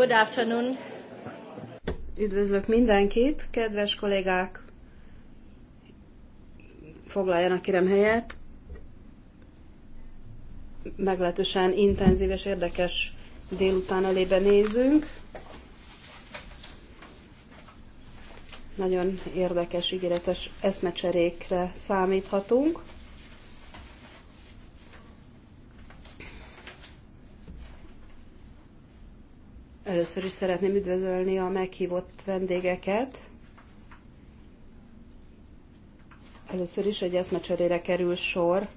Good afternoon. Üdvözlök mindenkit, kedves kollégák! Foglaljanak kérem helyet. Meglehetősen intenzív és érdekes délután elébe nézünk. Nagyon érdekes, ígéretes eszmecserékre számíthatunk. Először is szeretném üdvözölni a meghívott vendégeket. Először is egy eszmecserére kerül sor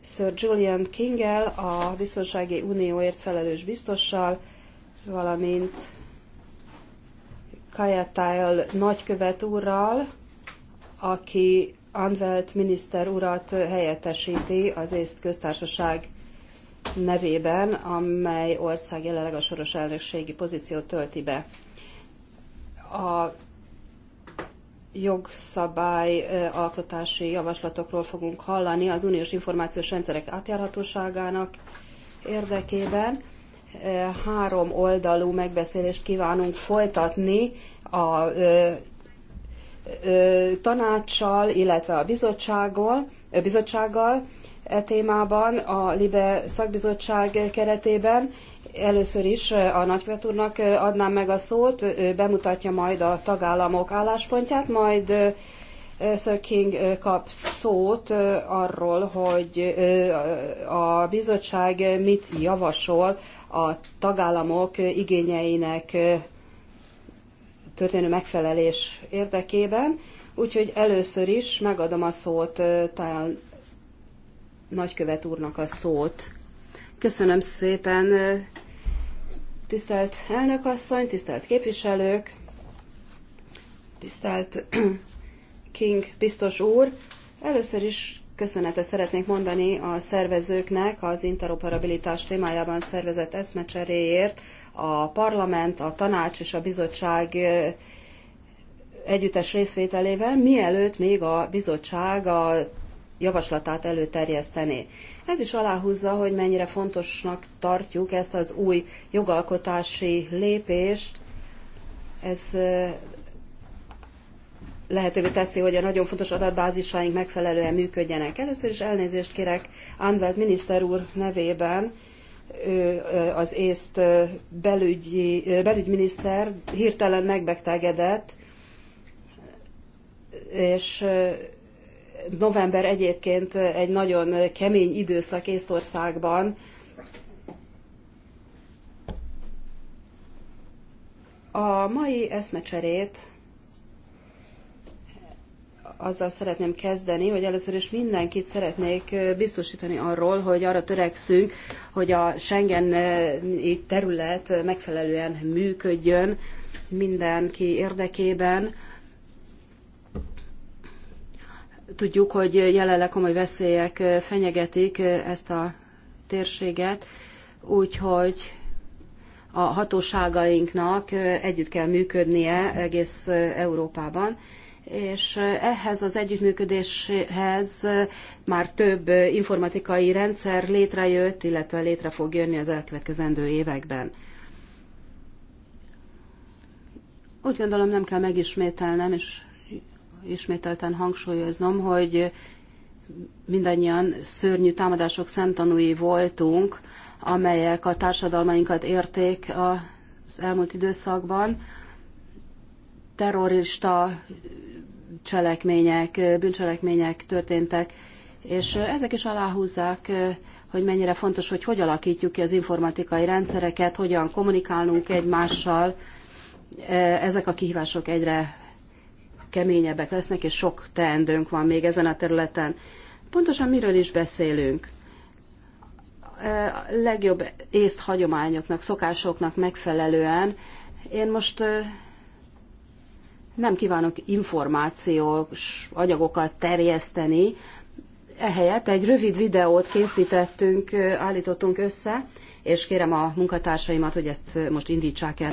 Sir Julian Kingel, a Biztonsági Unióért felelős biztossal, valamint Kajatájl nagykövet úrral, aki Anvelt miniszter urat helyettesíti az észt köztársaság nevében, amely ország jelenleg a soros elnökségi pozíciót tölti be. A jogszabály alkotási javaslatokról fogunk hallani az uniós információs rendszerek átjárhatóságának érdekében. Három oldalú megbeszélést kívánunk folytatni a tanácssal, illetve a bizottsággal, e témában a LIBE szakbizottság keretében. Először is e, a nagykövet úrnak e, adnám meg a szót, ő bemutatja majd a tagállamok álláspontját, majd e, Sir King kap szót arról, hogy a bizottság mit javasol a tagállamok igényeinek történő megfelelés érdekében. Úgyhogy először is megadom a szót nagykövet úrnak a szót. Köszönöm szépen, tisztelt elnökasszony, tisztelt képviselők, tisztelt King biztos úr. Először is köszönetet szeretnék mondani a szervezőknek az interoperabilitás témájában szervezett eszmecseréért. A parlament, a tanács és a bizottság együttes részvételével, mielőtt még a bizottság a javaslatát előterjesztené. Ez is aláhúzza, hogy mennyire fontosnak tartjuk ezt az új jogalkotási lépést. Ez lehetővé teszi, hogy a nagyon fontos adatbázisaink megfelelően működjenek. Először is elnézést kérek Anvelt miniszter úr nevében, ő az észt belügyi, belügyminiszter hirtelen megbetegedett, és november egyébként egy nagyon kemény időszak Észtországban. A mai eszmecserét azzal szeretném kezdeni, hogy először is mindenkit szeretnék biztosítani arról, hogy arra törekszünk, hogy a Schengen terület megfelelően működjön mindenki érdekében, Tudjuk, hogy jelenleg komoly veszélyek fenyegetik ezt a térséget, úgyhogy a hatóságainknak együtt kell működnie egész Európában, és ehhez az együttműködéshez már több informatikai rendszer létrejött, illetve létre fog jönni az elkövetkezendő években. Úgy gondolom nem kell megismételnem, és ismételten hangsúlyoznom, hogy mindannyian szörnyű támadások szemtanúi voltunk, amelyek a társadalmainkat érték az elmúlt időszakban. Terrorista cselekmények, bűncselekmények történtek, és ezek is aláhúzzák, hogy mennyire fontos, hogy hogy alakítjuk ki az informatikai rendszereket, hogyan kommunikálunk egymással. Ezek a kihívások egyre keményebbek lesznek, és sok teendőnk van még ezen a területen. Pontosan miről is beszélünk? E, legjobb észt hagyományoknak, szokásoknak megfelelően én most e, nem kívánok információs anyagokat terjeszteni, ehelyett egy rövid videót készítettünk, e, állítottunk össze, és kérem a munkatársaimat, hogy ezt most indítsák el.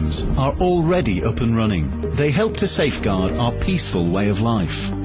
systems are already up and running. They help to safeguard our peaceful way of life.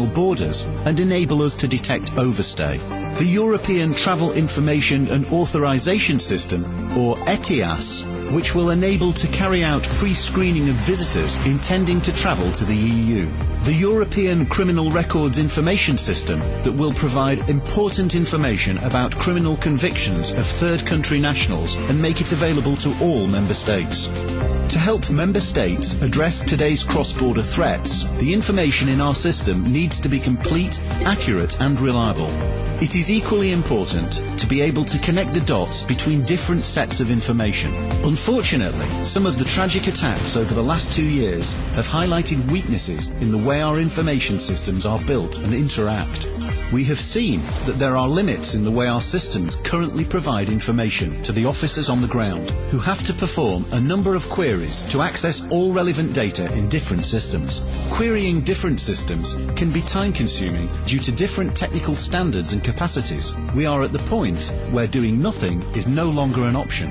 national borders and enable us to detect overstay. The European Travel Information and Authorization System, or ETIAS, which will enable to carry out pre-screening of visitors intending to travel to the EU. The European Criminal Records Information System that will provide important information about criminal convictions of third country nationals and make it available to all member states. To help member states address today's cross-border threats, the information in our system needs needs to be complete, accurate and reliable. It is equally important to be able to connect the dots between different sets of information. Unfortunately, some of the tragic attacks over the last two years have highlighted weaknesses in the way our information systems are built and interact. We have seen that there are limits in the way our systems currently provide information to the officers on the ground, who have to perform a number of queries to access all relevant data in different systems. Querying different systems can be be time consuming due to different technical standards and capacities, we are at the point where doing nothing is no longer an option.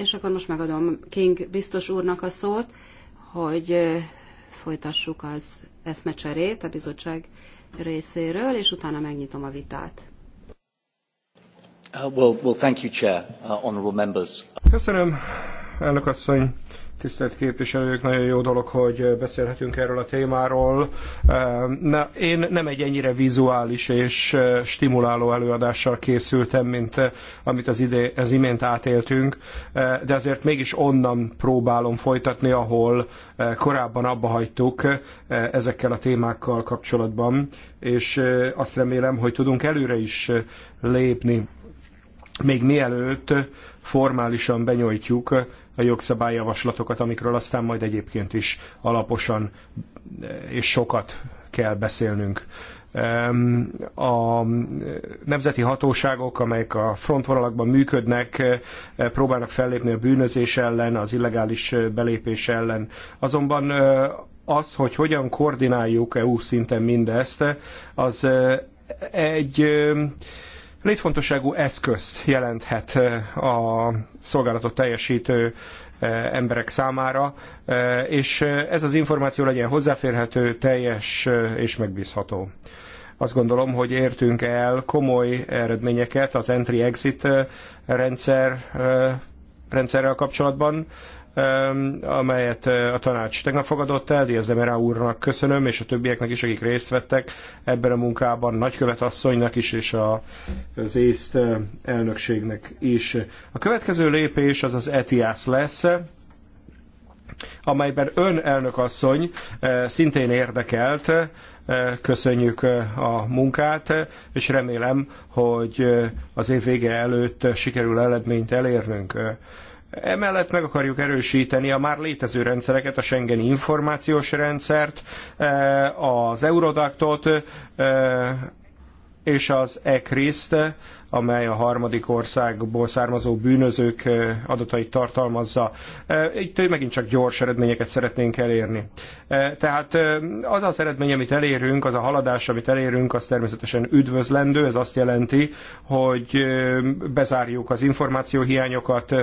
És akkor most megadom King biztos úrnak a szót, hogy folytassuk az eszmecserét a bizottság részéről, és utána megnyitom a vitát. Uh, uh, Köszönöm, elnök asszony. Tisztelt képviselők, nagyon jó dolog, hogy beszélhetünk erről a témáról. Na, én nem egy ennyire vizuális és stimuláló előadással készültem, mint amit az, ide, az imént átéltünk, de azért mégis onnan próbálom folytatni, ahol korábban abba hagytuk ezekkel a témákkal kapcsolatban, és azt remélem, hogy tudunk előre is lépni még mielőtt formálisan benyújtjuk a jogszabályjavaslatokat, amikről aztán majd egyébként is alaposan eh, és sokat kell beszélnünk. A nemzeti hatóságok, amelyek a frontvonalakban működnek, eh, próbálnak fellépni a bűnözés ellen, az illegális eh, belépés ellen. Azonban az, hogy hogyan koordináljuk EU szinten mindezt, az egy létfontosságú eszközt jelenthet a szolgálatot teljesítő emberek számára, és ez az információ legyen hozzáférhető, teljes és megbízható. Azt gondolom, hogy értünk el komoly eredményeket az entry-exit rendszer rendszerrel kapcsolatban amelyet a tanács tegnap fogadott el, Diaz de Mera úrnak köszönöm, és a többieknek is, akik részt vettek ebben a munkában, nagykövet asszonynak is, és a, az észt elnökségnek is. A következő lépés az az ETIAS lesz, amelyben ön elnökasszony szintén érdekelt, köszönjük a munkát, és remélem, hogy az év vége előtt sikerül eredményt elérnünk. Emellett meg akarjuk erősíteni a már létező rendszereket, a Schengeni információs rendszert, eh, az Eurodactot eh, és az ECRIS-t, amely a harmadik országból származó bűnözők adatait tartalmazza. Itt megint csak gyors eredményeket szeretnénk elérni. Tehát az az eredmény, amit elérünk, az a haladás, amit elérünk, az természetesen üdvözlendő. Ez azt jelenti, hogy bezárjuk az információhiányokat,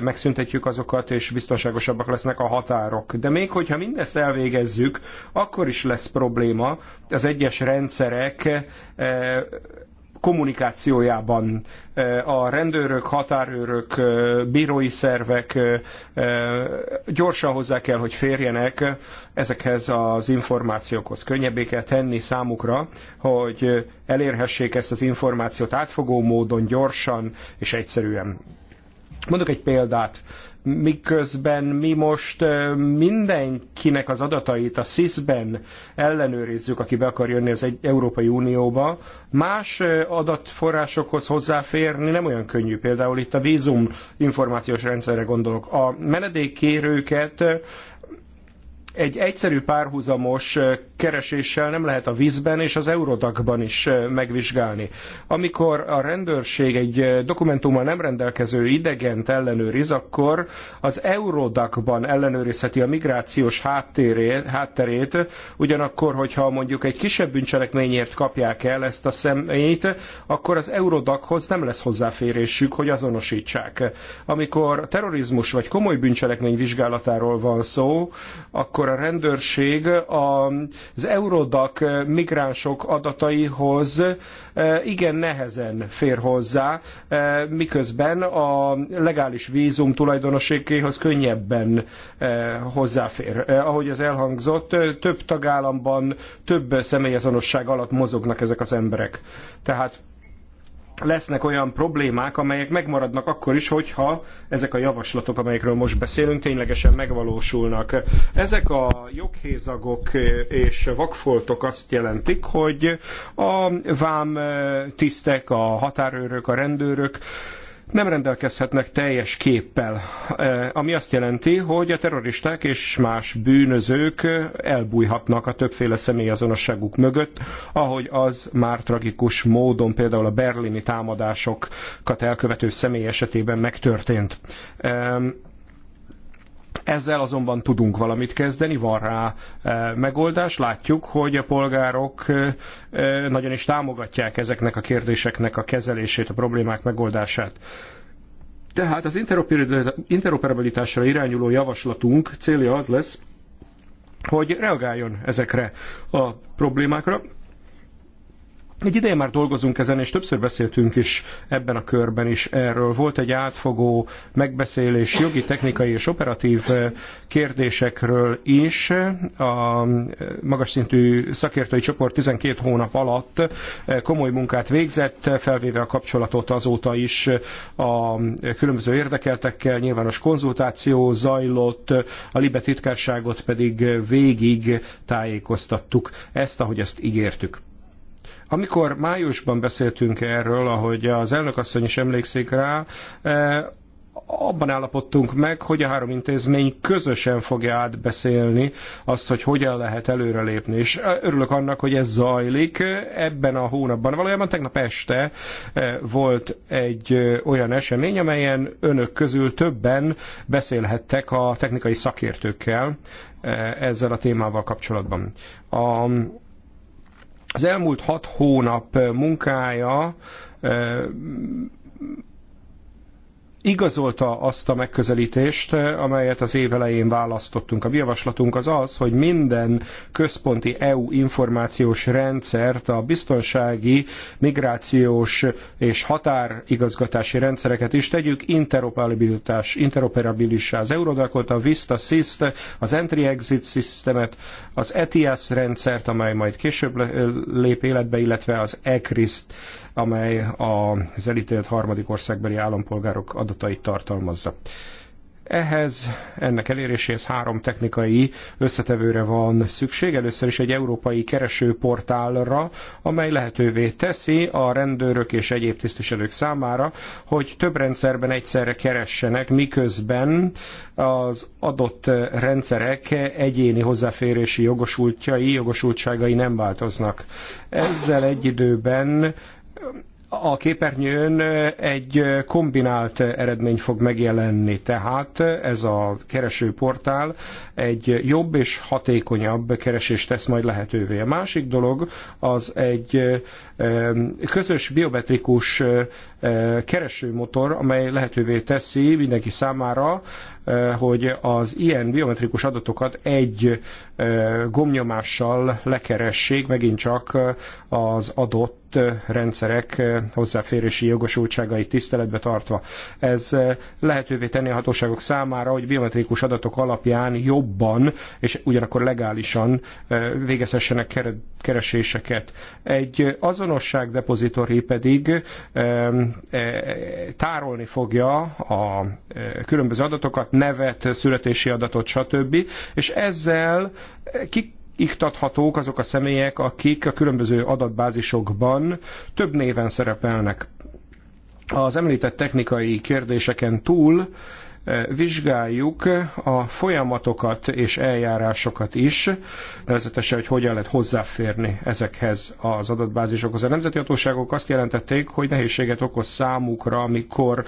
megszüntetjük azokat, és biztonságosabbak lesznek a határok. De még hogyha mindezt elvégezzük, akkor is lesz probléma. Az egyes rendszerek kommunikációjában. A rendőrök, határőrök, bírói szervek gyorsan hozzá kell, hogy férjenek ezekhez az információkhoz. Könnyebbé kell tenni számukra, hogy elérhessék ezt az információt átfogó módon, gyorsan és egyszerűen. Mondok egy példát miközben mi most mindenkinek az adatait a SIS-ben ellenőrizzük, aki be akar jönni az egy Európai Unióba, más adatforrásokhoz hozzáférni nem olyan könnyű. Például itt a vízum információs rendszerre gondolok. A menedékkérőket egy egyszerű párhuzamos kereséssel nem lehet a vízben és az eurodakban is megvizsgálni. Amikor a rendőrség egy dokumentummal nem rendelkező idegent ellenőriz, akkor az eurodakban ellenőrizheti a migrációs háttérét, hátterét, ugyanakkor, hogyha mondjuk egy kisebb bűncselekményért kapják el ezt a személyt, akkor az eurodakhoz nem lesz hozzáférésük, hogy azonosítsák. Amikor terrorizmus vagy komoly bűncselekmény vizsgálatáról van szó, akkor amikor a rendőrség az Eurodac migránsok adataihoz e, igen nehezen fér hozzá, e, miközben a legális vízum tulajdonosékéhoz könnyebben e, hozzáfér. Ahogy az elhangzott, több tagállamban több személyazonosság alatt mozognak ezek az emberek. Tehát lesznek olyan problémák, amelyek megmaradnak akkor is, hogyha ezek a javaslatok, amelyekről most beszélünk, ténylegesen megvalósulnak. Ezek a joghézagok és vakfoltok azt jelentik, hogy a vám tisztek, a határőrök, a rendőrök nem rendelkezhetnek teljes képpel, e, ami azt jelenti, hogy a terroristák és más bűnözők elbújhatnak a többféle személyazonosságuk mögött, ahogy az már tragikus módon például a berlini támadásokat elkövető személy esetében megtörtént. E, ezzel azonban tudunk valamit kezdeni, van rá eh, megoldás. Látjuk, hogy a polgárok eh, eh, nagyon is támogatják ezeknek a kérdéseknek a kezelését, a problémák megoldását. Tehát az interoperabilitásra irányuló javaslatunk célja az lesz, hogy reagáljon ezekre a problémákra, egy ideje már dolgozunk ezen, és többször beszéltünk is ebben a körben is erről. Volt egy átfogó megbeszélés jogi, technikai és operatív eh, kérdésekről is. A eh, magas szintű szakértői csoport 12 hónap alatt eh, komoly munkát végzett, felvéve a kapcsolatot azóta is a különböző érdekeltekkel, nyilvános konzultáció zajlott, a Libe titkárságot pedig végig tájékoztattuk. Ezt, ahogy ezt ígértük. Amikor májusban beszéltünk erről, ahogy az elnökasszony is emlékszik rá, eh, abban állapodtunk meg, hogy a három intézmény közösen fogja átbeszélni azt, hogy hogyan lehet előrelépni. És eh, örülök annak, hogy ez zajlik ebben a hónapban. Valójában tegnap este eh, volt egy olyan esemény, amelyen önök közül többen beszélhettek a technikai szakértőkkel ezzel a témával kapcsolatban. A az elmúlt hat hónap munkája igazolta azt a megközelítést, amelyet az év elején választottunk. A javaslatunk az az, hogy minden központi EU információs rendszert, a biztonsági, migrációs és határigazgatási rendszereket is tegyük interoperabilitás, interoperabilissá. Az Eurodacot, a Vista Sist, az Entry-Exit Systemet, az ETIAS rendszert, amely majd később lép életbe, illetve az ECRIS-t amely az elítélt harmadik országbeli állampolgárok adatait tartalmazza. Ehhez, ennek eléréséhez három technikai összetevőre van szükség. Először is egy európai keresőportálra, amely lehetővé teszi a rendőrök és egyéb tisztviselők számára, hogy több rendszerben egyszerre keressenek, miközben az adott rendszerek egyéni hozzáférési jogosultjai, jogosultságai nem változnak. Ezzel egy időben a képernyőn egy kombinált eredmény fog megjelenni, tehát ez a keresőportál egy jobb és hatékonyabb keresést tesz majd lehetővé. A másik dolog az egy közös biometrikus keresőmotor, amely lehetővé teszi mindenki számára, hogy az ilyen biometrikus adatokat egy gomnyomással lekeressék, megint csak az adott rendszerek hozzáférési jogosultságait tiszteletbe tartva. Ez lehetővé tenni a hatóságok számára, hogy biometrikus adatok alapján jobban és ugyanakkor legálisan végezhessenek kereséseket. Egy az azonosság depozitori pedig e, tárolni fogja a e, különböző adatokat, nevet, születési adatot, stb. És ezzel ki iktathatók azok a személyek, akik a különböző adatbázisokban több néven szerepelnek. Az említett technikai kérdéseken túl vizsgáljuk a folyamatokat és eljárásokat is, nevezetesen, hogy hogyan lehet hozzáférni ezekhez az adatbázisokhoz. A nemzeti hatóságok azt jelentették, hogy nehézséget okoz számukra, amikor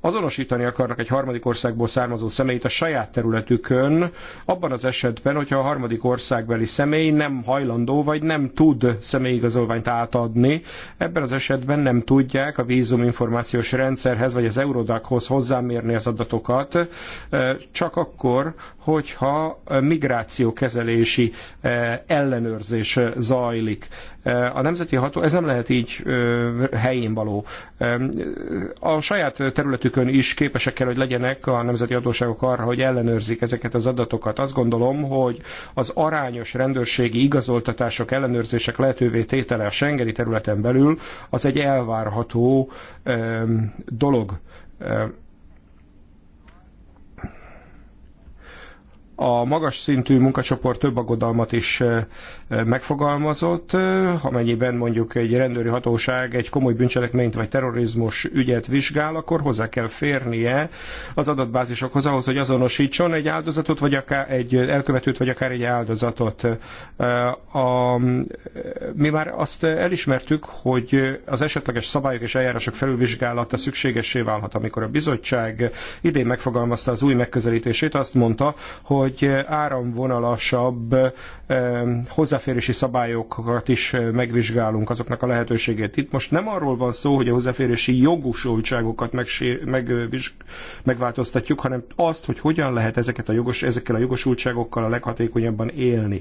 azonosítani akarnak egy harmadik országból származó személyt a saját területükön, abban az esetben, hogyha a harmadik országbeli személy nem hajlandó vagy nem tud személyigazolványt átadni, ebben az esetben nem tudják a vízuminformációs rendszerhez vagy az Eurodachoz hozzámérni az adatokat, csak akkor, hogyha migrációkezelési ellenőrzés zajlik. A nemzeti ható, ez nem lehet így helyén való. A saját területükön is képesek kell, hogy legyenek a nemzeti hatóságok arra, hogy ellenőrzik ezeket az adatokat. Azt gondolom, hogy az arányos rendőrségi igazoltatások, ellenőrzések lehetővé tétele a Schengeni területen belül az egy elvárható dolog A magas szintű munkacsoport több aggodalmat is eh, megfogalmazott, amennyiben mondjuk egy rendőri hatóság egy komoly bűncselekményt vagy terrorizmus ügyet vizsgál, akkor hozzá kell férnie az adatbázisokhoz ahhoz, hogy azonosítson egy áldozatot, vagy akár egy elkövetőt, vagy akár egy áldozatot. A, mi már azt elismertük, hogy az esetleges szabályok és eljárások felülvizsgálata szükségessé válhat, amikor a bizottság idén megfogalmazta az új megközelítését, azt mondta, hogy áramvonalasabb hozzá hozzáférési szabályokat is megvizsgálunk, azoknak a lehetőségét. Itt most nem arról van szó, hogy a hozzáférési jogosultságokat meg, meg, megváltoztatjuk, hanem azt, hogy hogyan lehet ezeket a jogos, ezekkel a jogosultságokkal a leghatékonyabban élni.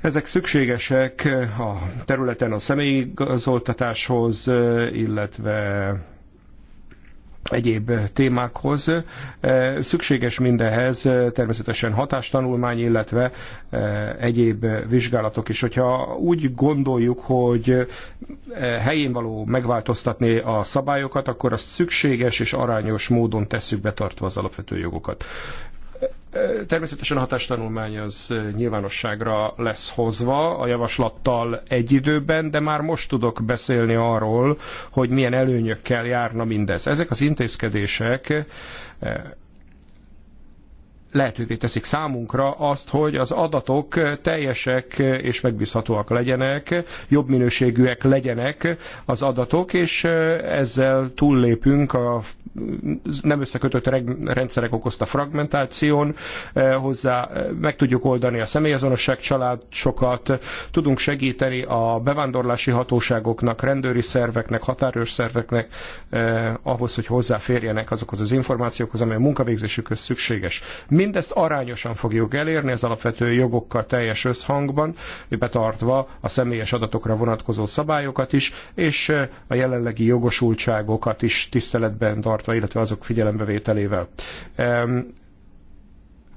Ezek szükségesek a területen a személyigazoltatáshoz, illetve egyéb eh, témákhoz. Eh, szükséges mindehez eh, természetesen hatástanulmány, illetve egyéb vizsgálatok is. Hogyha úgy gondoljuk, hogy helyén való megváltoztatni a szabályokat, akkor azt szükséges és arányos módon tesszük betartva az alapvető jogokat. Természetesen a hatástanulmány az nyilvánosságra lesz hozva a javaslattal egy időben, de már most tudok beszélni arról, hogy milyen előnyökkel járna mindez. Ezek az intézkedések lehetővé teszik számunkra azt, hogy az adatok teljesek és megbízhatóak legyenek, jobb minőségűek legyenek az adatok, és ezzel túllépünk a nem összekötött rendszerek okozta fragmentáción, hozzá meg tudjuk oldani a személyazonosság családokat, tudunk segíteni a bevándorlási hatóságoknak, rendőri szerveknek, határőrszerveknek ahhoz, hogy hozzáférjenek azokhoz az információkhoz, amely a munkavégzésükhöz szükséges Mindezt arányosan fogjuk elérni az alapvető jogokkal teljes összhangban, betartva a személyes adatokra vonatkozó szabályokat is, és eh, a jelenlegi jogosultságokat is tiszteletben tartva, illetve azok figyelembevételével.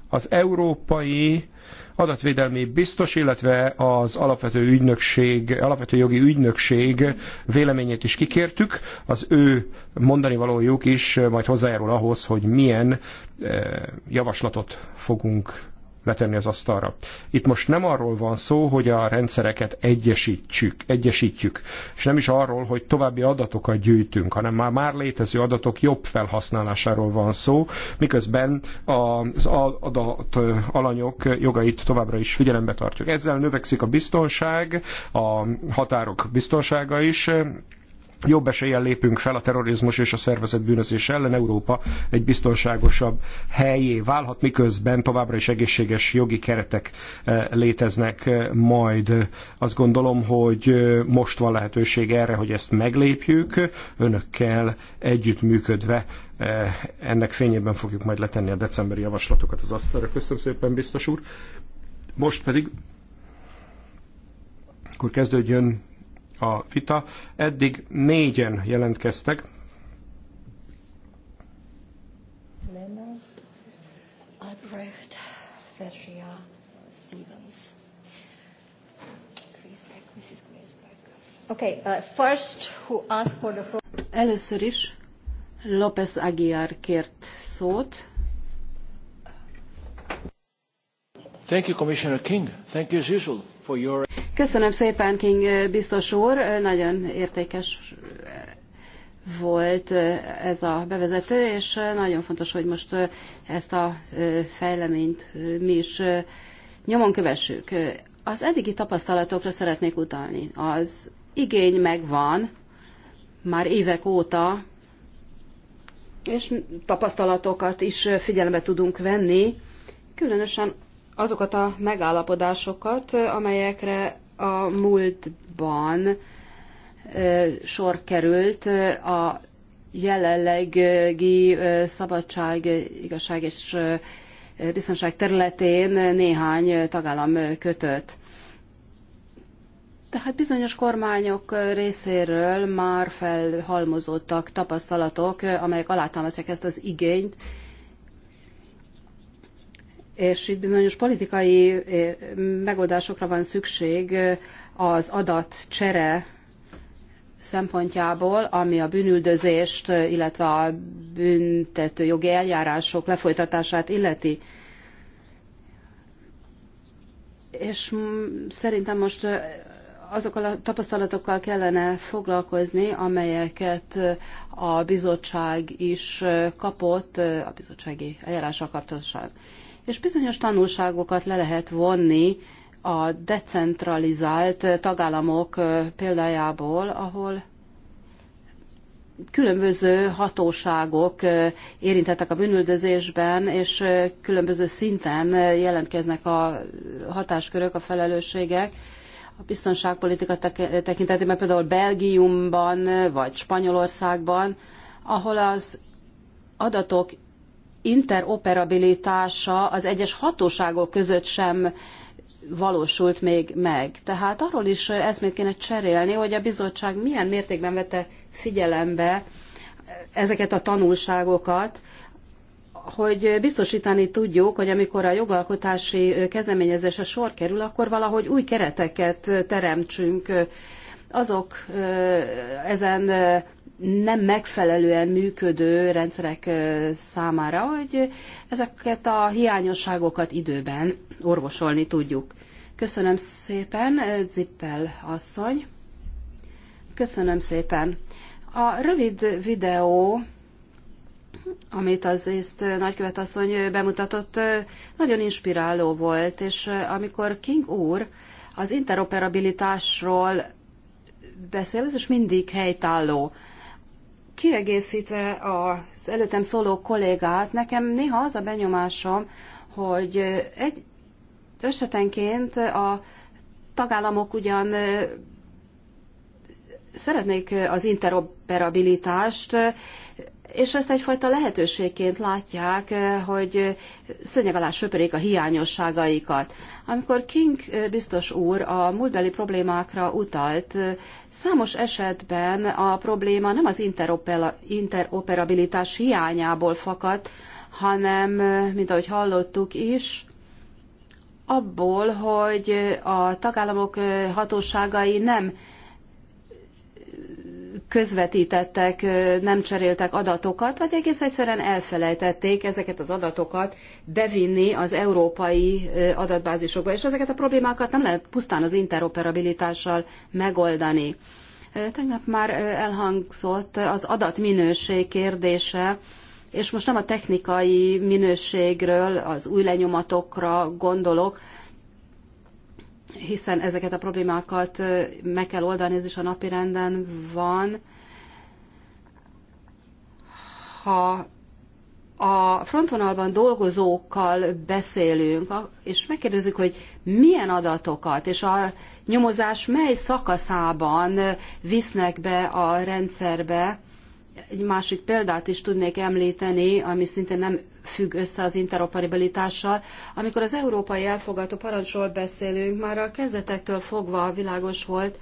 Az európai adatvédelmi biztos, illetve az alapvető ügynökség, alapvető jogi ügynökség véleményét is kikértük. Az ő mondani valójuk is majd hozzájárul ahhoz, hogy milyen eh, javaslatot fogunk letenni az asztalra. Itt most nem arról van szó, hogy a rendszereket egyesítsük, egyesítjük, és nem is arról, hogy további adatokat gyűjtünk, hanem már, már létező adatok jobb felhasználásáról van szó, miközben az adat alanyok jogait továbbra is figyelembe tartjuk. Ezzel növekszik a biztonság, a határok biztonsága is, jobb eséllyel lépünk fel a terrorizmus és a szervezett bűnözés ellen, Európa egy biztonságosabb helyé válhat, miközben továbbra is egészséges jogi keretek eh, léteznek eh, majd. Azt gondolom, hogy eh, most van lehetőség erre, hogy ezt meglépjük, önökkel együttműködve ennek fényében fogjuk majd letenni a decemberi javaslatokat az asztalra. Köszönöm szépen, biztos úr. Most pedig akkor kezdődjön a vita. Eddig négyen jelentkeztek. Uh, Először is López Aguiar kért szót. Thank you, Commissioner King. Thank you as usual for your... Köszönöm szépen, King biztos úr, nagyon értékes volt ez a bevezető, és nagyon fontos, hogy most ezt a fejleményt mi is nyomon kövessük. Az eddigi tapasztalatokra szeretnék utalni. Az igény megvan, már évek óta, és tapasztalatokat is figyelembe tudunk venni, különösen azokat a megállapodásokat, amelyekre a múltban sor került a jelenlegi szabadság, igazság és biztonság területén néhány tagállam kötött. Tehát bizonyos kormányok részéről már felhalmozódtak tapasztalatok, amelyek alátámasztják ezt az igényt, és itt bizonyos politikai eh, megoldásokra van szükség eh, az adat csere szempontjából, ami a bűnüldözést, eh, illetve a büntető jogi eljárások lefolytatását illeti. És mm, szerintem most azokkal a tapasztalatokkal kellene foglalkozni, amelyeket a bizottság is kapott, a bizottsági eljárással kapcsolatosan és bizonyos tanulságokat le lehet vonni a decentralizált tagállamok példájából, ahol különböző hatóságok érintettek a bűnüldözésben, és különböző szinten jelentkeznek a hatáskörök, a felelősségek. A biztonságpolitika tekintetében például Belgiumban vagy Spanyolországban, ahol az adatok interoperabilitása az egyes hatóságok között sem valósult még meg. Tehát arról is eszmét kéne cserélni, hogy a bizottság milyen mértékben vette figyelembe ezeket a tanulságokat, hogy biztosítani tudjuk, hogy amikor a jogalkotási kezdeményezésre sor kerül, akkor valahogy új kereteket teremtsünk azok ezen nem megfelelően működő rendszerek számára, hogy ezeket a hiányosságokat időben orvosolni tudjuk. Köszönöm szépen, Zippel asszony. Köszönöm szépen. A rövid videó, amit az észt nagykövet asszony bemutatott, nagyon inspiráló volt, és amikor King úr az interoperabilitásról beszél, ez is mindig helytálló kiegészítve az előttem szóló kollégát, nekem néha az a benyomásom, hogy egy esetenként a tagállamok ugyan szeretnék az interoperabilitást, és ezt egyfajta lehetőségként látják, eh, hogy szönyeg alá söpörik a hiányosságaikat. Amikor King eh, biztos úr a múltbeli problémákra utalt, eh, számos esetben a probléma nem az interoperabilitás hiányából fakadt, hanem, mint ahogy hallottuk is, abból, hogy a tagállamok hatóságai nem közvetítettek, nem cseréltek adatokat, vagy egész egyszerűen elfelejtették ezeket az adatokat bevinni az európai adatbázisokba, és ezeket a problémákat nem lehet pusztán az interoperabilitással megoldani. Tegnap már elhangzott az adatminőség kérdése, és most nem a technikai minőségről, az új lenyomatokra gondolok, hiszen ezeket a problémákat meg kell oldani, ez is a napi renden van. Ha a frontvonalban dolgozókkal beszélünk, és megkérdezzük, hogy milyen adatokat és a nyomozás mely szakaszában visznek be a rendszerbe. Egy másik példát is tudnék említeni, ami szinte nem függ össze az interoperabilitással. Amikor az európai elfogadó parancsról beszélünk, már a kezdetektől fogva világos volt,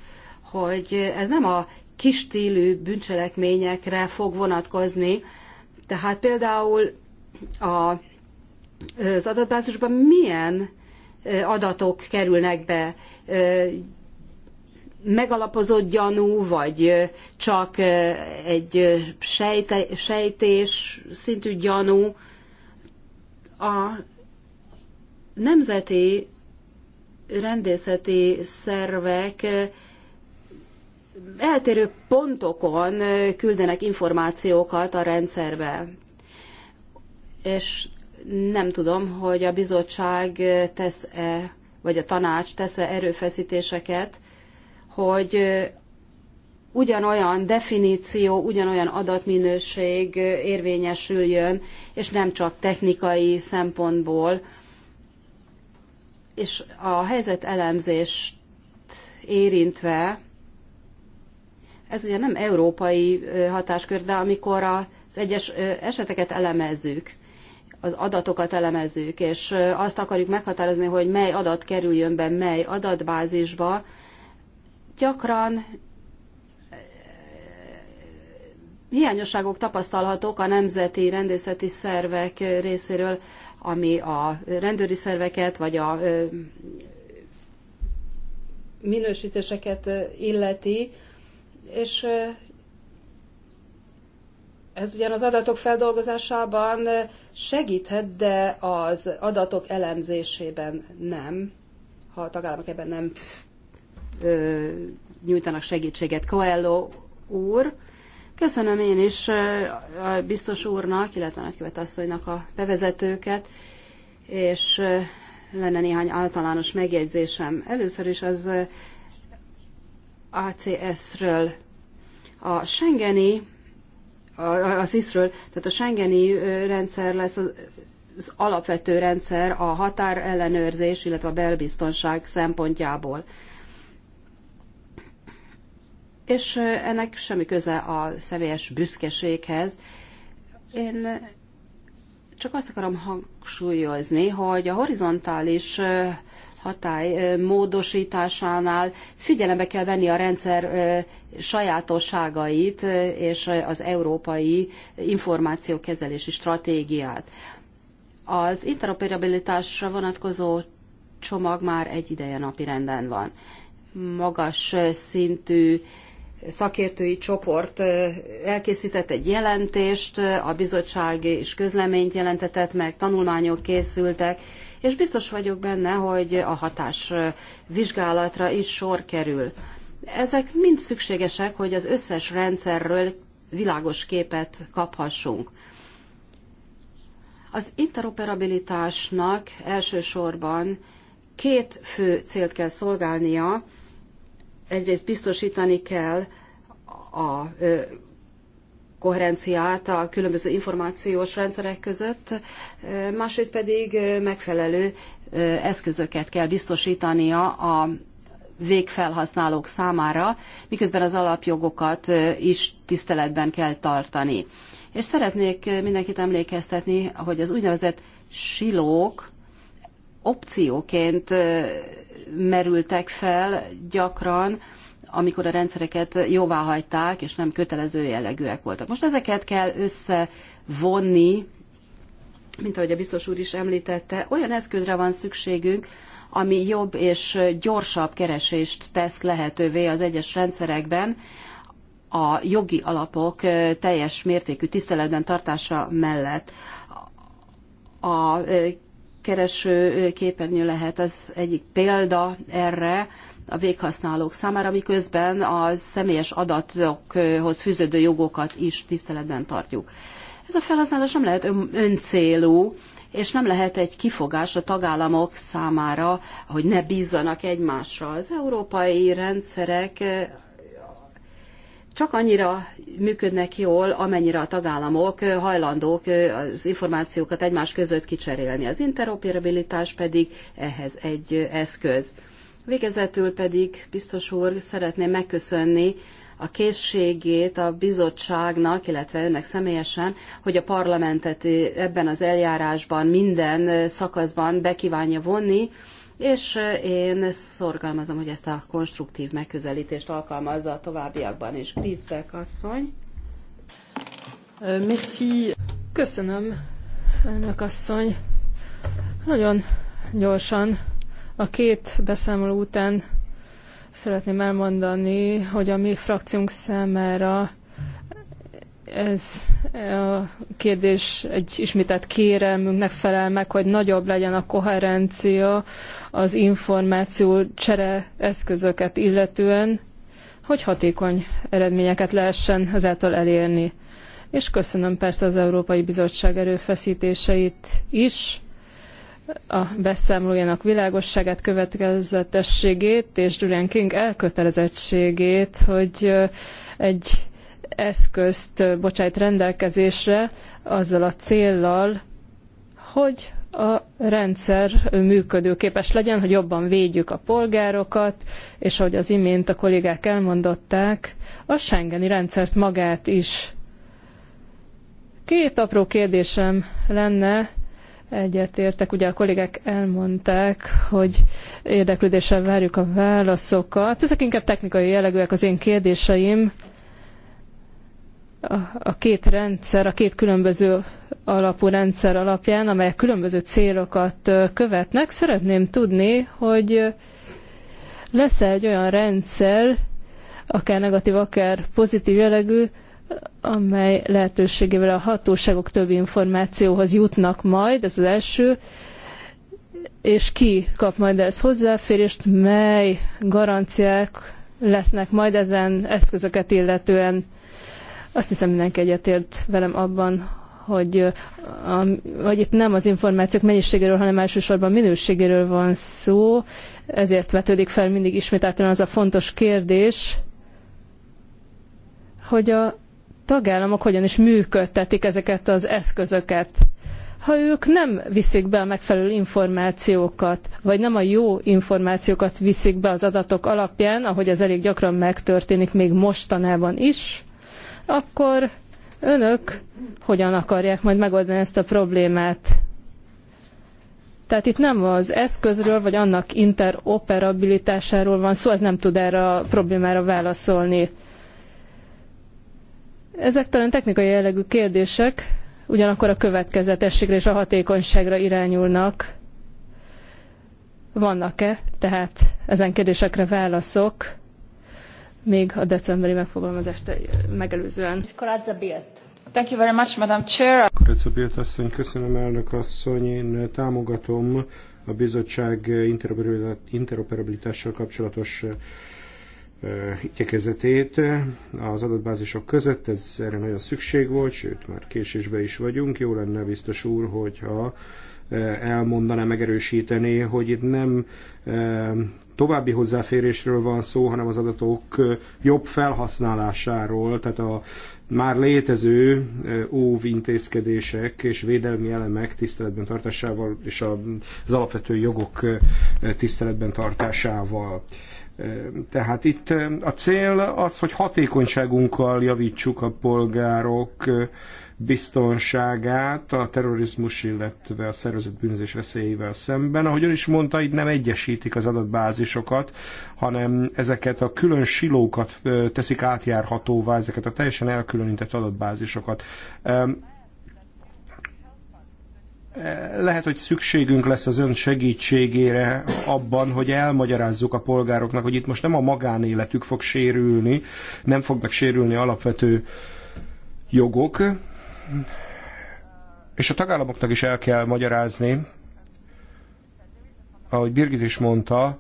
hogy ez nem a stílű bűncselekményekre fog vonatkozni. Tehát például a, az adatbázisban milyen adatok kerülnek be, megalapozott gyanú, vagy csak egy sejte, sejtés szintű gyanú, a nemzeti rendészeti szervek eh, eltérő pontokon eh, küldenek információkat a rendszerbe. És nem tudom, hogy a bizottság eh, tesz-e, vagy a tanács tesz-e erőfeszítéseket, hogy ugyanolyan definíció, ugyanolyan adatminőség érvényesüljön, és nem csak technikai szempontból. És a helyzet elemzést érintve, ez ugye nem európai hatáskör, de amikor az egyes eseteket elemezzük, az adatokat elemezzük, és azt akarjuk meghatározni, hogy mely adat kerüljön be mely adatbázisba, gyakran hiányosságok tapasztalhatók a nemzeti rendészeti szervek részéről, ami a rendőri szerveket vagy a minősítéseket illeti, és ez ugyan az adatok feldolgozásában segíthet, de az adatok elemzésében nem, ha a tagállamok ebben nem ö, nyújtanak segítséget. Coelho úr, Köszönöm én is a biztos úrnak, illetve a nagykövet a bevezetőket, és lenne néhány általános megjegyzésem. Először is az ACS-ről. A Schengeni, a SIS-ről, tehát a Schengeni rendszer lesz az alapvető rendszer a határellenőrzés, illetve a belbiztonság szempontjából és ennek semmi köze a személyes büszkeséghez. Én csak azt akarom hangsúlyozni, hogy a horizontális hatály módosításánál figyelembe kell venni a rendszer sajátosságait és az európai információkezelési stratégiát. Az interoperabilitásra vonatkozó csomag már egy ideje napirenden van. Magas szintű szakértői csoport elkészített egy jelentést, a bizottság is közleményt jelentetett meg, tanulmányok készültek, és biztos vagyok benne, hogy a hatás vizsgálatra is sor kerül. Ezek mind szükségesek, hogy az összes rendszerről világos képet kaphassunk. Az interoperabilitásnak elsősorban két fő célt kell szolgálnia, egyrészt biztosítani kell a koherenciát a különböző információs rendszerek között, másrészt pedig megfelelő eszközöket kell biztosítania a végfelhasználók számára, miközben az alapjogokat is tiszteletben kell tartani. És szeretnék mindenkit emlékeztetni, hogy az úgynevezett silók opcióként merültek fel gyakran, amikor a rendszereket jóvá hagyták, és nem kötelező jellegűek voltak. Most ezeket kell összevonni, mint ahogy a biztos úr is említette, olyan eszközre van szükségünk, ami jobb és gyorsabb keresést tesz lehetővé az egyes rendszerekben, a jogi alapok teljes mértékű tiszteletben tartása mellett. A kereső képernyő lehet az egyik példa erre a véghasználók számára, miközben a személyes adatokhoz fűződő jogokat is tiszteletben tartjuk. Ez a felhasználás nem lehet öncélú, és nem lehet egy kifogás a tagállamok számára, hogy ne bízzanak egymásra. Az európai rendszerek csak annyira működnek jól, amennyire a tagállamok hajlandók az információkat egymás között kicserélni. Az interoperabilitás pedig ehhez egy eszköz. Végezetül pedig, biztos úr, szeretném megköszönni a készségét a bizottságnak, illetve önnek személyesen, hogy a parlamentet ebben az eljárásban minden szakaszban bekívánja vonni, és eh, én szorgalmazom, hogy ezt a konstruktív megközelítést alkalmazza a továbbiakban is. Griszbek asszony. Merci. Köszönöm, önök asszony. Nagyon gyorsan a két beszámoló után szeretném elmondani, hogy a mi frakciónk számára ez a kérdés egy ismételt kérelmünknek felel meg, hogy nagyobb legyen a koherencia az információ csere eszközöket illetően, hogy hatékony eredményeket lehessen ezáltal elérni. És köszönöm persze az Európai Bizottság erőfeszítéseit is, a beszámolójának világosságát, következetességét és Julian King elkötelezettségét, hogy egy eszközt bocsájt rendelkezésre azzal a céllal, hogy a rendszer működőképes legyen, hogy jobban védjük a polgárokat, és ahogy az imént a kollégák elmondották, a Schengeni rendszert magát is. Két apró kérdésem lenne, egyetértek, ugye a kollégák elmondták, hogy érdeklődéssel várjuk a válaszokat. Ezek inkább technikai jellegűek az én kérdéseim a két rendszer, a két különböző alapú rendszer alapján, amelyek különböző célokat követnek, szeretném tudni, hogy lesz-e egy olyan rendszer, akár negatív, akár pozitív jellegű, amely lehetőségével a hatóságok több információhoz jutnak majd, ez az első, és ki kap majd ez hozzáférést, mely garanciák lesznek majd ezen eszközöket illetően. Azt hiszem mindenki egyetért velem abban, hogy, a, hogy itt nem az információk mennyiségéről, hanem elsősorban minőségéről van szó, ezért vetődik fel mindig ismételten az a fontos kérdés, hogy a tagállamok hogyan is működtetik ezeket az eszközöket. Ha ők nem viszik be a megfelelő információkat, vagy nem a jó információkat viszik be az adatok alapján, ahogy ez elég gyakran megtörténik még mostanában is, akkor önök hogyan akarják majd megoldani ezt a problémát? Tehát itt nem az eszközről, vagy annak interoperabilitásáról van szó, ez nem tud erre a problémára válaszolni. Ezek talán technikai jellegű kérdések, ugyanakkor a következetességre és a hatékonyságra irányulnak. Vannak-e tehát ezen kérdésekre válaszok? még a decemberi megfogalmazást megelőzően. Thank you very much, Madam Chair. Koradza asszony, köszönöm elnök asszony, én támogatom a bizottság interoperabilitással kapcsolatos igyekezetét az adatbázisok között, ez erre nagyon szükség volt, sőt már késésbe is vagyunk, jó lenne biztos úr, hogyha elmondaná, megerősítené, hogy itt nem további hozzáférésről van szó, hanem az adatok jobb felhasználásáról, tehát a már létező intézkedések és védelmi elemek tiszteletben tartásával és az alapvető jogok tiszteletben tartásával. Tehát itt a cél az, hogy hatékonyságunkkal javítsuk a polgárok biztonságát a terrorizmus, illetve a szervezett bűnözés veszélyével szemben. Ahogy ön is mondta, itt nem egyesítik az adatbázisokat, hanem ezeket a külön silókat teszik átjárhatóvá, ezeket a teljesen elkülönített adatbázisokat lehet, hogy szükségünk lesz az ön segítségére abban, hogy elmagyarázzuk a polgároknak, hogy itt most nem a magánéletük fog sérülni, nem fognak sérülni alapvető jogok, és a tagállamoknak is el kell magyarázni, ahogy Birgit is mondta,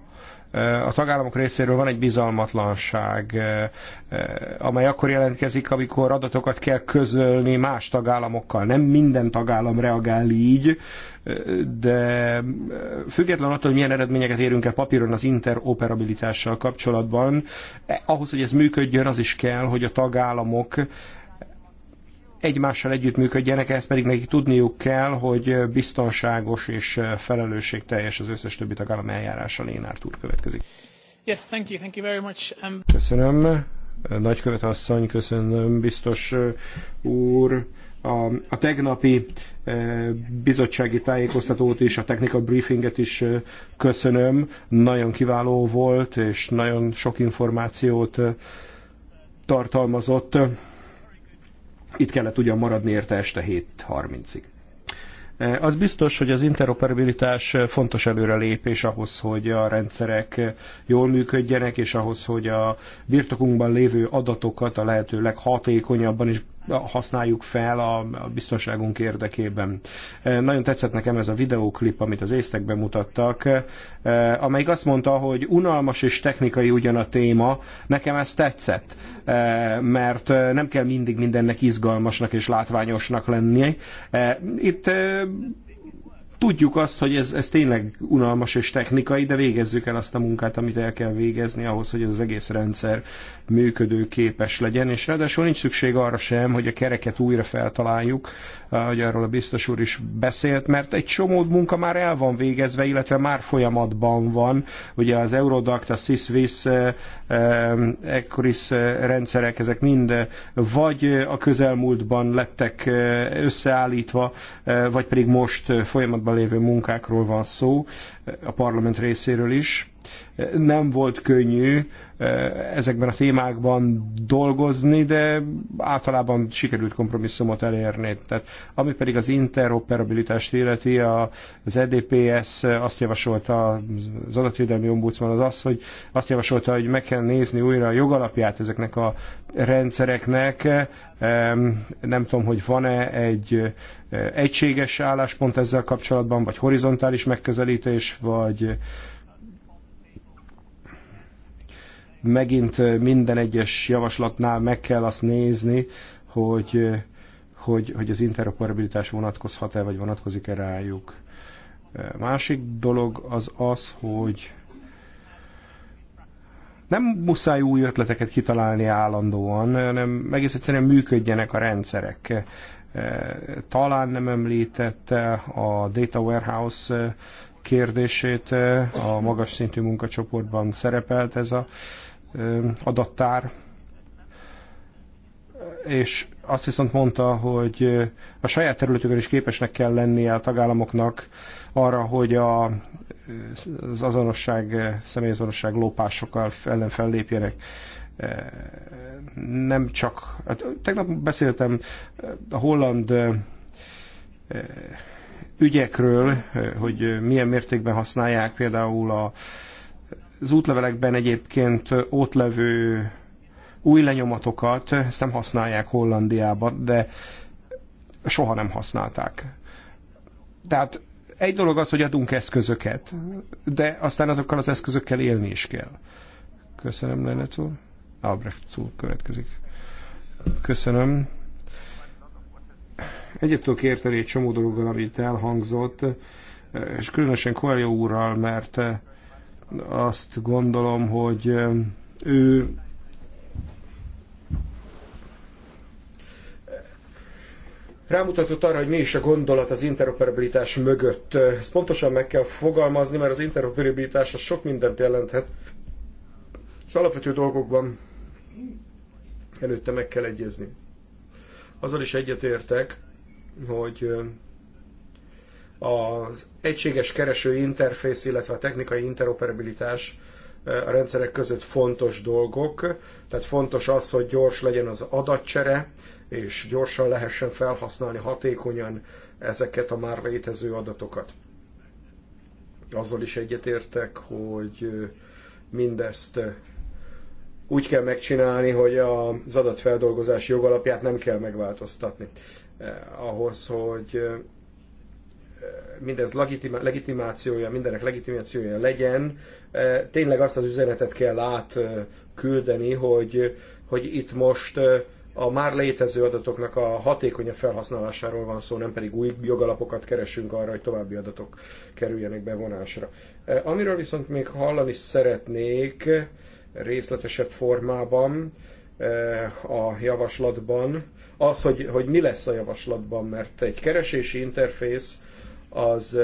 Eh, a tagállamok részéről van egy bizalmatlanság, eh, eh, amely akkor jelentkezik, amikor adatokat kell közölni más tagállamokkal. Nem minden tagállam reagál így, de független attól, hogy milyen eredményeket érünk el papíron az interoperabilitással kapcsolatban, ahhoz, hogy ez működjön, az is kell, hogy a tagállamok egymással együttműködjenek, ezt pedig nekik tudniuk kell, hogy biztonságos és felelősségteljes az összes többi tagállam eljárása. Lénárt úr következik. Yes, thank you, thank you very much. Um... Köszönöm. Nagykövet asszony, köszönöm, biztos úr. A, a tegnapi e, bizottsági tájékoztatót is, a technical briefinget is e, köszönöm. Nagyon kiváló volt, és nagyon sok információt e, tartalmazott. Itt kellett ugyan maradni érte este 7.30-ig. E, az biztos, hogy az interoperabilitás fontos előrelépés ahhoz, hogy a rendszerek jól működjenek, és ahhoz, hogy a birtokunkban lévő adatokat a lehető leghatékonyabban és használjuk fel a biztonságunk érdekében. Nagyon tetszett nekem ez a videóklip, amit az észtek bemutattak, amelyik azt mondta, hogy unalmas és technikai ugyan a téma, nekem ez tetszett, mert nem kell mindig mindennek izgalmasnak és látványosnak lenni. Itt Tudjuk azt, hogy ez, ez tényleg unalmas és technikai, de végezzük el azt a munkát, amit el kell végezni ahhoz, hogy ez az egész rendszer működő képes legyen, és ráadásul nincs szükség arra sem, hogy a kereket újra feltaláljuk, ahogy arról a biztos úr is beszélt, mert egy csomó munka már el van végezve, illetve már folyamatban van. Ugye az Eurodact, a SysVis, Ecoris eh, eh, eh, rendszerek, ezek mind vagy a közelmúltban lettek összeállítva, vagy pedig most folyamatban lévő munkákról van szó a parlament részéről is nem volt könnyű eh, ezekben a témákban dolgozni, de általában sikerült kompromisszumot elérni. Tehát, ami pedig az interoperabilitást illeti, az EDPS azt javasolta, az adatvédelmi ombudsman az az, hogy azt javasolta, hogy meg kell nézni újra a jogalapját ezeknek a rendszereknek. Nem tudom, hogy van-e egy eh, egységes álláspont ezzel kapcsolatban, vagy horizontális megközelítés, vagy megint minden egyes javaslatnál meg kell azt nézni, hogy, hogy, hogy az interoperabilitás vonatkozhat-e, vagy vonatkozik-e rájuk. Másik dolog az az, hogy nem muszáj új ötleteket kitalálni állandóan, hanem egész egyszerűen működjenek a rendszerek. Talán nem említette a Data Warehouse kérdését, a magas szintű munkacsoportban szerepelt ez a adattár, és azt viszont mondta, hogy a saját területükön is képesnek kell lennie a tagállamoknak arra, hogy a, az azonosság, személyazonosság lopásokkal ellen fellépjenek. Nem csak... Hát, tegnap beszéltem a holland ügyekről, hogy milyen mértékben használják például a az útlevelekben egyébként ott levő új lenyomatokat, ezt nem használják Hollandiában, de soha nem használták. Tehát egy dolog az, hogy adunk eszközöket, de aztán azokkal az eszközökkel élni is kell. Köszönöm, Lenec úr. Albrecht úr következik. Köszönöm. Egyet tudok érteni egy csomó dologgal, amit elhangzott, és különösen Coelho úrral, mert azt gondolom, hogy ő rámutatott arra, hogy mi is a gondolat az interoperabilitás mögött. Ezt pontosan meg kell fogalmazni, mert az interoperabilitás az sok mindent jelenthet. És alapvető dolgokban előtte meg kell egyezni. Azzal is egyetértek, hogy az egységes kereső interfész, illetve a technikai interoperabilitás a rendszerek között fontos dolgok, tehát fontos az, hogy gyors legyen az adatcsere, és gyorsan lehessen felhasználni hatékonyan ezeket a már létező adatokat. Azzal is egyetértek, hogy mindezt úgy kell megcsinálni, hogy az adatfeldolgozás jogalapját nem kell megváltoztatni. Ahhoz, hogy mindez legitima, legitimációja, mindenek legitimációja legyen, eh, tényleg azt az üzenetet kell átküldeni, hogy, hogy itt most eh, a már létező adatoknak a hatékonyabb felhasználásáról van szó, nem pedig új jogalapokat keresünk arra, hogy további adatok kerüljenek bevonásra. Eh, amiről viszont még hallani szeretnék részletesebb formában a javaslatban, az, hogy, hogy mi lesz a javaslatban, mert egy keresési interfész az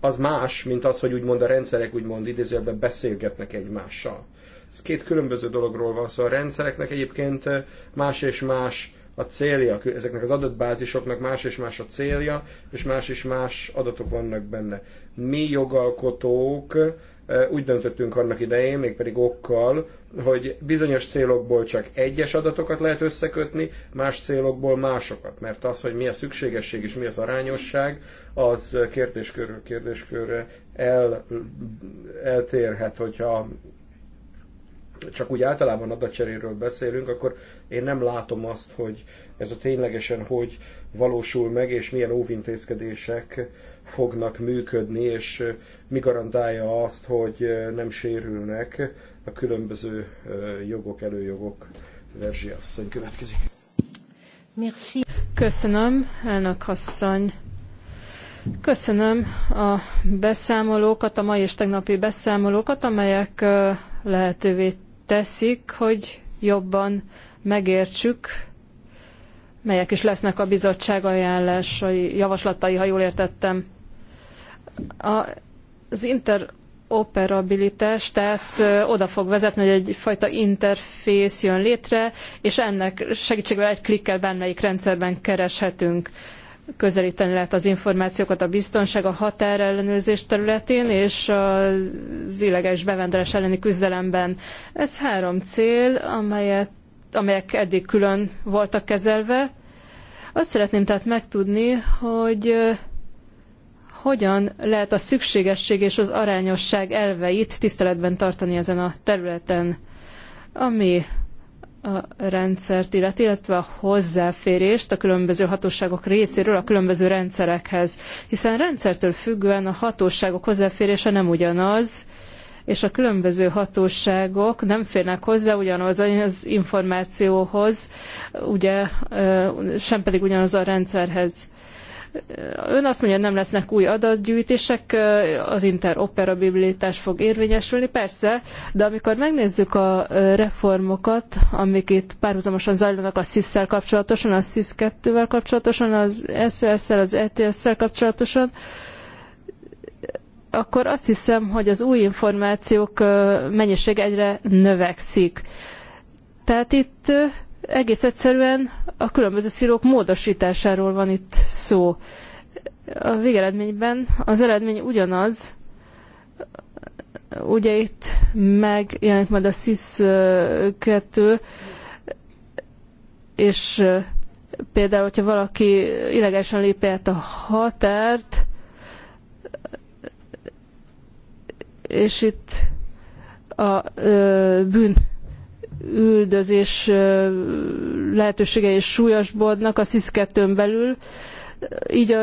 az más, mint az, hogy úgymond a rendszerek úgymond idézőjelben beszélgetnek egymással. Ez két különböző dologról van szó. Szóval a rendszereknek egyébként más és más a célja, ezeknek az adatbázisoknak más és más a célja, és más és más adatok vannak benne. Mi jogalkotók úgy döntöttünk annak idején, mégpedig okkal, hogy bizonyos célokból csak egyes adatokat lehet összekötni, más célokból másokat. Mert az, hogy mi a szükségesség és mi az arányosság, az kérdéskörről kérdéskörre el, eltérhet, hogyha csak úgy általában adatcseréről beszélünk, akkor én nem látom azt, hogy ez a ténylegesen hogy valósul meg, és milyen óvintézkedések fognak működni, és mi garantálja azt, hogy nem sérülnek a különböző jogok, előjogok. Verzsi asszony következik. Merci. Köszönöm, elnök asszony. Köszönöm a beszámolókat, a mai és tegnapi beszámolókat, amelyek lehetővé teszik, hogy jobban megértsük melyek is lesznek a bizottság ajánlásai, javaslatai, ha jól értettem. A, az interoperabilitás, tehát oda fog vezetni, hogy egyfajta interfész jön létre, és ennek segítségével egy klikkel bármelyik rendszerben kereshetünk közelíteni lehet az információkat a biztonság, a határellenőrzés területén és az illegális bevándorlás elleni küzdelemben. Ez három cél, amelyet amelyek eddig külön voltak kezelve. Azt szeretném tehát megtudni, hogy hogyan lehet a szükségesség és az arányosság elveit tiszteletben tartani ezen a területen, ami a rendszert, illeti, illetve a hozzáférést a különböző hatóságok részéről a különböző rendszerekhez. Hiszen rendszertől függően a hatóságok hozzáférése nem ugyanaz, és a különböző hatóságok nem férnek hozzá ugyanaz az információhoz, ugye, sem pedig ugyanaz a rendszerhez. Ön azt mondja, nem lesznek új adatgyűjtések, az interoperabilitás fog érvényesülni, persze, de amikor megnézzük a reformokat, amik itt párhuzamosan zajlanak a SIS-szel kapcsolatosan, a SIS-2-vel kapcsolatosan, az SOS-szel, az ETS-szel kapcsolatosan, akkor azt hiszem, hogy az új információk mennyisége egyre növekszik. Tehát itt egész egyszerűen a különböző szírók módosításáról van itt szó. A végeredményben az eredmény ugyanaz, ugye itt megjelenik majd a SIS 2, és például, hogyha valaki illegálisan lépi át a határt, és itt a bűn üldözés lehetőségei is súlyosbodnak a SZISZ belül. Így a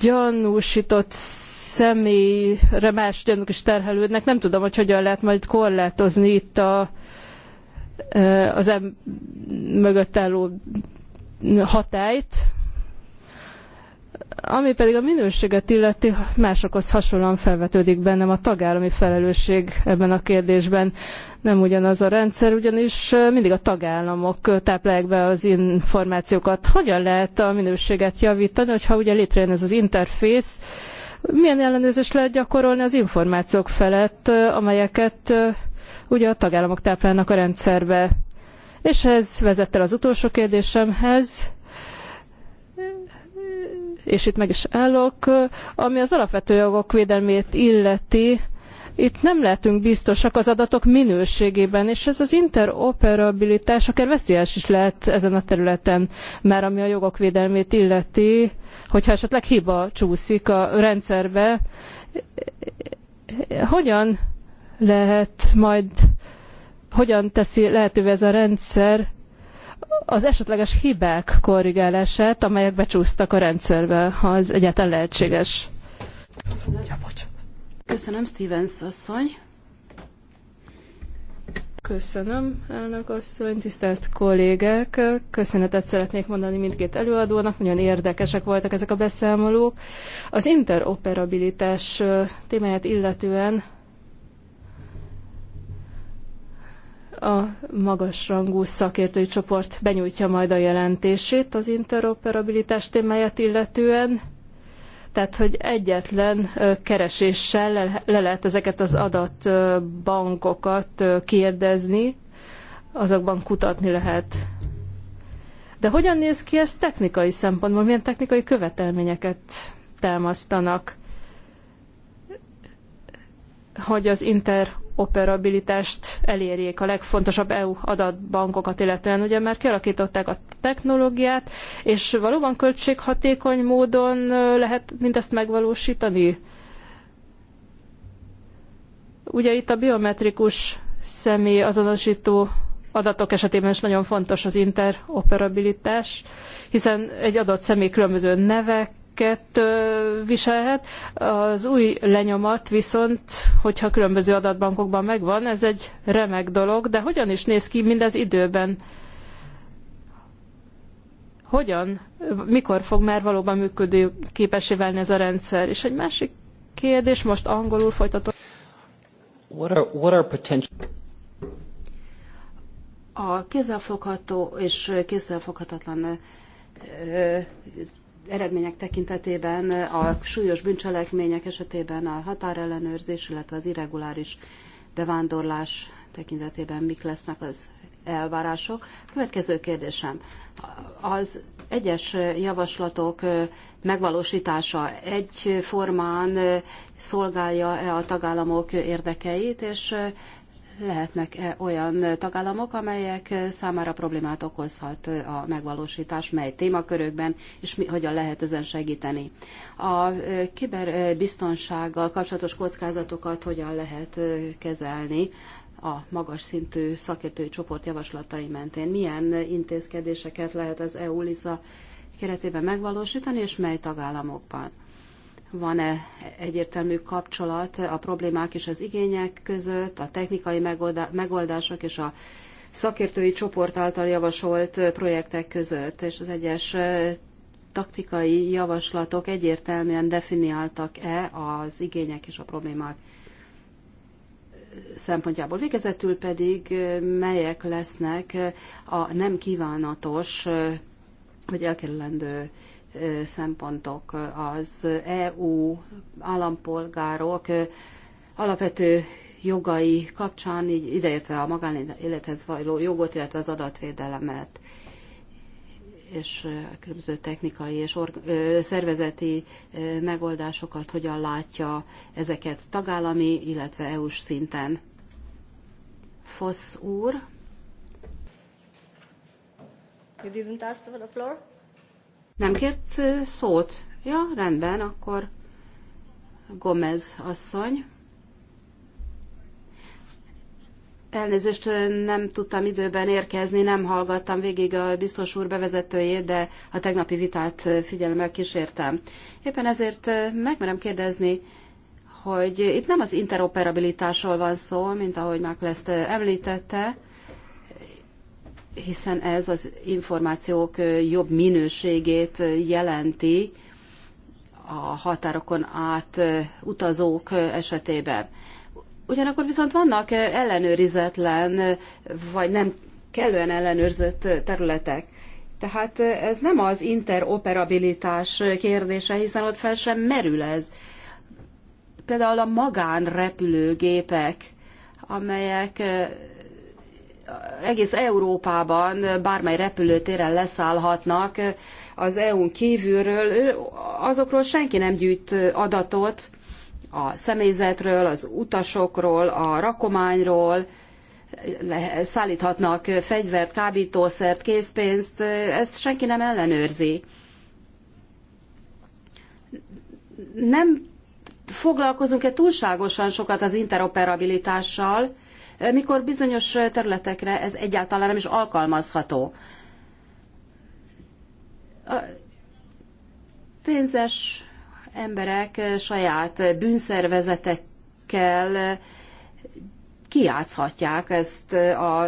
gyanúsított személyre más gyanúk is terhelődnek. Nem tudom, hogy hogyan lehet majd korlátozni itt a, az em mögött álló hatályt, ami pedig a minőséget illeti, másokhoz hasonlóan felvetődik bennem a tagállami felelősség ebben a kérdésben. Nem ugyanaz a rendszer, ugyanis mindig a tagállamok táplálják be az információkat. Hogyan lehet a minőséget javítani, hogyha ugye létrejön ez az interfész, milyen ellenőrzést lehet gyakorolni az információk felett, amelyeket ugye a tagállamok táplálnak a rendszerbe. És ez vezet el az utolsó kérdésemhez és itt meg is állok, ami az alapvető jogok védelmét illeti, itt nem lehetünk biztosak az adatok minőségében, és ez az interoperabilitás akár veszélyes is lehet ezen a területen, már ami a jogok védelmét illeti, hogyha esetleg hiba csúszik a rendszerbe, hogyan lehet majd, hogyan teszi lehetővé ez a rendszer, az esetleges hibák korrigálását, amelyek becsúsztak a rendszerbe, ha az egyáltalán lehetséges. Köszönöm, Stevens asszony. Köszönöm, elnök asszony, tisztelt kollégek. Köszönetet szeretnék mondani mindkét előadónak, nagyon érdekesek voltak ezek a beszámolók. Az interoperabilitás témáját illetően a magasrangú szakértői csoport benyújtja majd a jelentését az interoperabilitás témáját illetően, tehát hogy egyetlen kereséssel le lehet ezeket az adatbankokat kérdezni, azokban kutatni lehet. De hogyan néz ki ez technikai szempontból? Milyen technikai követelményeket támasztanak? Hogy az inter interoperabilitást elérjék a legfontosabb EU adatbankokat, illetően ugye már kialakították a technológiát, és valóban költséghatékony módon lehet mindezt megvalósítani? Ugye itt a biometrikus személy azonosító adatok esetében is nagyon fontos az interoperabilitás, hiszen egy adott személy különböző nevek, viselhet. Az új lenyomat viszont, hogyha különböző adatbankokban megvan, ez egy remek dolog, de hogyan is néz ki mindez időben? Hogyan, mikor fog már valóban működő képessé válni ez a rendszer? És egy másik kérdés, most angolul folytatom. What are, what are potential... A kézzelfogható és kézzelfoghatatlan eredmények tekintetében a súlyos bűncselekmények esetében a határellenőrzés, illetve az irreguláris bevándorlás tekintetében mik lesznek az elvárások. Következő kérdésem. Az egyes javaslatok megvalósítása egyformán szolgálja-e a tagállamok érdekeit, és lehetnek-e olyan tagállamok, amelyek számára problémát okozhat a megvalósítás, mely témakörökben, és mi, hogyan lehet ezen segíteni. A kiberbiztonsággal kapcsolatos kockázatokat hogyan lehet kezelni a magas szintű szakértői csoport javaslatai mentén. Milyen intézkedéseket lehet az EU-LISA keretében megvalósítani, és mely tagállamokban van-e egyértelmű kapcsolat a problémák és az igények között, a technikai megoldások és a szakértői csoport által javasolt projektek között, és az egyes eh, taktikai javaslatok egyértelműen definiáltak-e az igények és a problémák szempontjából. Végezetül pedig eh, melyek lesznek eh, a nem kívánatos vagy elkerülendő szempontok. Az EU állampolgárok alapvető jogai kapcsán, így ideértve a magánélethez való jogot, illetve az adatvédelemet és a különböző technikai és szervezeti megoldásokat hogyan látja ezeket tagállami, illetve EU-s szinten. Fosz úr. You didn't ask for the floor? Nem kért szót? Ja, rendben, akkor Gomez asszony. Elnézést, nem tudtam időben érkezni, nem hallgattam végig a biztos úr bevezetőjét, de a tegnapi vitát figyelemmel kísértem. Éppen ezért megmerem kérdezni, hogy itt nem az interoperabilitásról van szó, mint ahogy már ezt említette, hiszen ez az információk jobb minőségét jelenti a határokon át utazók esetében. Ugyanakkor viszont vannak ellenőrizetlen, vagy nem kellően ellenőrzött területek. Tehát ez nem az interoperabilitás kérdése, hiszen ott fel sem merül ez. Például a magánrepülőgépek, amelyek egész Európában bármely repülőtéren leszállhatnak az EU-n kívülről, azokról senki nem gyűjt adatot, a személyzetről, az utasokról, a rakományról, szállíthatnak fegyvert, kábítószert, készpénzt, ezt senki nem ellenőrzi. Nem foglalkozunk-e túlságosan sokat az interoperabilitással, mikor bizonyos területekre ez egyáltalán nem is alkalmazható. A pénzes emberek saját bűnszervezetekkel kiátszhatják ezt a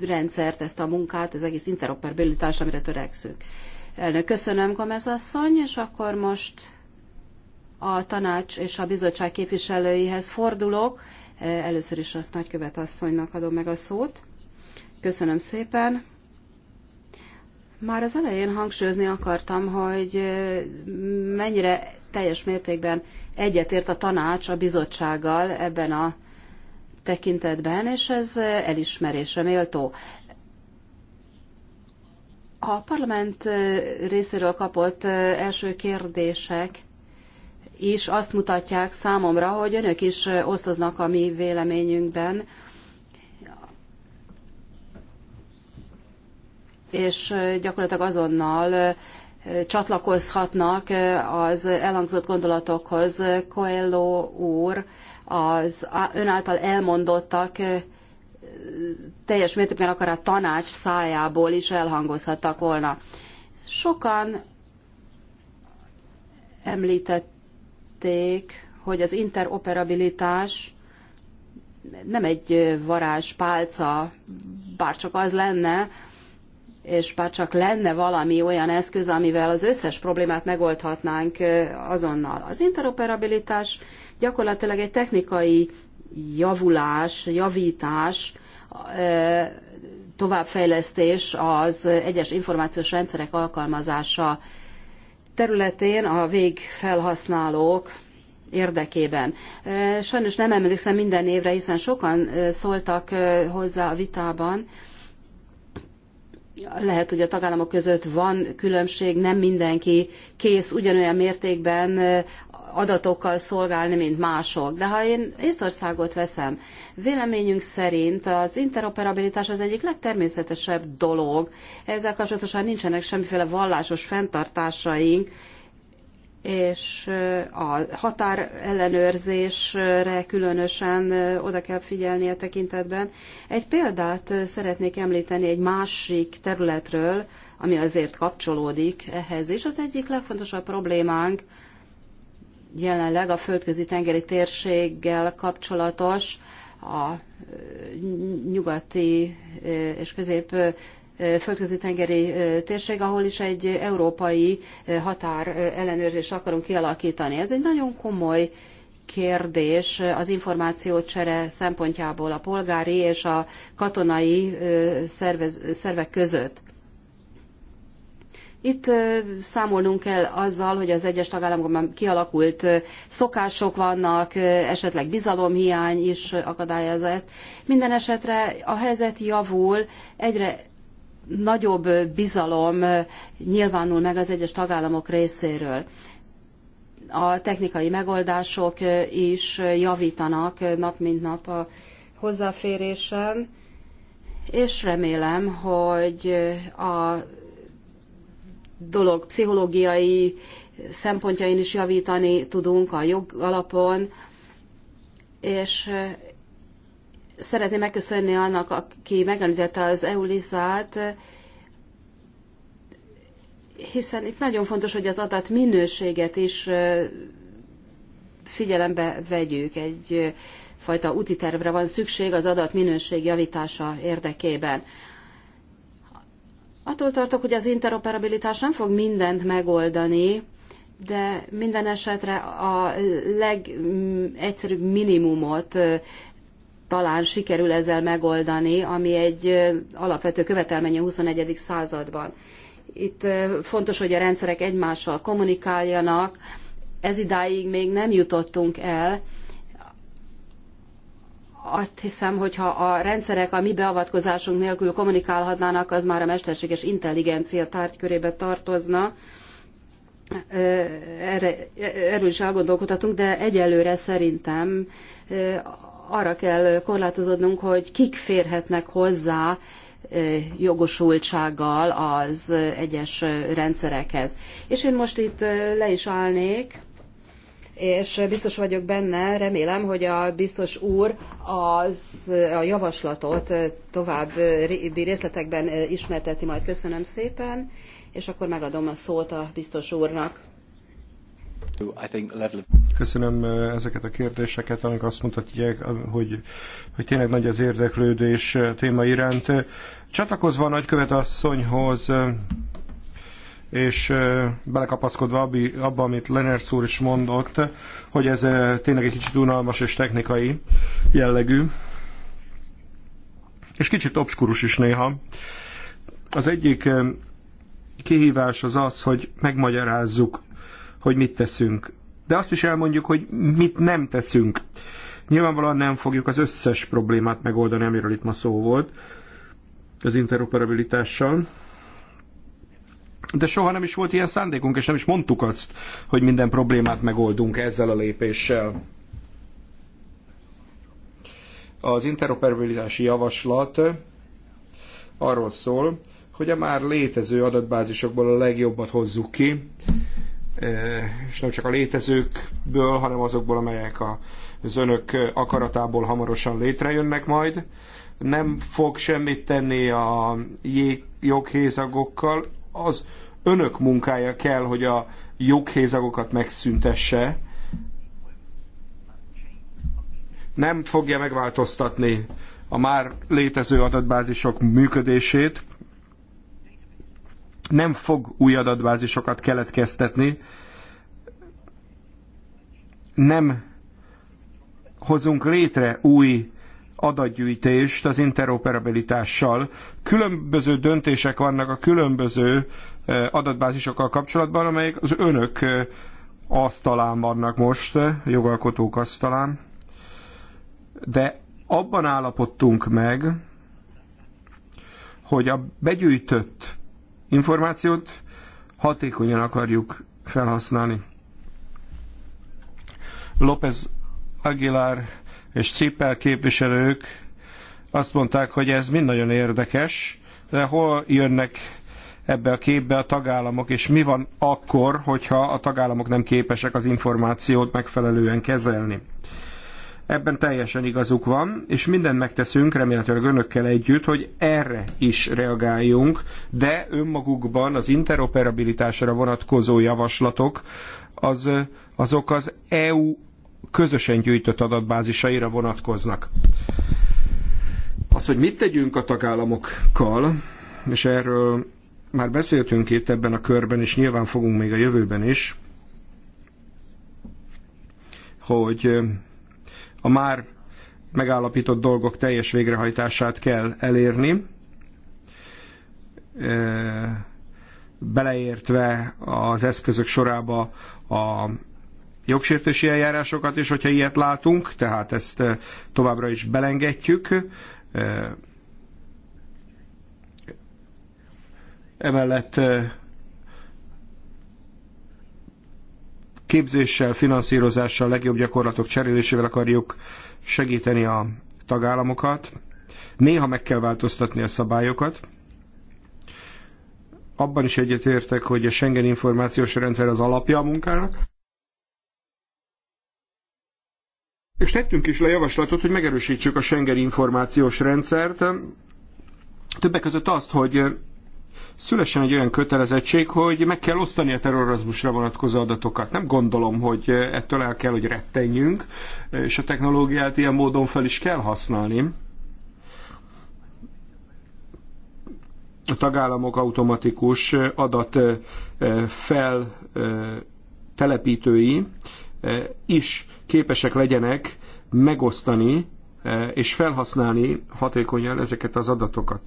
rendszert, ezt a munkát, az egész interoperabilitást, amire törekszünk. Elnök, köszönöm, Gomez asszony, és akkor most a tanács és a bizottság képviselőihez fordulok. Először is a nagykövet asszonynak adom meg a szót. Köszönöm szépen. Már az elején hangsúlyozni akartam, hogy mennyire teljes mértékben egyetért a tanács a bizottsággal ebben a tekintetben, és ez elismerésre méltó. A parlament részéről kapott első kérdések is azt mutatják számomra, hogy önök is osztoznak a mi véleményünkben, és gyakorlatilag azonnal csatlakozhatnak az elhangzott gondolatokhoz. Coelho úr az ön által elmondottak teljes mértékben akár a tanács szájából is elhangozhattak volna. Sokan említett említették, hogy az interoperabilitás nem egy varázs bár bárcsak az lenne, és bárcsak lenne valami olyan eszköz, amivel az összes problémát megoldhatnánk azonnal. Az interoperabilitás gyakorlatilag egy technikai javulás, javítás, továbbfejlesztés az egyes információs rendszerek alkalmazása területén a végfelhasználók érdekében. Sajnos nem emlékszem minden évre, hiszen sokan szóltak hozzá a vitában. Lehet, hogy a tagállamok között van különbség, nem mindenki kész ugyanolyan mértékben adatokkal szolgálni, mint mások. De ha én Észtországot veszem, véleményünk szerint az interoperabilitás az egyik legtermészetesebb dolog. Ezzel kapcsolatosan nincsenek semmiféle vallásos fenntartásaink, és a határ ellenőrzésre különösen oda kell figyelni a e tekintetben. Egy példát szeretnék említeni egy másik területről, ami azért kapcsolódik ehhez is. Az egyik legfontosabb problémánk jelenleg a földközi tengeri térséggel kapcsolatos a nyugati és közép földközi tengeri térség, ahol is egy európai határ ellenőrzést akarunk kialakítani. Ez egy nagyon komoly kérdés az információcsere szempontjából a polgári és a katonai szervez, szervek között. Itt számolnunk kell azzal, hogy az egyes tagállamokban kialakult szokások vannak, esetleg bizalomhiány is akadályozza ezt. Minden esetre a helyzet javul, egyre nagyobb bizalom nyilvánul meg az egyes tagállamok részéről. A technikai megoldások is javítanak nap mint nap a hozzáférésen, és remélem, hogy a dolog pszichológiai szempontjain is javítani tudunk a jog alapon, és eh, szeretném megköszönni annak, aki megemlítette az EULIZÁT, hiszen itt nagyon fontos, hogy az adat minőséget is eh, figyelembe vegyük. Egy eh, fajta úti tervre van szükség az adat minőség javítása érdekében. Attól tartok, hogy az interoperabilitás nem fog mindent megoldani, de minden esetre a legegyszerűbb minimumot talán sikerül ezzel megoldani, ami egy alapvető követelmény a 21. században. Itt fontos, hogy a rendszerek egymással kommunikáljanak, ez idáig még nem jutottunk el, azt hiszem, hogy ha a rendszerek a mi beavatkozásunk nélkül kommunikálhatnának, az már a mesterséges intelligencia tárgykörébe tartozna. Erre, erről is elgondolkodhatunk, de egyelőre szerintem arra kell korlátozódnunk, hogy kik férhetnek hozzá jogosultsággal az egyes rendszerekhez. És én most itt le is állnék és biztos vagyok benne, remélem, hogy a biztos úr az, a javaslatot további részletekben ismerteti majd. Köszönöm szépen, és akkor megadom a szót a biztos úrnak. Köszönöm eh, ezeket a kérdéseket, amik azt mutatják, hogy, hogy tényleg nagy az érdeklődés eh, téma iránt. Csatlakozva a nagykövet asszonyhoz, eh, és belekapaszkodva abba, amit Lenertz úr is mondott, hogy ez tényleg egy kicsit unalmas és technikai jellegű, és kicsit obskurus is néha. Az egyik kihívás az az, hogy megmagyarázzuk, hogy mit teszünk. De azt is elmondjuk, hogy mit nem teszünk. Nyilvánvalóan nem fogjuk az összes problémát megoldani, amiről itt ma szó volt, az interoperabilitással, de soha nem is volt ilyen szándékunk, és nem is mondtuk azt, hogy minden problémát megoldunk ezzel a lépéssel. Az interoperabilitási javaslat arról szól, hogy a már létező adatbázisokból a legjobbat hozzuk ki, és nem csak a létezőkből, hanem azokból, amelyek az önök akaratából hamarosan létrejönnek majd. Nem fog semmit tenni a joghézagokkal, az önök munkája kell, hogy a joghézagokat megszüntesse, nem fogja megváltoztatni a már létező adatbázisok működését, nem fog új adatbázisokat keletkeztetni, nem hozunk létre új adatgyűjtést az interoperabilitással. Különböző döntések vannak a különböző adatbázisokkal kapcsolatban, amelyek az önök asztalán vannak most, jogalkotók asztalán. De abban állapodtunk meg, hogy a begyűjtött információt hatékonyan akarjuk felhasználni. López Aguilar és Cipel képviselők azt mondták, hogy ez mind nagyon érdekes, de hol jönnek ebbe a képbe a tagállamok, és mi van akkor, hogyha a tagállamok nem képesek az információt megfelelően kezelni. Ebben teljesen igazuk van, és mindent megteszünk, remélhetőleg önökkel együtt, hogy erre is reagáljunk, de önmagukban az interoperabilitásra vonatkozó javaslatok az, azok az EU közösen gyűjtött adatbázisaira vonatkoznak. Az, hogy mit tegyünk a tagállamokkal, és erről már beszéltünk itt ebben a körben, és nyilván fogunk még a jövőben is, hogy a már megállapított dolgok teljes végrehajtását kell elérni, beleértve az eszközök sorába a jogsértési eljárásokat is, hogyha ilyet látunk, tehát ezt eh, továbbra is belengedjük. Eh, emellett eh, képzéssel, finanszírozással, legjobb gyakorlatok cserélésével akarjuk segíteni a tagállamokat. Néha meg kell változtatni a szabályokat. Abban is egyetértek, hogy a Schengen információs rendszer az alapja a munkának. És tettünk is le javaslatot, hogy megerősítsük a Schengen információs rendszert. Többek között azt, hogy szülessen egy olyan kötelezettség, hogy meg kell osztani a terrorizmusra vonatkozó adatokat. Nem gondolom, hogy ettől el kell, hogy rettenjünk, és a technológiát ilyen módon fel is kell használni. A tagállamok automatikus adat eh, fel eh, telepítői is képesek legyenek megosztani és felhasználni hatékonyan ezeket az adatokat.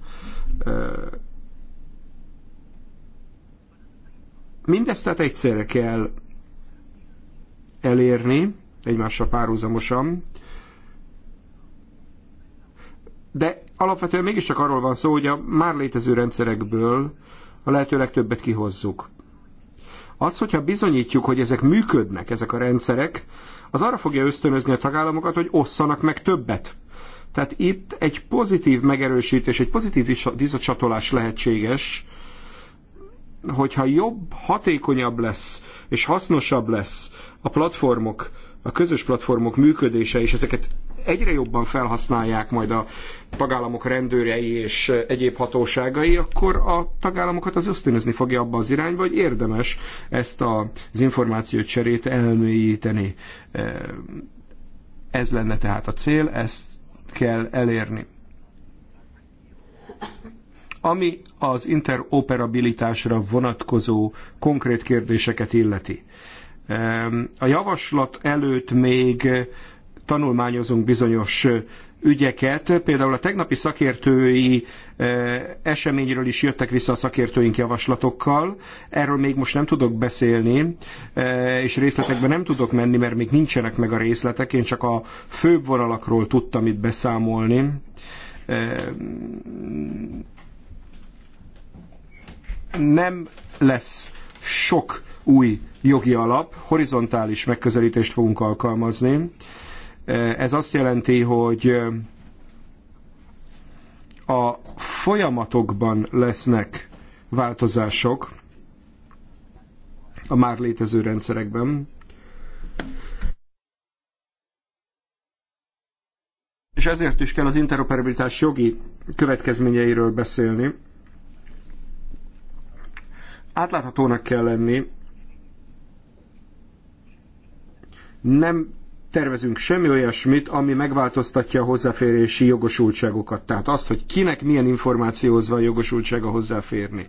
Mindezt tehát egyszerre kell elérni, egymással párhuzamosan, de alapvetően mégiscsak arról van szó, hogy a már létező rendszerekből a lehető legtöbbet kihozzuk. Az, hogyha bizonyítjuk, hogy ezek működnek, ezek a rendszerek, az arra fogja ösztönözni a tagállamokat, hogy osszanak meg többet. Tehát itt egy pozitív megerősítés, egy pozitív visszacsatolás lehetséges, hogyha jobb, hatékonyabb lesz és hasznosabb lesz a platformok a közös platformok működése, és ezeket egyre jobban felhasználják majd a tagállamok rendőrei és egyéb hatóságai, akkor a tagállamokat az ösztönözni fogja abba az irányba, hogy érdemes ezt az cserét elmélyíteni. Ez lenne tehát a cél, ezt kell elérni. Ami az interoperabilitásra vonatkozó konkrét kérdéseket illeti. Ehm, a javaslat előtt még eh, tanulmányozunk bizonyos eh, ügyeket. Például a tegnapi szakértői eh, eseményről is jöttek vissza a szakértőink javaslatokkal. Erről még most nem tudok beszélni, és részletekben nem tudok menni, mert még nincsenek meg a részletek. Én csak a főbb vonalakról tudtam itt beszámolni. Ehm, nem lesz sok új jogi alap, horizontális megközelítést fogunk alkalmazni. E, ez azt jelenti, hogy e, a folyamatokban lesznek változások a már létező rendszerekben, és ezért is kell az interoperabilitás jogi következményeiről beszélni. Átláthatónak kell lenni nem tervezünk semmi olyasmit, ami megváltoztatja a hozzáférési jogosultságokat. Tehát azt, hogy kinek milyen információhoz van jogosultsága hozzáférni.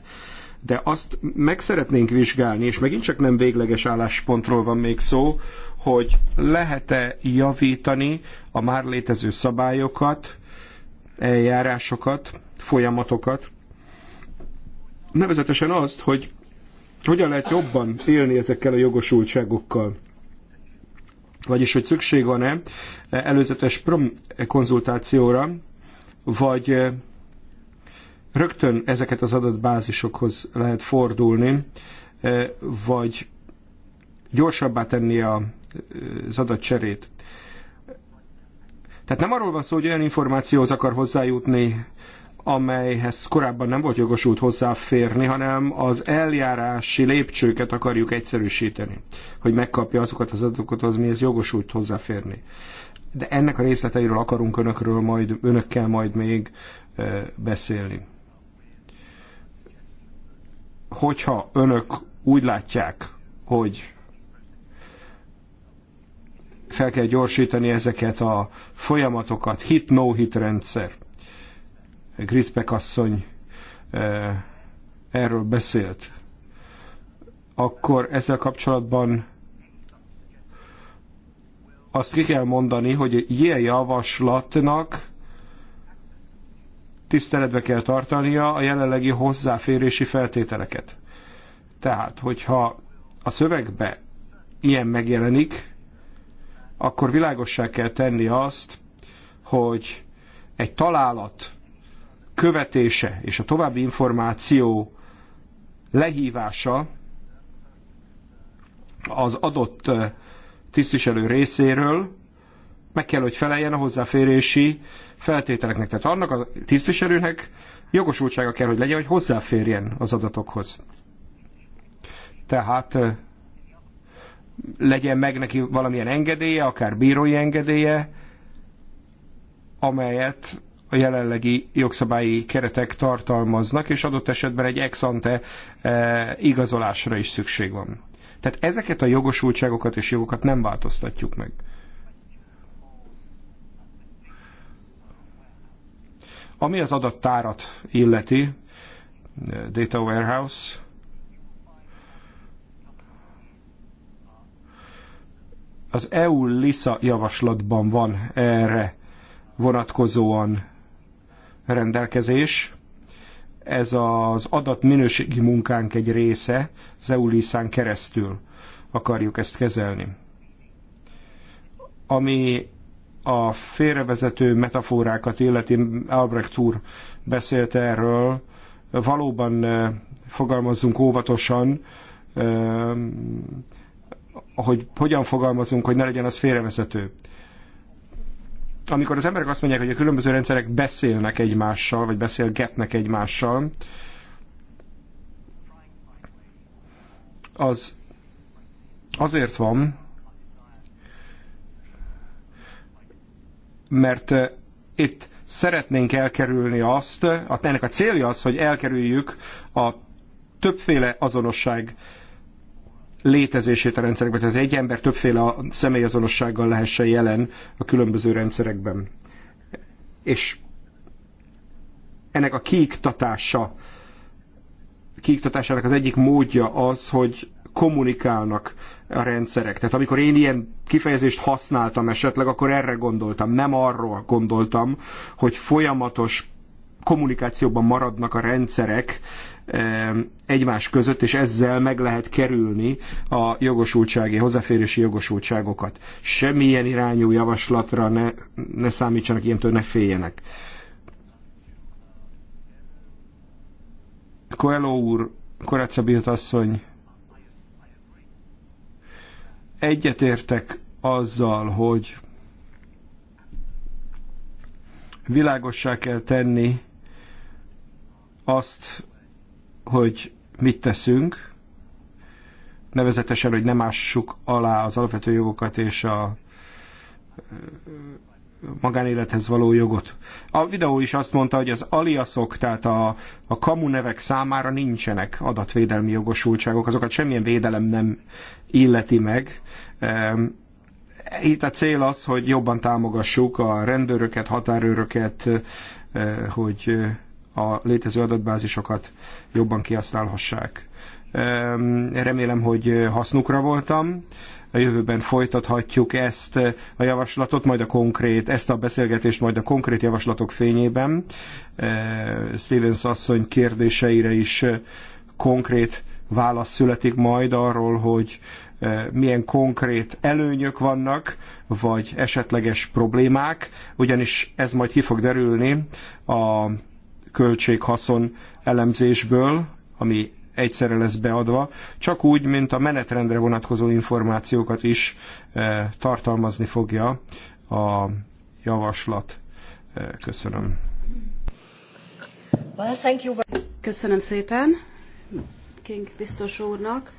De azt meg szeretnénk vizsgálni, és megint csak nem végleges álláspontról van még szó, hogy lehet-e javítani a már létező szabályokat, eljárásokat, folyamatokat, nevezetesen azt, hogy hogyan lehet jobban élni ezekkel a jogosultságokkal vagyis hogy szükség van-e előzetes prom konzultációra, vagy eh, rögtön ezeket az adatbázisokhoz lehet fordulni, eh, vagy gyorsabbá tenni eh, az adatcserét. Tehát nem arról van szó, hogy olyan információhoz akar hozzájutni amelyhez korábban nem volt jogosult hozzáférni, hanem az eljárási lépcsőket akarjuk egyszerűsíteni, hogy megkapja azokat az adatokat, az mihez jogosult hozzáférni. De ennek a részleteiről akarunk önökről majd, önökkel majd még beszélni. Hogyha önök úgy látják, hogy fel kell gyorsítani ezeket a folyamatokat, hit hit -no -hit rendszer, Griszbek asszony eh, erről beszélt, akkor ezzel kapcsolatban azt ki kell mondani, hogy egy ilyen javaslatnak tiszteletbe kell tartania a jelenlegi hozzáférési feltételeket. Tehát, hogyha a szövegbe ilyen megjelenik, akkor világossá kell tenni azt, hogy egy találat követése és a további információ lehívása az adott tisztviselő részéről meg kell, hogy feleljen a hozzáférési feltételeknek. Tehát annak a tisztviselőnek jogosultsága kell, hogy legyen, hogy hozzáférjen az adatokhoz. Tehát legyen meg neki valamilyen engedélye, akár bírói engedélye, amelyet a jelenlegi jogszabályi keretek tartalmaznak, és adott esetben egy ex ante eh, igazolásra is szükség van. Tehát ezeket a jogosultságokat és jogokat nem változtatjuk meg. Ami az adattárat illeti, eh, Data Warehouse, az EU-LISA javaslatban van erre vonatkozóan rendelkezés. Ez az adatminőségi munkánk egy része, az keresztül akarjuk ezt kezelni. Ami a félrevezető metaforákat illeti, Albrecht úr beszélt erről, valóban fogalmazzunk óvatosan, hogy hogyan fogalmazunk, hogy ne legyen az félrevezető amikor az emberek azt mondják, hogy a különböző rendszerek beszélnek egymással, vagy beszélgetnek egymással, az azért van, mert eh, itt szeretnénk elkerülni azt, ennek a célja az, hogy elkerüljük a többféle azonosság létezését a rendszerekben. Tehát egy ember többféle személyazonossággal lehessen jelen a különböző rendszerekben. És ennek a kiiktatása, kiiktatásának az egyik módja az, hogy kommunikálnak a rendszerek. Tehát amikor én ilyen kifejezést használtam esetleg, akkor erre gondoltam, nem arról gondoltam, hogy folyamatos kommunikációban maradnak a rendszerek, egymás között, és ezzel meg lehet kerülni a jogosultsági, hozzáférési jogosultságokat. Semmilyen irányú javaslatra ne, ne számítsanak, ilyentől ne féljenek. Coelho úr, Korácsabilt asszony, egyetértek azzal, hogy világossá kell tenni azt, hogy mit teszünk, nevezetesen, hogy nem ássuk alá az alapvető jogokat és a magánélethez való jogot. A videó is azt mondta, hogy az aliaszok, tehát a, a kamu nevek számára nincsenek adatvédelmi jogosultságok, azokat semmilyen védelem nem illeti meg. Itt a cél az, hogy jobban támogassuk a rendőröket, határőröket, hogy a létező adatbázisokat jobban kihasználhassák. Remélem, hogy hasznukra voltam. A jövőben folytathatjuk ezt a javaslatot, majd a konkrét, ezt a beszélgetést majd a konkrét javaslatok fényében. Stevens asszony kérdéseire is konkrét válasz születik majd arról, hogy milyen konkrét előnyök vannak, vagy esetleges problémák, ugyanis ez majd ki fog derülni a költséghaszon elemzésből, ami egyszerre lesz beadva, csak úgy, mint a menetrendre vonatkozó információkat is eh, tartalmazni fogja a javaslat. Eh, köszönöm. Köszönöm szépen King biztos úrnak.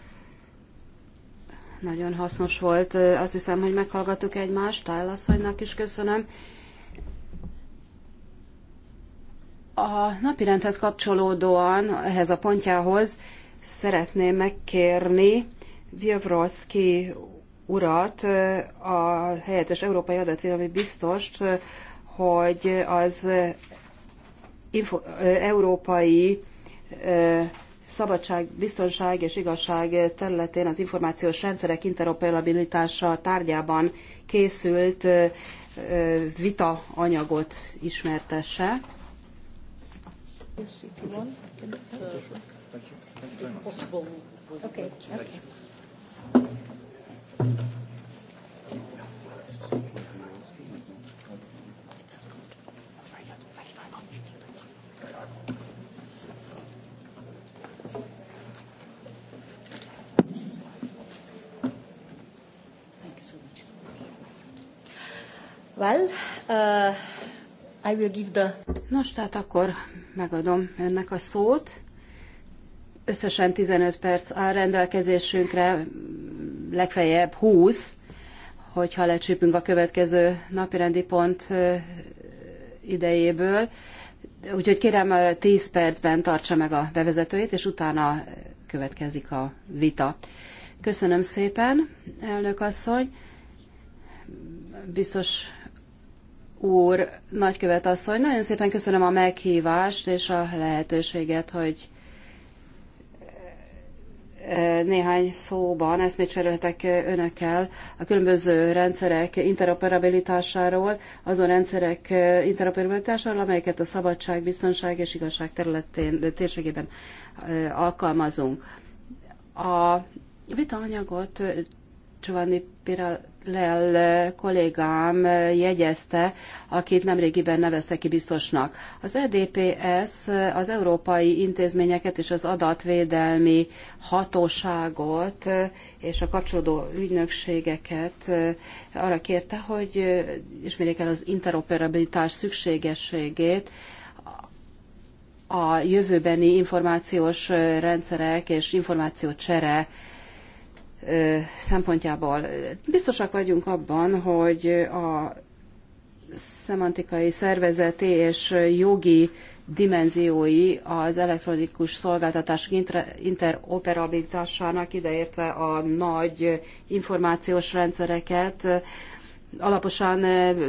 Nagyon hasznos volt. Eh, azt hiszem, hogy meghallgattuk egymást. Tájlasszonynak is köszönöm. A napirendhez kapcsolódóan, ehhez a pontjához szeretném megkérni Vjavroszki urat, a helyettes Európai Adatvédelmi Biztost, hogy az info, európai szabadság, biztonság és igazság területén az információs rendszerek interoperabilitása tárgyában készült vita anyagot ismertesse. Yes, if you want. Can, uh, sure, sure. Thank you. Thank you very much. Possible. Okay. okay. Well, uh, I will give the... Nos, tehát akkor megadom önnek a szót. Összesen 15 perc áll rendelkezésünkre, legfeljebb 20, hogyha lecsípünk a következő napirendi pont idejéből. Úgyhogy kérem, 10 percben tartsa meg a bevezetőjét, és utána következik a vita. Köszönöm szépen, elnök asszony. Biztos úr, nagykövet asszony, nagyon szépen köszönöm a meghívást és a lehetőséget, hogy e, néhány szóban eszmét cseréltek önökkel a különböző rendszerek interoperabilitásáról, azon rendszerek e, interoperabilitásáról, amelyeket a szabadság, biztonság és igazság területén, térségében e, alkalmazunk. A vitaanyagot Giovanni Piral Lel eh, kollégám eh, jegyezte, akit nemrégiben neveztek ki biztosnak. Az EDPS eh, az európai intézményeket és az adatvédelmi hatóságot és a kapcsolódó ügynökségeket arra kérte, hogy ismerjék el az interoperabilitás szükségességét, a jövőbeni információs rendszerek és információcsere szempontjából. Biztosak vagyunk abban, hogy a szemantikai szervezeti és jogi dimenziói az elektronikus szolgáltatások interoperabilitásának ideértve a nagy információs rendszereket alaposan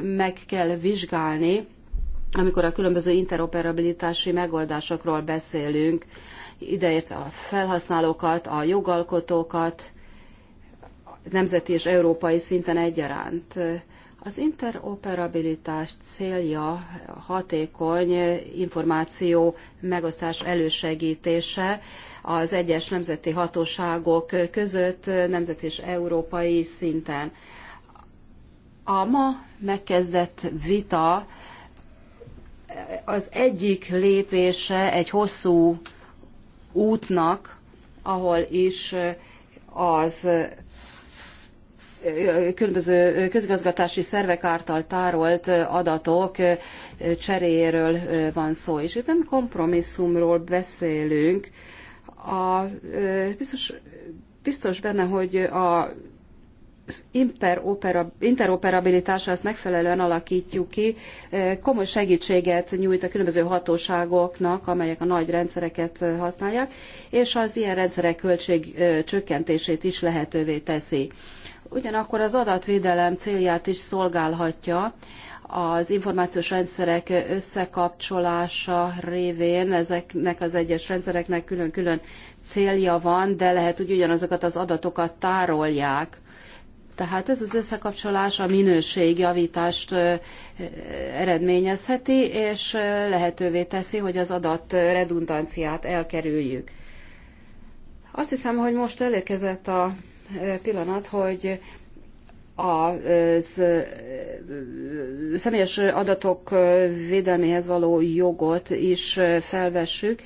meg kell vizsgálni, amikor a különböző interoperabilitási megoldásokról beszélünk, ideértve a felhasználókat, a jogalkotókat, nemzeti és európai szinten egyaránt. Az interoperabilitás célja hatékony információ megosztás elősegítése az egyes nemzeti hatóságok között, nemzeti és európai szinten. A ma megkezdett vita az egyik lépése egy hosszú útnak, ahol is az különböző közigazgatási szervek által tárolt adatok cseréjéről van szó, és itt nem kompromisszumról beszélünk. A, biztos, biztos benne, hogy a interoperabilitása ezt megfelelően alakítjuk ki, komoly segítséget nyújt a különböző hatóságoknak, amelyek a nagy rendszereket használják, és az ilyen rendszerek költség csökkentését is lehetővé teszi ugyanakkor az adatvédelem célját is szolgálhatja az információs rendszerek összekapcsolása révén ezeknek az egyes rendszereknek külön-külön célja van, de lehet, hogy ugyanazokat az adatokat tárolják. Tehát ez az összekapcsolás a minőségjavítást eredményezheti, és lehetővé teszi, hogy az adat redundanciát elkerüljük. Azt hiszem, hogy most elérkezett a pillanat, hogy a személyes adatok védelméhez való jogot is felvessük.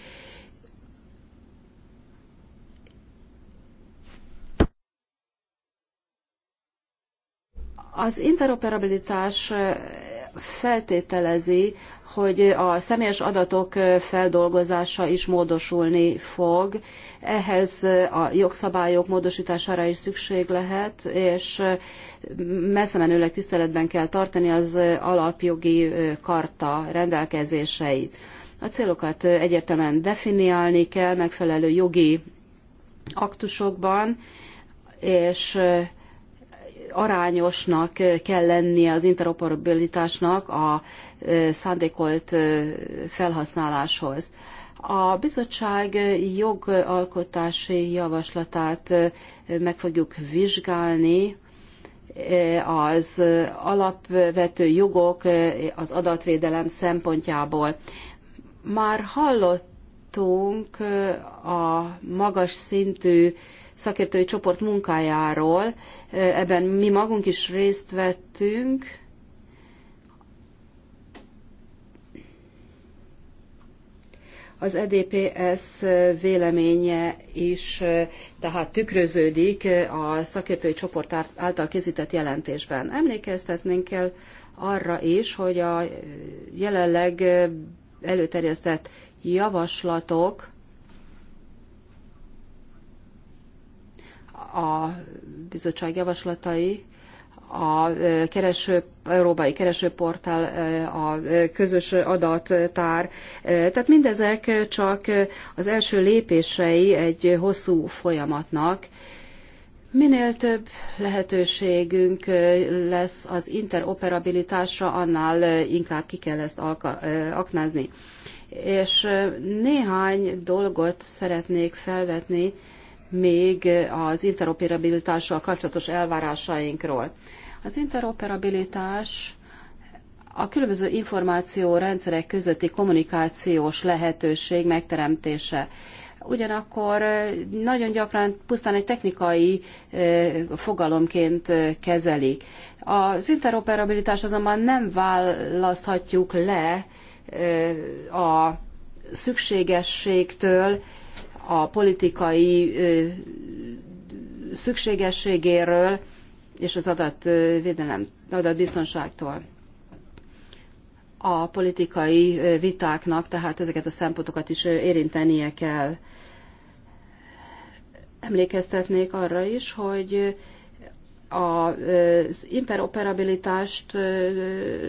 Az interoperabilitás feltételezi hogy a személyes adatok feldolgozása is módosulni fog. Ehhez a jogszabályok módosítására is szükség lehet, és messze menőleg tiszteletben kell tartani az alapjogi karta rendelkezéseit. A célokat egyértelműen definiálni kell megfelelő jogi aktusokban, és arányosnak kell lennie az interoperabilitásnak a szándékolt felhasználáshoz. A bizottság jogalkotási javaslatát meg fogjuk vizsgálni, az alapvető jogok az adatvédelem szempontjából. Már hallottunk a magas szintű szakértői csoport munkájáról, ebben mi magunk is részt vettünk, Az EDPS véleménye is tehát tükröződik a szakértői csoport által készített jelentésben. Emlékeztetnénk kell arra is, hogy a jelenleg előterjesztett javaslatok a bizottság javaslatai a kereső, európai keresőportál, a közös adattár. Tehát mindezek csak az első lépései egy hosszú folyamatnak. Minél több lehetőségünk lesz az interoperabilitásra, annál inkább ki kell ezt aknázni. És néhány dolgot szeretnék felvetni, még az interoperabilitással kapcsolatos elvárásainkról. Az interoperabilitás a különböző információrendszerek közötti kommunikációs lehetőség megteremtése. Ugyanakkor nagyon gyakran pusztán egy technikai fogalomként kezelik. Az interoperabilitás azonban nem választhatjuk le a szükségességtől, a politikai szükségességéről, és az adatvédelem, adatbiztonságtól. A politikai vitáknak tehát ezeket a szempontokat is érintenie kell. Emlékeztetnék arra is, hogy az imperoperabilitást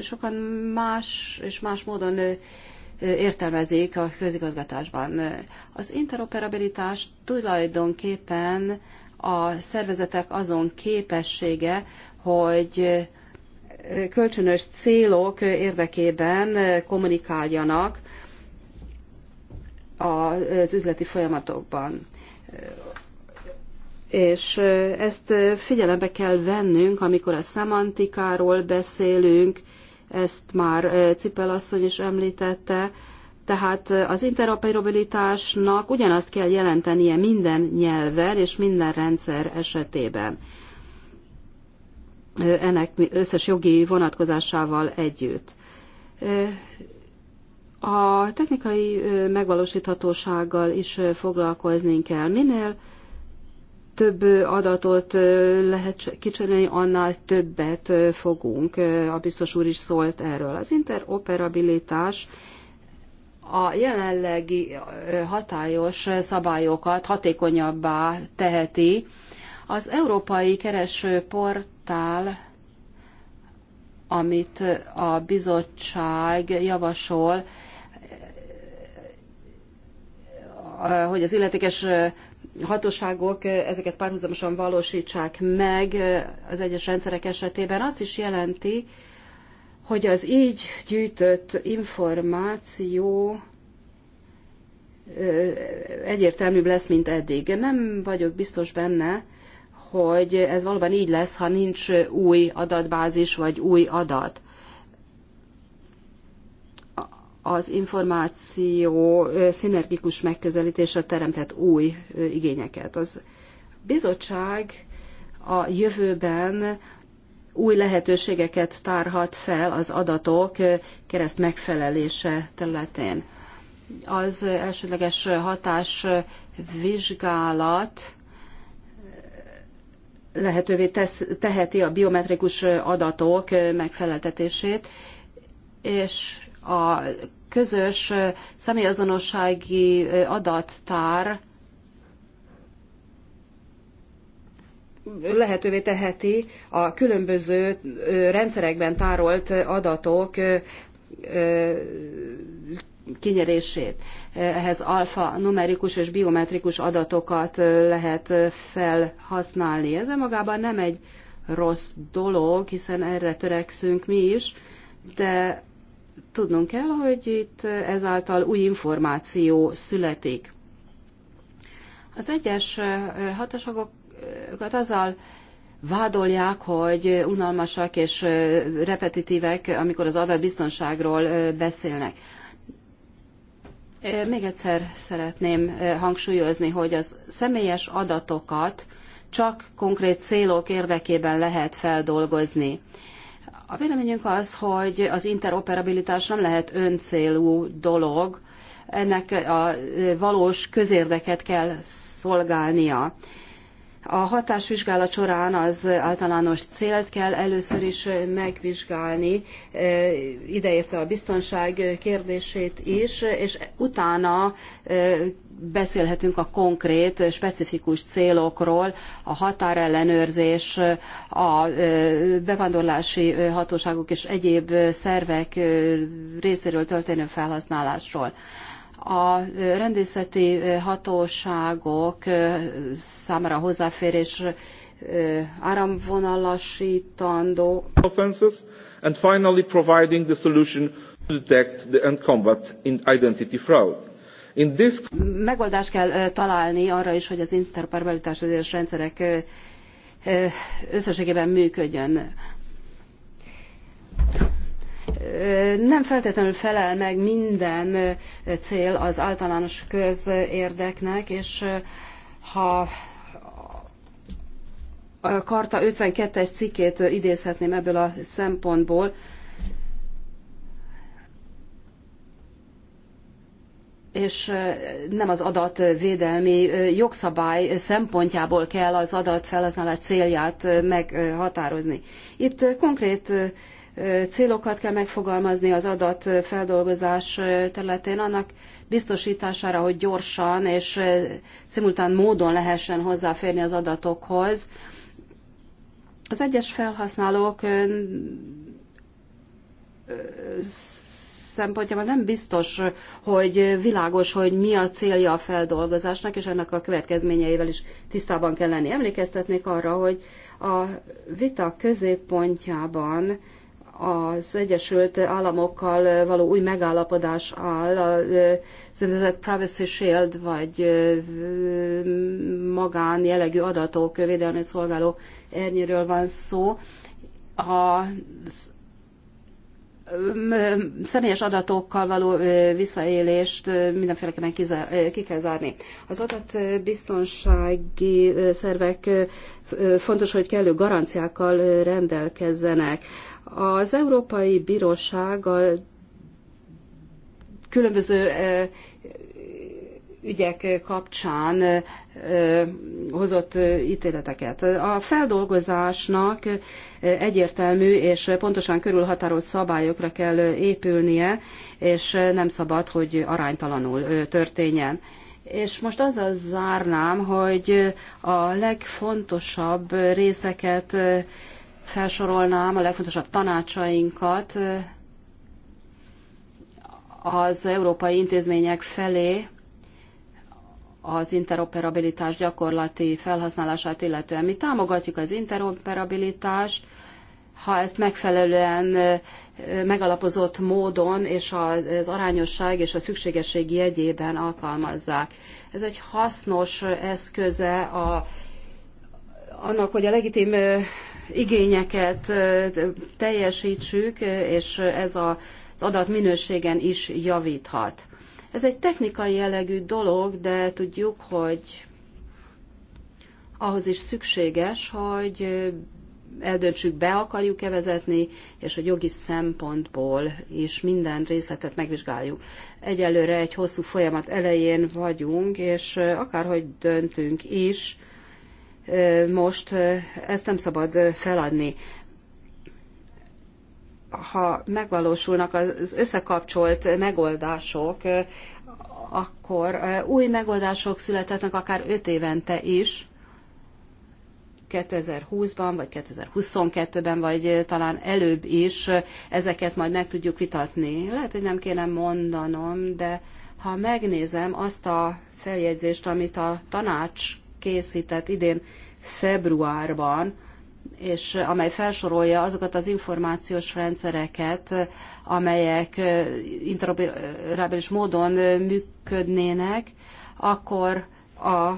sokan más és más módon értelmezik a közigazgatásban. Az interoperabilitás tulajdonképpen a szervezetek azon képessége, hogy kölcsönös célok érdekében kommunikáljanak az üzleti folyamatokban. És ezt figyelembe kell vennünk, amikor a szemantikáról beszélünk, ezt már Cipel asszony is említette, tehát az interoperabilitásnak ugyanazt kell jelentenie minden nyelven és minden rendszer esetében. Ennek összes jogi vonatkozásával együtt. A technikai megvalósíthatósággal is foglalkozni kell. Minél több adatot lehet kicserélni, annál többet fogunk. A biztos úr is szólt erről. Az interoperabilitás a jelenlegi hatályos szabályokat hatékonyabbá teheti. Az Európai Keresőportál, amit a bizottság javasol, hogy az illetékes hatóságok ezeket párhuzamosan valósítsák meg az egyes rendszerek esetében, azt is jelenti, hogy az így gyűjtött információ egyértelműbb lesz, mint eddig. Nem vagyok biztos benne, hogy ez valóban így lesz, ha nincs új adatbázis vagy új adat. Az információ szinergikus megközelítése teremtett új igényeket. Az bizottság a jövőben új lehetőségeket tárhat fel az adatok kereszt megfelelése területén. Az elsődleges hatás vizsgálat lehetővé tesz, teheti a biometrikus adatok megfeleltetését, és a közös személyazonossági adattár lehetővé teheti a különböző rendszerekben tárolt adatok kinyerését. Ehhez alfa numerikus és biometrikus adatokat lehet felhasználni. Ez magában nem egy rossz dolog, hiszen erre törekszünk mi is, de tudnunk kell, hogy itt ezáltal új információ születik. Az egyes hatóságok őket azzal vádolják, hogy unalmasak és repetitívek, amikor az adatbiztonságról beszélnek. Még egyszer szeretném hangsúlyozni, hogy az személyes adatokat csak konkrét célok érdekében lehet feldolgozni. A véleményünk az, hogy az interoperabilitás nem lehet öncélú dolog, ennek a valós közérdeket kell szolgálnia. A hatásvizsgálat során az általános célt kell először is megvizsgálni, e, ideértve a biztonság kérdését is, és utána e, beszélhetünk a konkrét, specifikus célokról, a határellenőrzés, a e, bevándorlási hatóságok és egyéb szervek részéről történő felhasználásról a rendészeti hatóságok számára hozzáférés áramvonalasítandó. Offenses and finally providing the solution to detect the and combat in identity fraud. In this... Megoldást kell találni arra is, hogy az interoperabilitás rendszerek összességében működjön nem feltétlenül felel meg minden cél az általános közérdeknek, és ha a Karta 52-es cikkét idézhetném ebből a szempontból, és nem az adatvédelmi jogszabály szempontjából kell az adatfelhasználás célját meghatározni. Itt konkrét célokat kell megfogalmazni az adatfeldolgozás területén annak biztosítására, hogy gyorsan és szimultán módon lehessen hozzáférni az adatokhoz. Az egyes felhasználók szempontjában nem biztos, hogy világos, hogy mi a célja a feldolgozásnak, és ennek a következményeivel is tisztában kell lenni. Emlékeztetnék arra, hogy a vita középpontjában az Egyesült Államokkal való új megállapodás áll, az úgynevezett Privacy Shield, vagy magán jellegű adatok védelmét szolgáló ernyőről van szó. A személyes adatokkal való visszaélést mindenféleképpen ki kell zárni. Az adatbiztonsági szervek fontos, hogy kellő garanciákkal rendelkezzenek. Az Európai Bíróság a különböző e, ügyek kapcsán e, hozott e, ítéleteket. A feldolgozásnak egyértelmű és pontosan körülhatárolt szabályokra kell épülnie, és nem szabad, hogy aránytalanul történjen. És most azzal zárnám, hogy a legfontosabb részeket felsorolnám a legfontosabb tanácsainkat az európai intézmények felé az interoperabilitás gyakorlati felhasználását illetően. Mi támogatjuk az interoperabilitást, ha ezt megfelelően megalapozott módon és az arányosság és a szükségesség jegyében alkalmazzák. Ez egy hasznos eszköze a annak, hogy a legitim igényeket teljesítsük, és ez az adat minőségen is javíthat. Ez egy technikai jellegű dolog, de tudjuk, hogy ahhoz is szükséges, hogy eldöntsük, be akarjuk-e vezetni, és a jogi szempontból is minden részletet megvizsgáljuk. Egyelőre egy hosszú folyamat elején vagyunk, és akárhogy döntünk is, most ezt nem szabad feladni. Ha megvalósulnak az összekapcsolt megoldások, akkor új megoldások születhetnek akár öt évente is, 2020-ban, vagy 2022-ben, vagy talán előbb is ezeket majd meg tudjuk vitatni. Lehet, hogy nem kéne mondanom, de ha megnézem azt a feljegyzést, amit a tanács készített idén februárban, és eh, amely felsorolja azokat az információs rendszereket, eh, amelyek eh, interoperábilis módon működnének, akkor a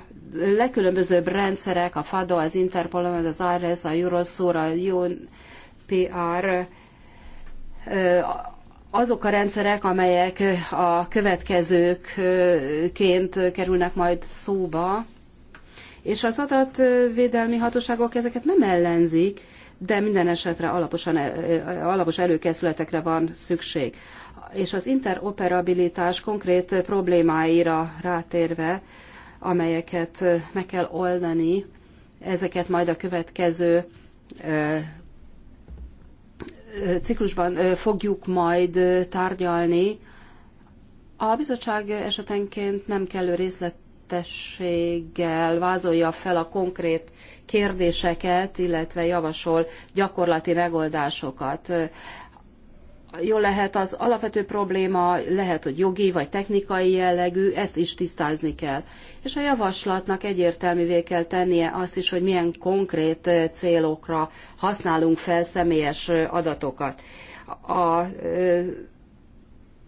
legkülönbözőbb rendszerek, a FADO, az Interpol, az ARS, a Eurosur, e a UNPR, azok a rendszerek, amelyek a következőként kerülnek majd szóba, és az adatvédelmi hatóságok ezeket nem ellenzik, de minden esetre alaposan, e, e, alapos előkészületekre van szükség. És az interoperabilitás konkrét problémáira rátérve, amelyeket meg kell oldani, ezeket majd a következő e, ciklusban fogjuk majd tárgyalni. A bizottság esetenként nem kellő részlet részletességgel vázolja fel a konkrét kérdéseket, illetve javasol gyakorlati megoldásokat. Jó lehet az alapvető probléma, lehet, hogy jogi vagy technikai jellegű, ezt is tisztázni kell. És a javaslatnak egyértelművé kell tennie azt is, hogy milyen konkrét célokra használunk fel személyes adatokat. A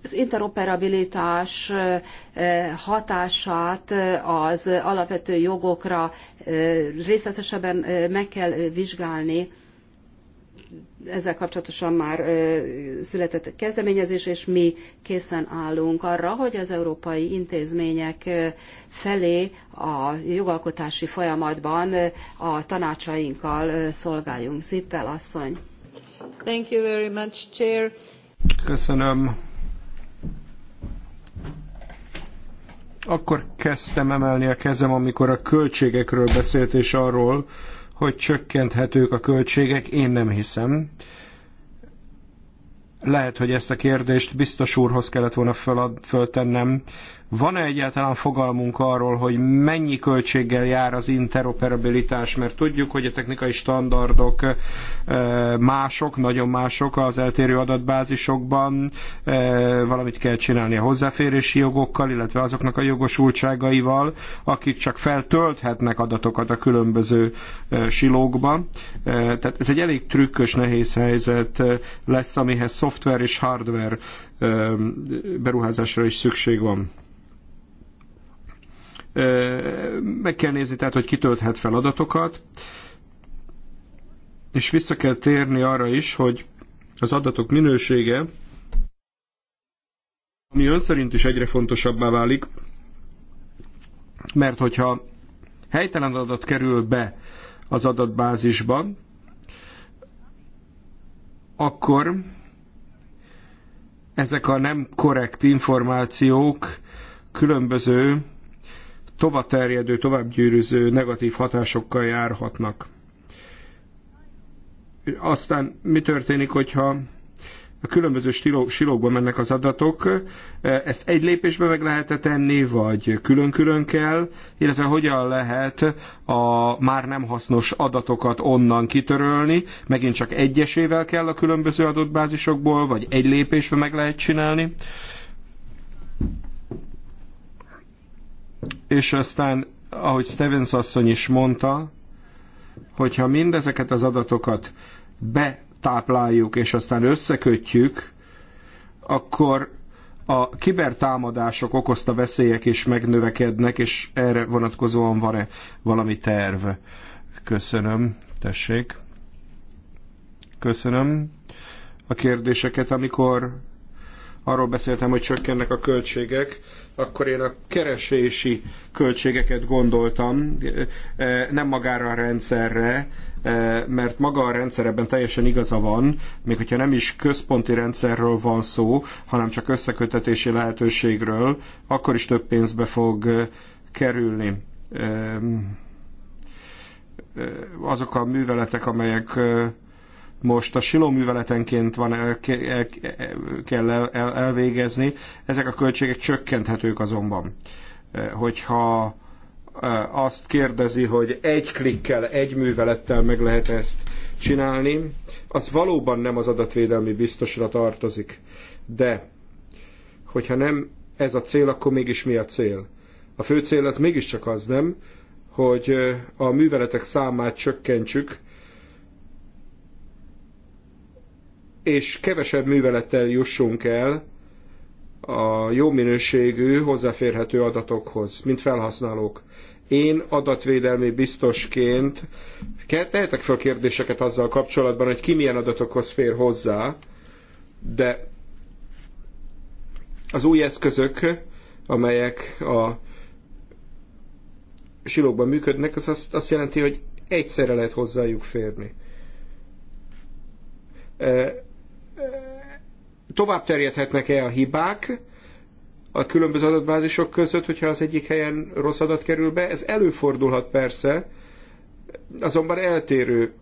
az interoperabilitás hatását az alapvető jogokra részletesebben meg kell vizsgálni. Ezzel kapcsolatosan már született kezdeményezés, és mi készen állunk arra, hogy az európai intézmények felé a jogalkotási folyamatban a tanácsainkkal szolgáljunk. Szippel asszony! Thank you very much, Chair. Köszönöm, akkor kezdtem emelni a kezem, amikor a költségekről beszélt, és arról, hogy csökkenthetők a költségek, én nem hiszem. Lehet, hogy ezt a kérdést biztos úrhoz kellett volna föl, föltennem, van-e egyáltalán fogalmunk arról, hogy mennyi költséggel jár az interoperabilitás, mert tudjuk, hogy a technikai standardok mások, nagyon mások az eltérő adatbázisokban, valamit kell csinálni a hozzáférési jogokkal, illetve azoknak a jogosultságaival, akik csak feltölthetnek adatokat a különböző silókban. Tehát ez egy elég trükkös, nehéz helyzet lesz, amihez szoftver és hardware beruházásra is szükség van. Meg kell nézni tehát, hogy kitölthet fel adatokat, és vissza kell térni arra is, hogy az adatok minősége, ami ön szerint is egyre fontosabbá válik, mert hogyha helytelen adat kerül be az adatbázisban, akkor ezek a nem korrekt információk különböző tovább terjedő, tovább gyűrűző negatív hatásokkal járhatnak. Aztán mi történik, hogyha a különböző stíló, silókba mennek az adatok, e, ezt egy lépésben meg lehet -e tenni, vagy külön-külön kell, illetve hogyan lehet a már nem hasznos adatokat onnan kitörölni, megint csak egyesével kell a különböző adatbázisokból, vagy egy lépésben meg lehet csinálni. és aztán, ahogy Stevens asszony is mondta, hogyha mindezeket az adatokat betápláljuk, és aztán összekötjük, akkor a kibertámadások okozta veszélyek is megnövekednek, és erre vonatkozóan van-e valami terv? Köszönöm, tessék. Köszönöm a kérdéseket, amikor arról beszéltem, hogy csökkennek a költségek, akkor én a keresési költségeket gondoltam, e, nem magára a rendszerre, e, mert maga a rendszer ebben teljesen igaza van, még hogyha nem is központi rendszerről van szó, hanem csak összekötetési lehetőségről, akkor is több pénzbe fog e, kerülni azok a műveletek, amelyek most a műveletenként van, kell el, el, elvégezni. Ezek a költségek csökkenthetők azonban. E, hogyha e, azt kérdezi, hogy egy klikkel, egy művelettel meg lehet ezt csinálni, az valóban nem az adatvédelmi biztosra tartozik. De, hogyha nem ez a cél, akkor mégis mi a cél? A fő cél az mégiscsak az nem, hogy e, a műveletek számát csökkentsük, és kevesebb művelettel jussunk el a jó minőségű, hozzáférhető adatokhoz, mint felhasználók. Én adatvédelmi biztosként tehetek fel kérdéseket azzal kapcsolatban, hogy ki milyen adatokhoz fér hozzá, de az új eszközök, amelyek a silókban működnek, az azt, azt jelenti, hogy egyszerre lehet hozzájuk férni. E tovább terjedhetnek-e a hibák a különböző adatbázisok között, hogyha az egyik helyen rossz adat kerül be. Ez előfordulhat persze, azonban eltérő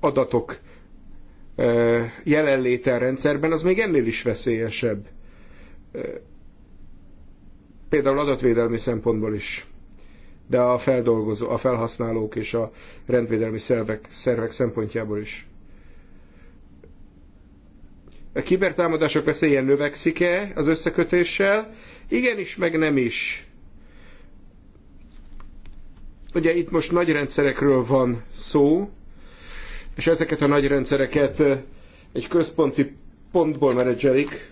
adatok jelenléte rendszerben, az még ennél is veszélyesebb. Például adatvédelmi szempontból is de a feldolgozó, a felhasználók és a rendvédelmi szervek, szervek szempontjából is. A kibertámadások veszélye növekszik-e az összekötéssel? Igenis, meg nem is. Ugye itt most nagy rendszerekről van szó, és ezeket a nagy rendszereket egy központi pontból menedzselik.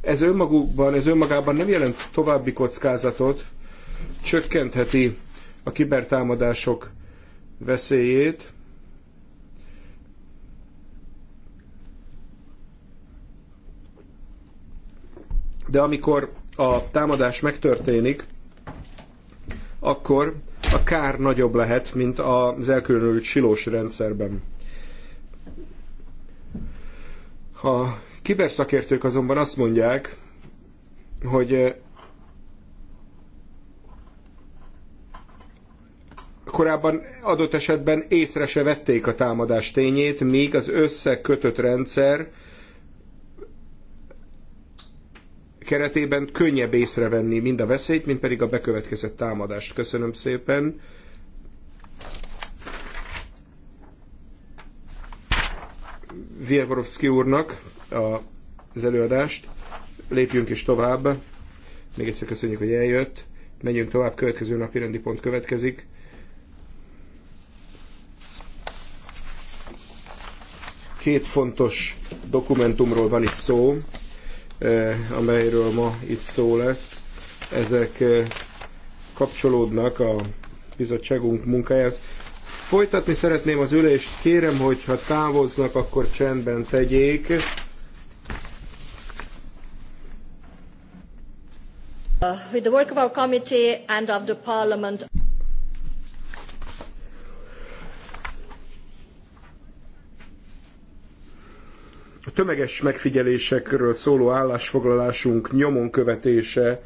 Ez önmagukban, ez önmagában nem jelent további kockázatot, csökkentheti a kibertámadások veszélyét, de amikor a támadás megtörténik, akkor a kár nagyobb lehet, mint az elkülönült silós rendszerben. A kiberszakértők azonban azt mondják, hogy eh, korábban adott esetben észre se vették a támadás tényét, míg az összekötött rendszer keretében könnyebb észrevenni mind a veszélyt, mint pedig a bekövetkezett támadást. Köszönöm szépen. Viervorovszki úrnak az előadást. Lépjünk is tovább. Még egyszer köszönjük, hogy eljött. Menjünk tovább, következő napi rendi pont következik. Két fontos dokumentumról van itt szó. Eh, amelyről ma itt szó lesz, ezek eh, kapcsolódnak a bizottságunk munkájához. Folytatni szeretném az ülést, kérem, hogy ha távoznak, akkor csendben tegyék. Uh, with the work of our committee and of the parliament. tömeges megfigyelésekről szóló állásfoglalásunk nyomon követése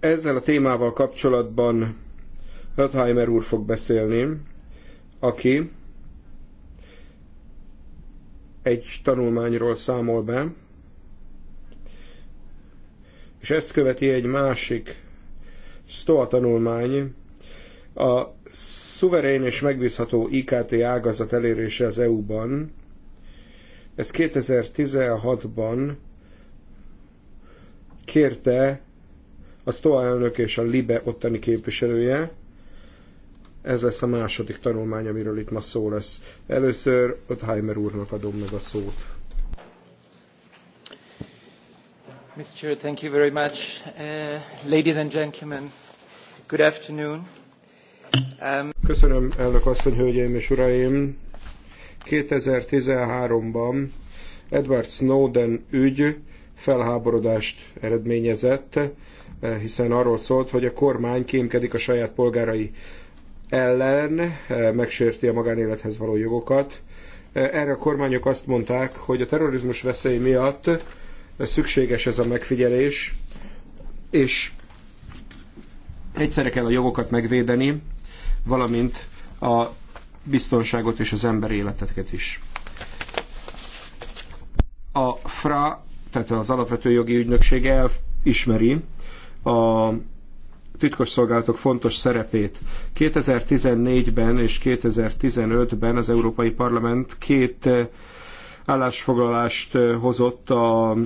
ezzel a témával kapcsolatban Hötheimer úr fog beszélni, aki egy tanulmányról számol be, és ezt követi egy másik STOA tanulmány a szuverén és megbízható IKT ágazat elérése az EU-ban. Ez 2016-ban kérte a STOA elnök és a LIBE ottani képviselője. Ez lesz a második tanulmány, amiről itt ma szó lesz. Először Ottheimer úrnak adom meg a szót. Mr. Chair, thank you very much. Uh, ladies and gentlemen, good afternoon. Um... Köszönöm, elnök asszony, hölgyeim és uraim. 2013-ban Edward Snowden ügy felháborodást eredményezett, eh, hiszen arról szólt, hogy a kormány kémkedik a saját polgárai ellen, eh, megsérti a magánélethez való jogokat. Eh, erre a kormányok azt mondták, hogy a terrorizmus veszély miatt szükséges ez a megfigyelés, és egyszerre kell a jogokat megvédeni, valamint a biztonságot és az ember életeket is. A FRA, tehát az Alapvető Jogi Ügynökség elismeri a szolgálatok fontos szerepét. 2014-ben és 2015-ben az Európai Parlament két eh, állásfoglalást eh, hozott a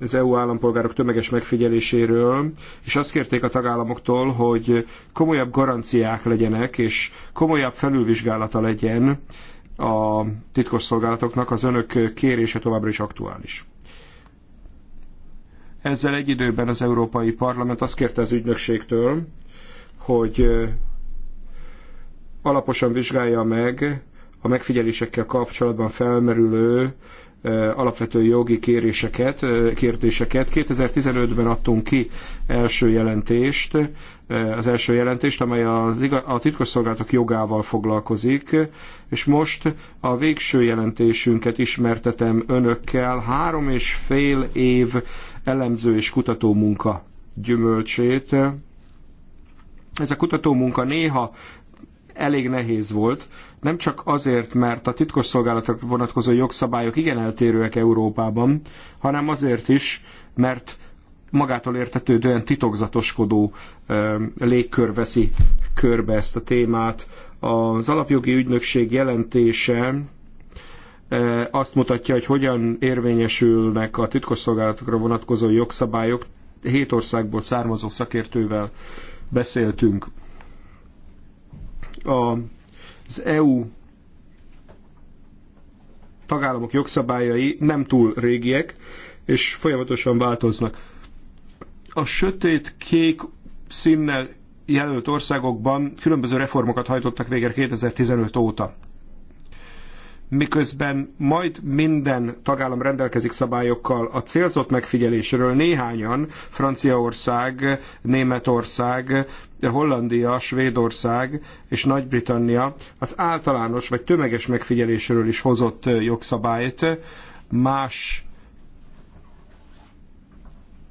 az EU állampolgárok tömeges megfigyeléséről, és azt kérték a tagállamoktól, hogy komolyabb garanciák legyenek, és komolyabb felülvizsgálata legyen a titkosszolgálatoknak, az önök kérése továbbra is aktuális. Ezzel egy időben az Európai Parlament azt kérte az ügynökségtől, hogy alaposan vizsgálja meg a megfigyelésekkel kapcsolatban felmerülő alapvető jogi kéréseket, kérdéseket. 2015-ben adtunk ki első jelentést, az első jelentést, amely az, a titkosszolgálatok jogával foglalkozik, és most a végső jelentésünket ismertetem önökkel három és fél év elemző és kutató munka gyümölcsét. Ez a kutató munka néha elég nehéz volt, nem csak azért, mert a titkosszolgálatok vonatkozó jogszabályok igen eltérőek Európában, hanem azért is, mert magától értetődően titokzatoskodó légkör veszi körbe ezt a témát. Az alapjogi ügynökség jelentése azt mutatja, hogy hogyan érvényesülnek a titkosszolgálatokra vonatkozó jogszabályok. Hét országból származó szakértővel beszéltünk a az EU tagállamok jogszabályai nem túl régiek, és folyamatosan változnak. A sötét kék színnel jelölt országokban különböző reformokat hajtottak végre 2015 óta miközben majd minden tagállam rendelkezik szabályokkal a célzott megfigyelésről néhányan, Franciaország, Németország, Hollandia, Svédország és Nagy-Britannia az általános vagy tömeges megfigyelésről is hozott jogszabályt, más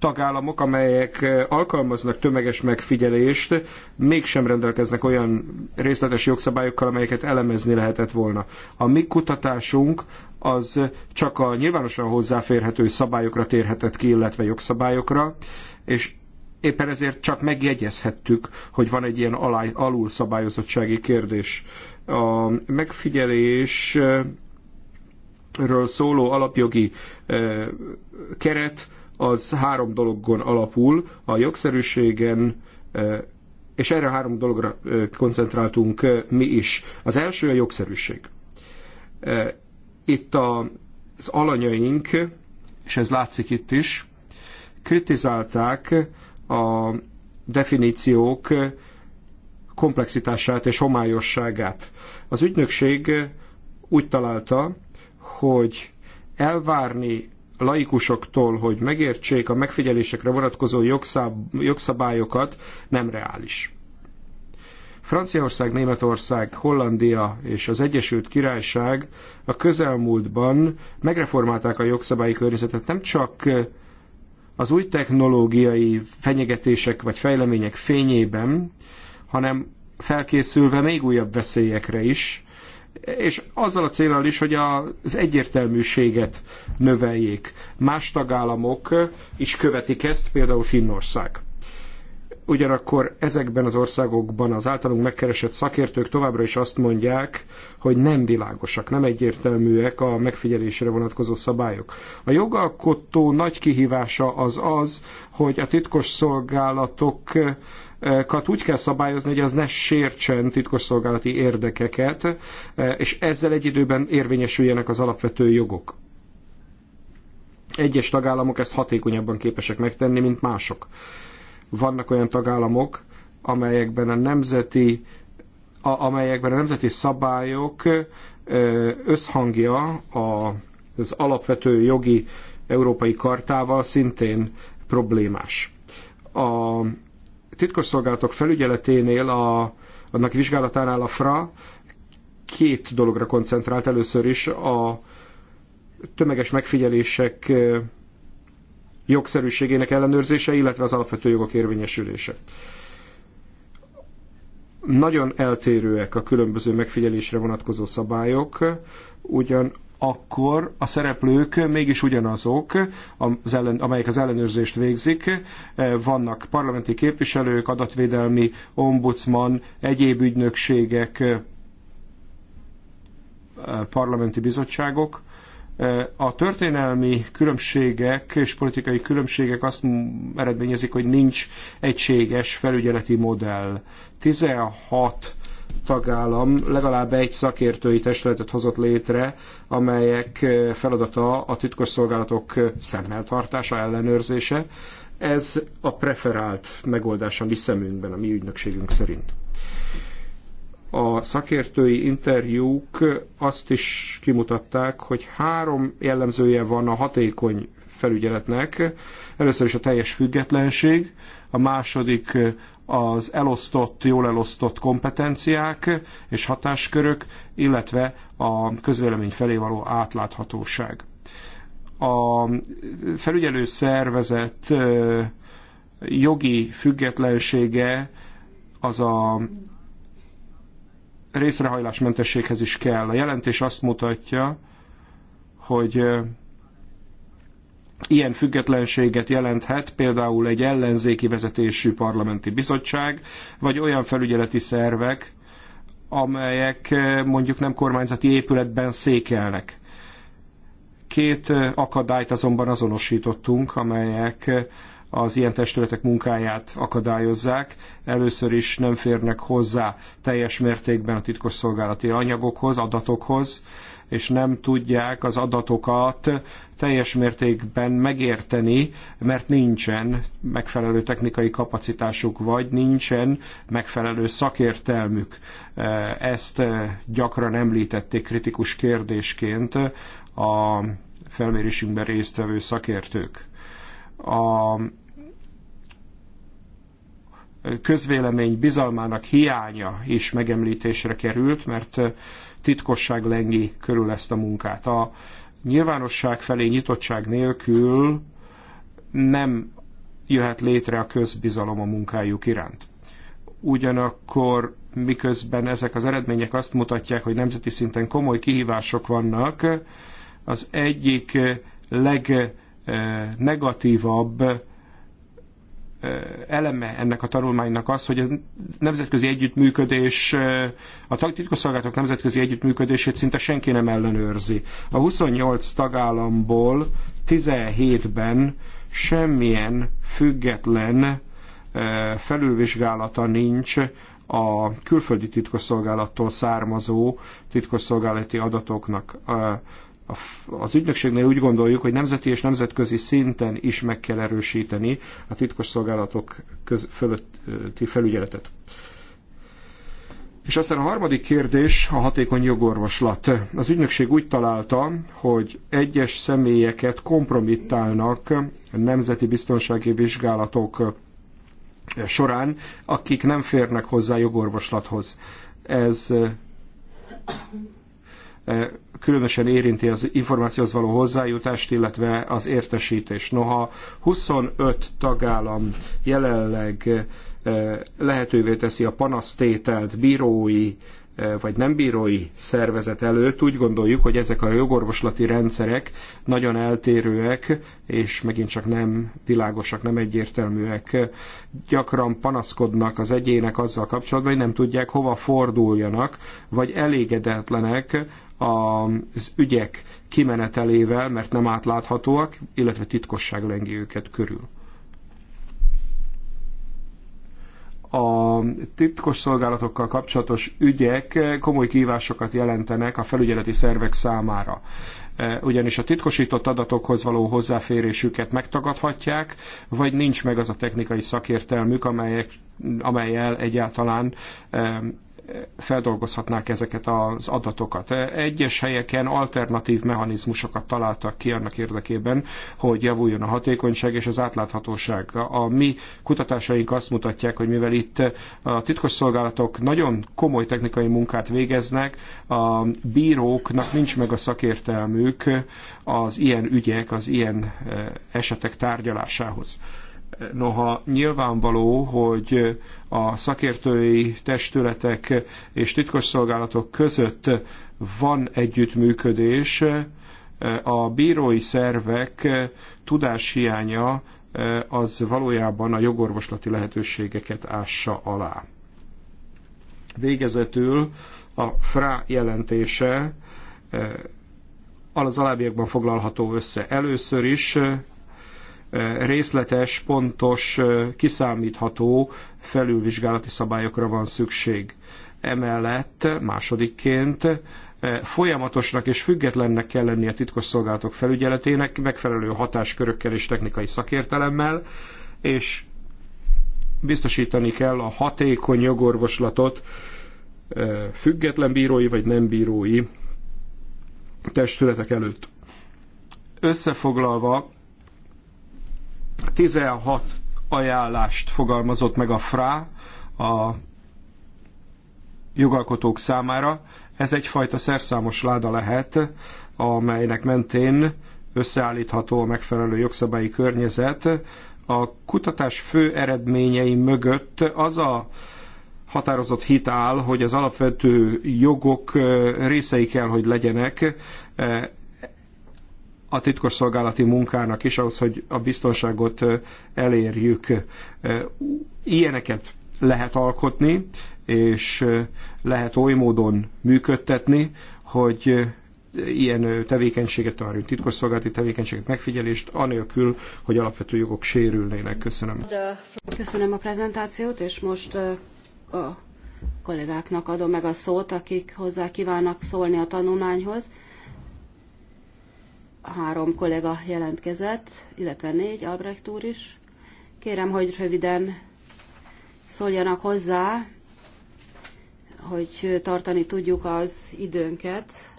tagállamok, amelyek alkalmaznak tömeges megfigyelést, mégsem rendelkeznek olyan részletes jogszabályokkal, amelyeket elemezni lehetett volna. A mi kutatásunk az csak a nyilvánosan hozzáférhető szabályokra térhetett ki, illetve jogszabályokra, és éppen ezért csak megjegyezhettük, hogy van egy ilyen alá, alul szabályozottsági kérdés. A megfigyelésről szóló alapjogi keret az három dologon alapul, a jogszerűségen, e, és erre a három dologra e, koncentráltunk e, mi is. Az első a jogszerűség. Itt az alanyaink, és ez látszik itt is, kritizálták a definíciók komplexitását és homályosságát. Az ügynökség úgy találta, hogy elvárni laikusoktól, hogy megértsék a megfigyelésekre vonatkozó jogszab jogszabályokat, nem reális. Franciaország, Németország, Hollandia és az Egyesült Királyság a közelmúltban megreformálták a jogszabályi környezetet, nem csak az új technológiai fenyegetések vagy fejlemények fényében, hanem felkészülve még újabb veszélyekre is, és azzal a célral is, hogy az egyértelműséget növeljék. Más tagállamok is követik ezt, például Finnország. Ugyanakkor ezekben az országokban az általunk megkeresett szakértők továbbra is azt mondják, hogy nem világosak, nem egyértelműek a megfigyelésre vonatkozó szabályok. A jogalkotó nagy kihívása az az, hogy a titkos szolgálatok kat úgy kell szabályozni, hogy az ne sértsen titkosszolgálati érdekeket, eh, és ezzel egy időben érvényesüljenek az alapvető jogok. Egyes tagállamok ezt hatékonyabban képesek megtenni, mint mások. Vannak olyan tagállamok, amelyekben a nemzeti, a, amelyekben a nemzeti szabályok eh, összhangja a, az alapvető jogi európai kartával szintén problémás. A titkosszolgálatok felügyeleténél, a, annak vizsgálatánál a FRA két dologra koncentrált. Először is a tömeges megfigyelések jogszerűségének ellenőrzése, illetve az alapvető jogok érvényesülése. Nagyon eltérőek a különböző megfigyelésre vonatkozó szabályok, ugyan akkor a szereplők mégis ugyanazok, az ellen, amelyek az ellenőrzést végzik. E, vannak parlamenti képviselők, adatvédelmi ombudsman, egyéb ügynökségek, e, parlamenti bizottságok. E, a történelmi különbségek és politikai különbségek azt eredményezik, hogy nincs egységes felügyeleti modell. 16 tagállam legalább egy szakértői testületet hozott létre, amelyek eh, feladata a titkosszolgálatok szemmeltartása, ellenőrzése. Ez a preferált megoldás a mi szemünkben, a mi ügynökségünk szerint. A szakértői interjúk azt is kimutatták, hogy három jellemzője van a hatékony felügyeletnek. Először is a teljes függetlenség, a második eh, az elosztott, jól elosztott kompetenciák és hatáskörök, illetve a közvélemény felé való átláthatóság. A felügyelő szervezet jogi függetlensége az a részrehajlásmentességhez is kell. A jelentés azt mutatja, hogy Ilyen függetlenséget jelenthet például egy ellenzéki vezetésű parlamenti bizottság, vagy olyan felügyeleti szervek, amelyek eh, mondjuk nem kormányzati épületben székelnek. Két eh, akadályt azonban azonosítottunk, amelyek eh, az ilyen testületek munkáját akadályozzák. Először is nem férnek hozzá teljes mértékben a titkosszolgálati anyagokhoz, adatokhoz, és nem tudják az adatokat teljes mértékben megérteni, mert nincsen megfelelő technikai kapacitásuk, vagy nincsen megfelelő szakértelmük. Ezt gyakran említették kritikus kérdésként a felmérésünkben résztvevő szakértők. A közvélemény bizalmának hiánya is megemlítésre került, mert titkosság lengi körül ezt a munkát. A nyilvánosság felé nyitottság nélkül nem jöhet létre a közbizalom a munkájuk iránt. Ugyanakkor miközben ezek az eredmények azt mutatják, hogy nemzeti szinten komoly kihívások vannak, az egyik legnegatívabb eleme ennek a tanulmánynak az, hogy a nemzetközi együttműködés, a titkosszolgálatok nemzetközi együttműködését szinte senki nem ellenőrzi. A 28 tagállamból 17-ben semmilyen független felülvizsgálata nincs a külföldi titkosszolgálattól származó titkosszolgálati adatoknak az ügynökségnél úgy gondoljuk, hogy nemzeti és nemzetközi szinten is meg kell erősíteni a titkos szolgálatok köz, fölötti felügyeletet. És aztán a harmadik kérdés a hatékony jogorvoslat. Az ügynökség úgy találta, hogy egyes személyeket kompromittálnak a nemzeti biztonsági vizsgálatok eh, során, akik nem férnek hozzá jogorvoslathoz. Ez különösen érinti az információhoz való hozzájutást, illetve az értesítés. Noha 25 tagállam jelenleg lehetővé teszi a panasztételt bírói vagy nem bírói szervezet előtt, úgy gondoljuk, hogy ezek a jogorvoslati rendszerek nagyon eltérőek, és megint csak nem világosak, nem egyértelműek. Gyakran panaszkodnak az egyének azzal kapcsolatban, hogy nem tudják hova forduljanak, vagy elégedetlenek az ügyek kimenetelével, mert nem átláthatóak, illetve titkosság lengi őket körül. A titkos szolgálatokkal kapcsolatos ügyek komoly kívásokat jelentenek a felügyeleti szervek számára e, ugyanis a titkosított adatokhoz való hozzáférésüket megtagadhatják, vagy nincs meg az a technikai szakértelmük, amelyek, amelyel egyáltalán e, feldolgozhatnák ezeket az adatokat. Egyes helyeken alternatív mechanizmusokat találtak ki annak érdekében, hogy javuljon a hatékonyság és az átláthatóság. A mi kutatásaink azt mutatják, hogy mivel itt a titkosszolgálatok nagyon komoly technikai munkát végeznek, a bíróknak nincs meg a szakértelmük az ilyen ügyek, az ilyen eh, esetek tárgyalásához. Noha nyilvánvaló, hogy a szakértői testületek és titkosszolgálatok között van együttműködés, a bírói szervek tudáshiánya eh, az valójában a jogorvoslati lehetőségeket ássa alá. Végezetül a FRA jelentése eh, az alábbiakban foglalható össze. Először is részletes, pontos, kiszámítható felülvizsgálati szabályokra van szükség. Emellett másodikként folyamatosnak és függetlennek kell lennie a titkosszolgálatok felügyeletének, megfelelő hatáskörökkel és technikai szakértelemmel, és biztosítani kell a hatékony jogorvoslatot független bírói vagy nem bírói testületek előtt. Összefoglalva 16 ajánlást fogalmazott meg a FRA a jogalkotók számára. Ez egyfajta szerszámos láda lehet, amelynek mentén összeállítható a megfelelő jogszabályi környezet. A kutatás fő eredményei mögött az a határozott hit áll, hogy az alapvető jogok részei kell, hogy legyenek a titkosszolgálati munkának is, ahhoz, hogy a biztonságot elérjük. Ilyeneket lehet alkotni, és lehet oly módon működtetni, hogy ilyen tevékenységet, már titkosszolgálati tevékenységet, megfigyelést, anélkül, hogy alapvető jogok sérülnének. Köszönöm. Köszönöm a prezentációt, és most a kollégáknak adom meg a szót, akik hozzá kívánnak szólni a tanulmányhoz három kollega jelentkezett, illetve négy, Albrecht úr is. Kérem, hogy röviden szóljanak hozzá, hogy tartani tudjuk az időnket,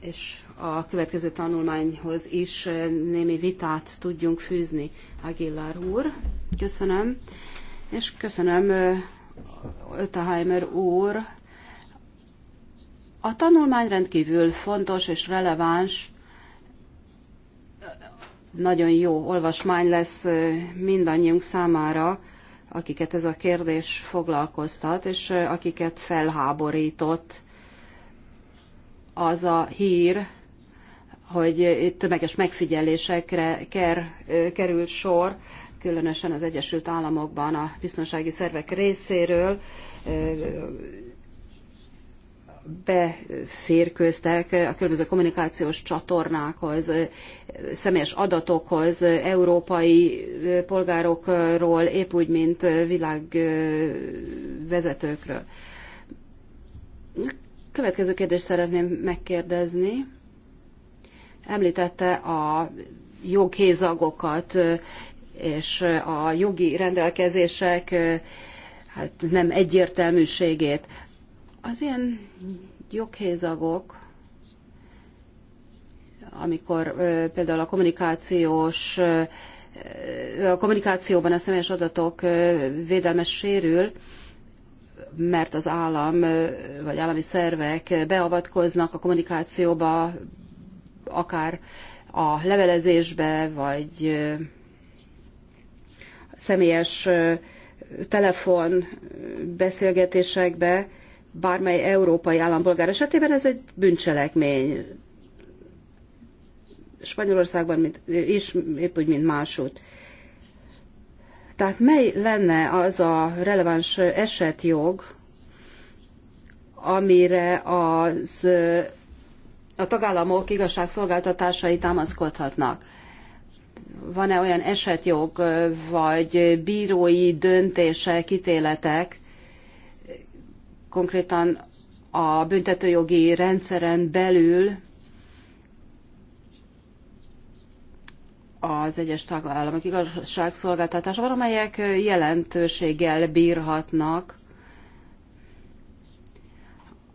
és a következő tanulmányhoz is némi vitát tudjunk fűzni. Aguilar úr, köszönöm, és köszönöm Ötaheimer úr. A tanulmány rendkívül fontos és releváns, nagyon jó olvasmány lesz mindannyiunk számára, akiket ez a kérdés foglalkoztat, és akiket felháborított az a hír, hogy itt tömeges megfigyelésekre ker, került sor, különösen az Egyesült Államokban a biztonsági szervek részéről beférkőztek a különböző kommunikációs csatornákhoz, személyes adatokhoz, európai polgárokról, épp úgy, mint világvezetőkről. Következő kérdést szeretném megkérdezni. Említette a joghézagokat és a jogi rendelkezések hát nem egyértelműségét. Az ilyen joghézagok, amikor például a kommunikációs a kommunikációban a személyes adatok védelme sérül, mert az állam vagy állami szervek beavatkoznak a kommunikációba, akár a levelezésbe, vagy személyes telefon beszélgetésekbe, bármely európai állampolgár esetében ez egy bűncselekmény. Spanyolországban mint, is, épp úgy, mint másút. Tehát mely lenne az a releváns esetjog, amire az, a tagállamok igazságszolgáltatásai támaszkodhatnak? Van-e olyan esetjog, vagy bírói döntések, kitéletek, konkrétan a büntetőjogi rendszeren belül az egyes tagállamok igazságszolgáltatásában, amelyek jelentőséggel bírhatnak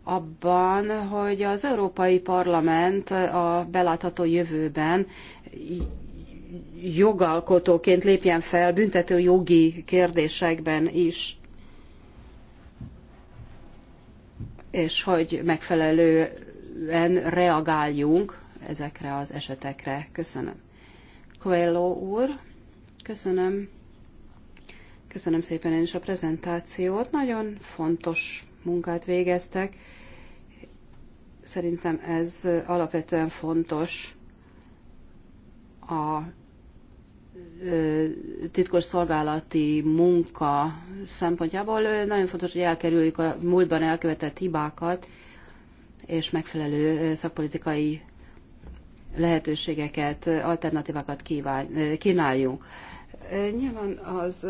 abban, hogy az Európai Parlament a belátható jövőben jogalkotóként lépjen fel büntető jogi kérdésekben is. és hogy megfelelően reagáljunk ezekre az esetekre. Köszönöm. Coelho úr, köszönöm. Köszönöm szépen én is a prezentációt. Nagyon fontos munkát végeztek. Szerintem ez alapvetően fontos a titkos szolgálati munka szempontjából nagyon fontos, hogy elkerüljük a múltban elkövetett hibákat, és megfelelő szakpolitikai lehetőségeket, alternatívákat kíván, kínáljunk. Nyilván az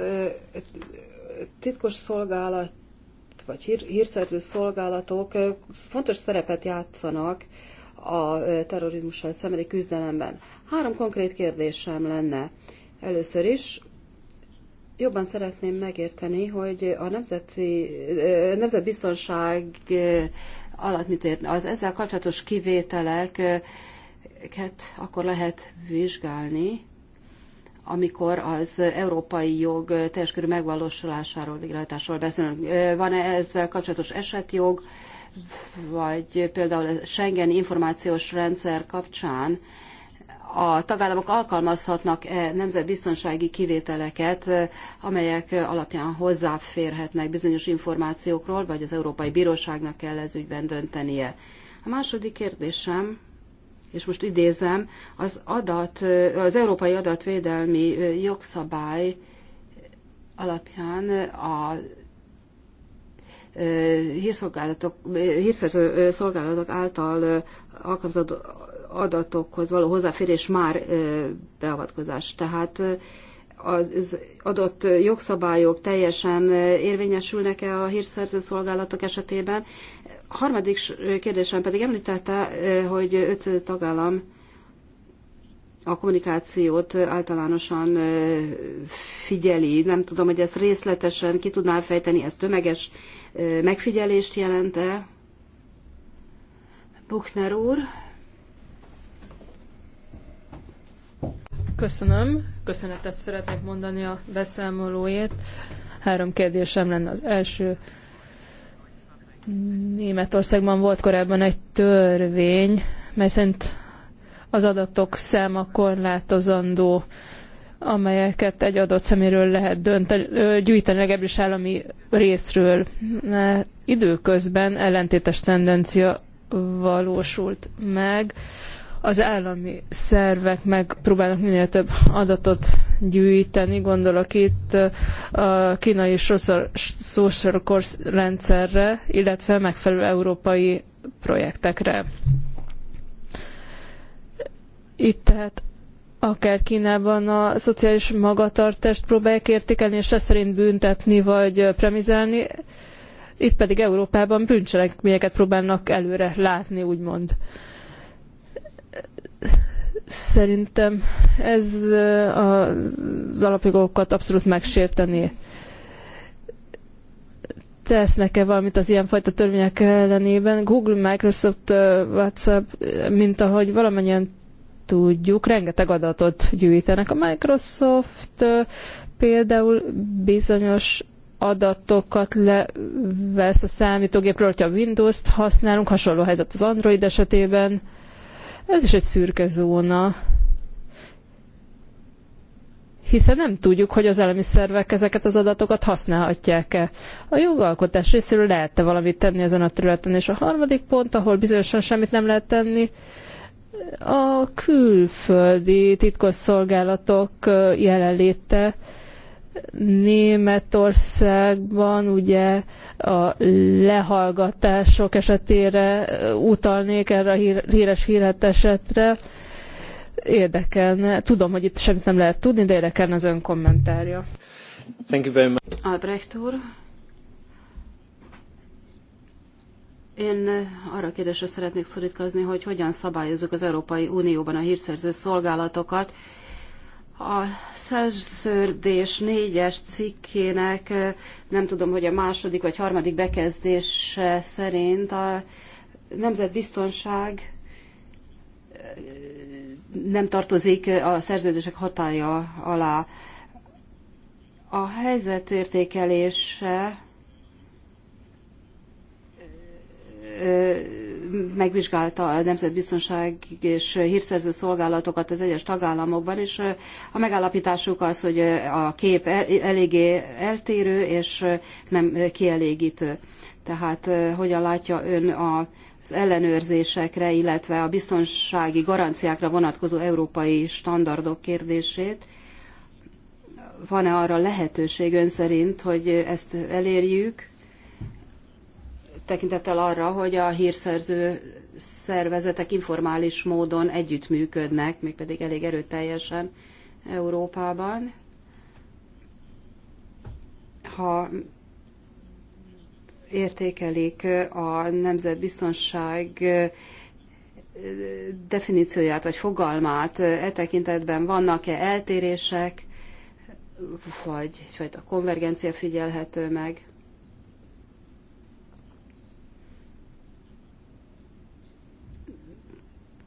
titkos szolgálat vagy hír, hírszerző szolgálatok fontos szerepet játszanak a terrorizmussal szemeli küzdelemben. Három konkrét kérdésem lenne. Először is jobban szeretném megérteni, hogy a nemzeti, nemzetbiztonság alatt mit érne. Az ezzel kapcsolatos kivételeket akkor lehet vizsgálni, amikor az európai jog teljes körű megvalósulásáról, végrehajtásról beszélünk. Van-e ezzel kapcsolatos esetjog, vagy például a Schengen információs rendszer kapcsán a tagállamok alkalmazhatnak -e nemzetbiztonsági kivételeket, eh, amelyek eh, alapján hozzáférhetnek bizonyos információkról, vagy az Európai Bíróságnak kell ez ügyben döntenie. A második kérdésem, és most idézem, az, adat, az Európai Adatvédelmi Jogszabály alapján a hírszolgálatok, által alkalmazott adatokhoz való hozzáférés már beavatkozás. Tehát az adott jogszabályok teljesen érvényesülnek-e a hírszerző szolgálatok esetében. A harmadik kérdésem pedig említette, hogy öt tagállam a kommunikációt általánosan figyeli. Nem tudom, hogy ezt részletesen ki tudná fejteni, ez tömeges megfigyelést jelente. Buchner úr. Köszönöm. Köszönetet szeretnék mondani a beszámolóért. Három kérdésem lenne az első. Németországban volt korábban egy törvény, mely szerint az adatok száma korlátozandó, amelyeket egy adott szeméről lehet dönteni, gyűjteni legalábbis állami részről. Időközben ellentétes tendencia valósult meg az állami szervek megpróbálnak minél több adatot gyűjteni. Gondolok itt uh, a kínai és social rendszerre, illetve megfelelő európai projektekre. Itt tehát akár Kínában a szociális magatartást próbálják értékelni, és ezt szerint büntetni vagy premizálni, itt pedig Európában bűncselekményeket próbálnak előre látni, úgymond. Uh, Szerintem ez az alapjogokat abszolút megsérteni. Tesznek-e valamit az ilyenfajta törvények ellenében? Google, Microsoft, WhatsApp, mint ahogy valamennyien tudjuk, rengeteg adatot gyűjtenek. A Microsoft például bizonyos adatokat levesz a számítógépről, hogyha Windows-t használunk, hasonló helyzet az Android esetében. Ez is egy szürke zóna, hiszen nem tudjuk, hogy az elemi szervek ezeket az adatokat használhatják-e. A jogalkotás részéről lehet-e valamit tenni ezen a területen, és a harmadik pont, ahol bizonyosan semmit nem lehet tenni, a külföldi titkosszolgálatok jelenléte, Németországban ugye a lehallgatások esetére utalnék erre a híres hírhet esetre. Érdekelne, tudom, hogy itt semmit nem lehet tudni, de érdekelne az ön kommentárja. Thank you very much. Albrecht úr. Én arra kérdésre szeretnék szorítkozni, hogy hogyan szabályozzuk az Európai Unióban a hírszerző szolgálatokat, a szerződés négyes cikkének nem tudom, hogy a második vagy harmadik bekezdés szerint a nemzetbiztonság nem tartozik a szerződések hatája alá. A helyzet értékelése megvizsgálta a nemzetbiztonság és hírszerző szolgálatokat az egyes tagállamokban, és a megállapításuk az, hogy a kép eléggé eltérő és nem kielégítő. Tehát hogyan látja ön a az ellenőrzésekre, illetve a biztonsági garanciákra vonatkozó európai standardok kérdését. Van-e arra lehetőség ön szerint, hogy ezt elérjük? tekintettel arra, hogy a hírszerző szervezetek informális módon együttműködnek, mégpedig elég erőteljesen Európában. Ha értékelik a nemzetbiztonság definícióját vagy fogalmát, e tekintetben vannak-e eltérések, vagy egyfajta konvergencia figyelhető meg?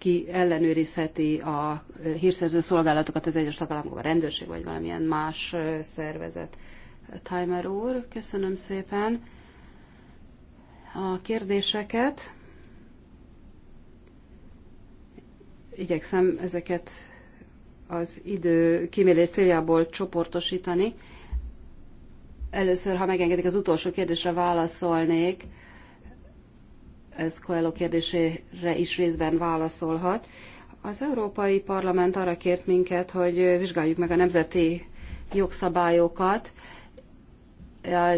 ki ellenőrizheti a hírszerző szolgálatokat az egyes tagállamokban, rendőrség vagy valamilyen más szervezet. Timer úr, köszönöm szépen a kérdéseket. Igyekszem ezeket az idő kimélés céljából csoportosítani. Először, ha megengedik, az utolsó kérdésre válaszolnék ez Coelho kérdésére is részben válaszolhat. Az Európai Parlament arra kért minket, hogy vizsgáljuk meg a nemzeti jogszabályokat. A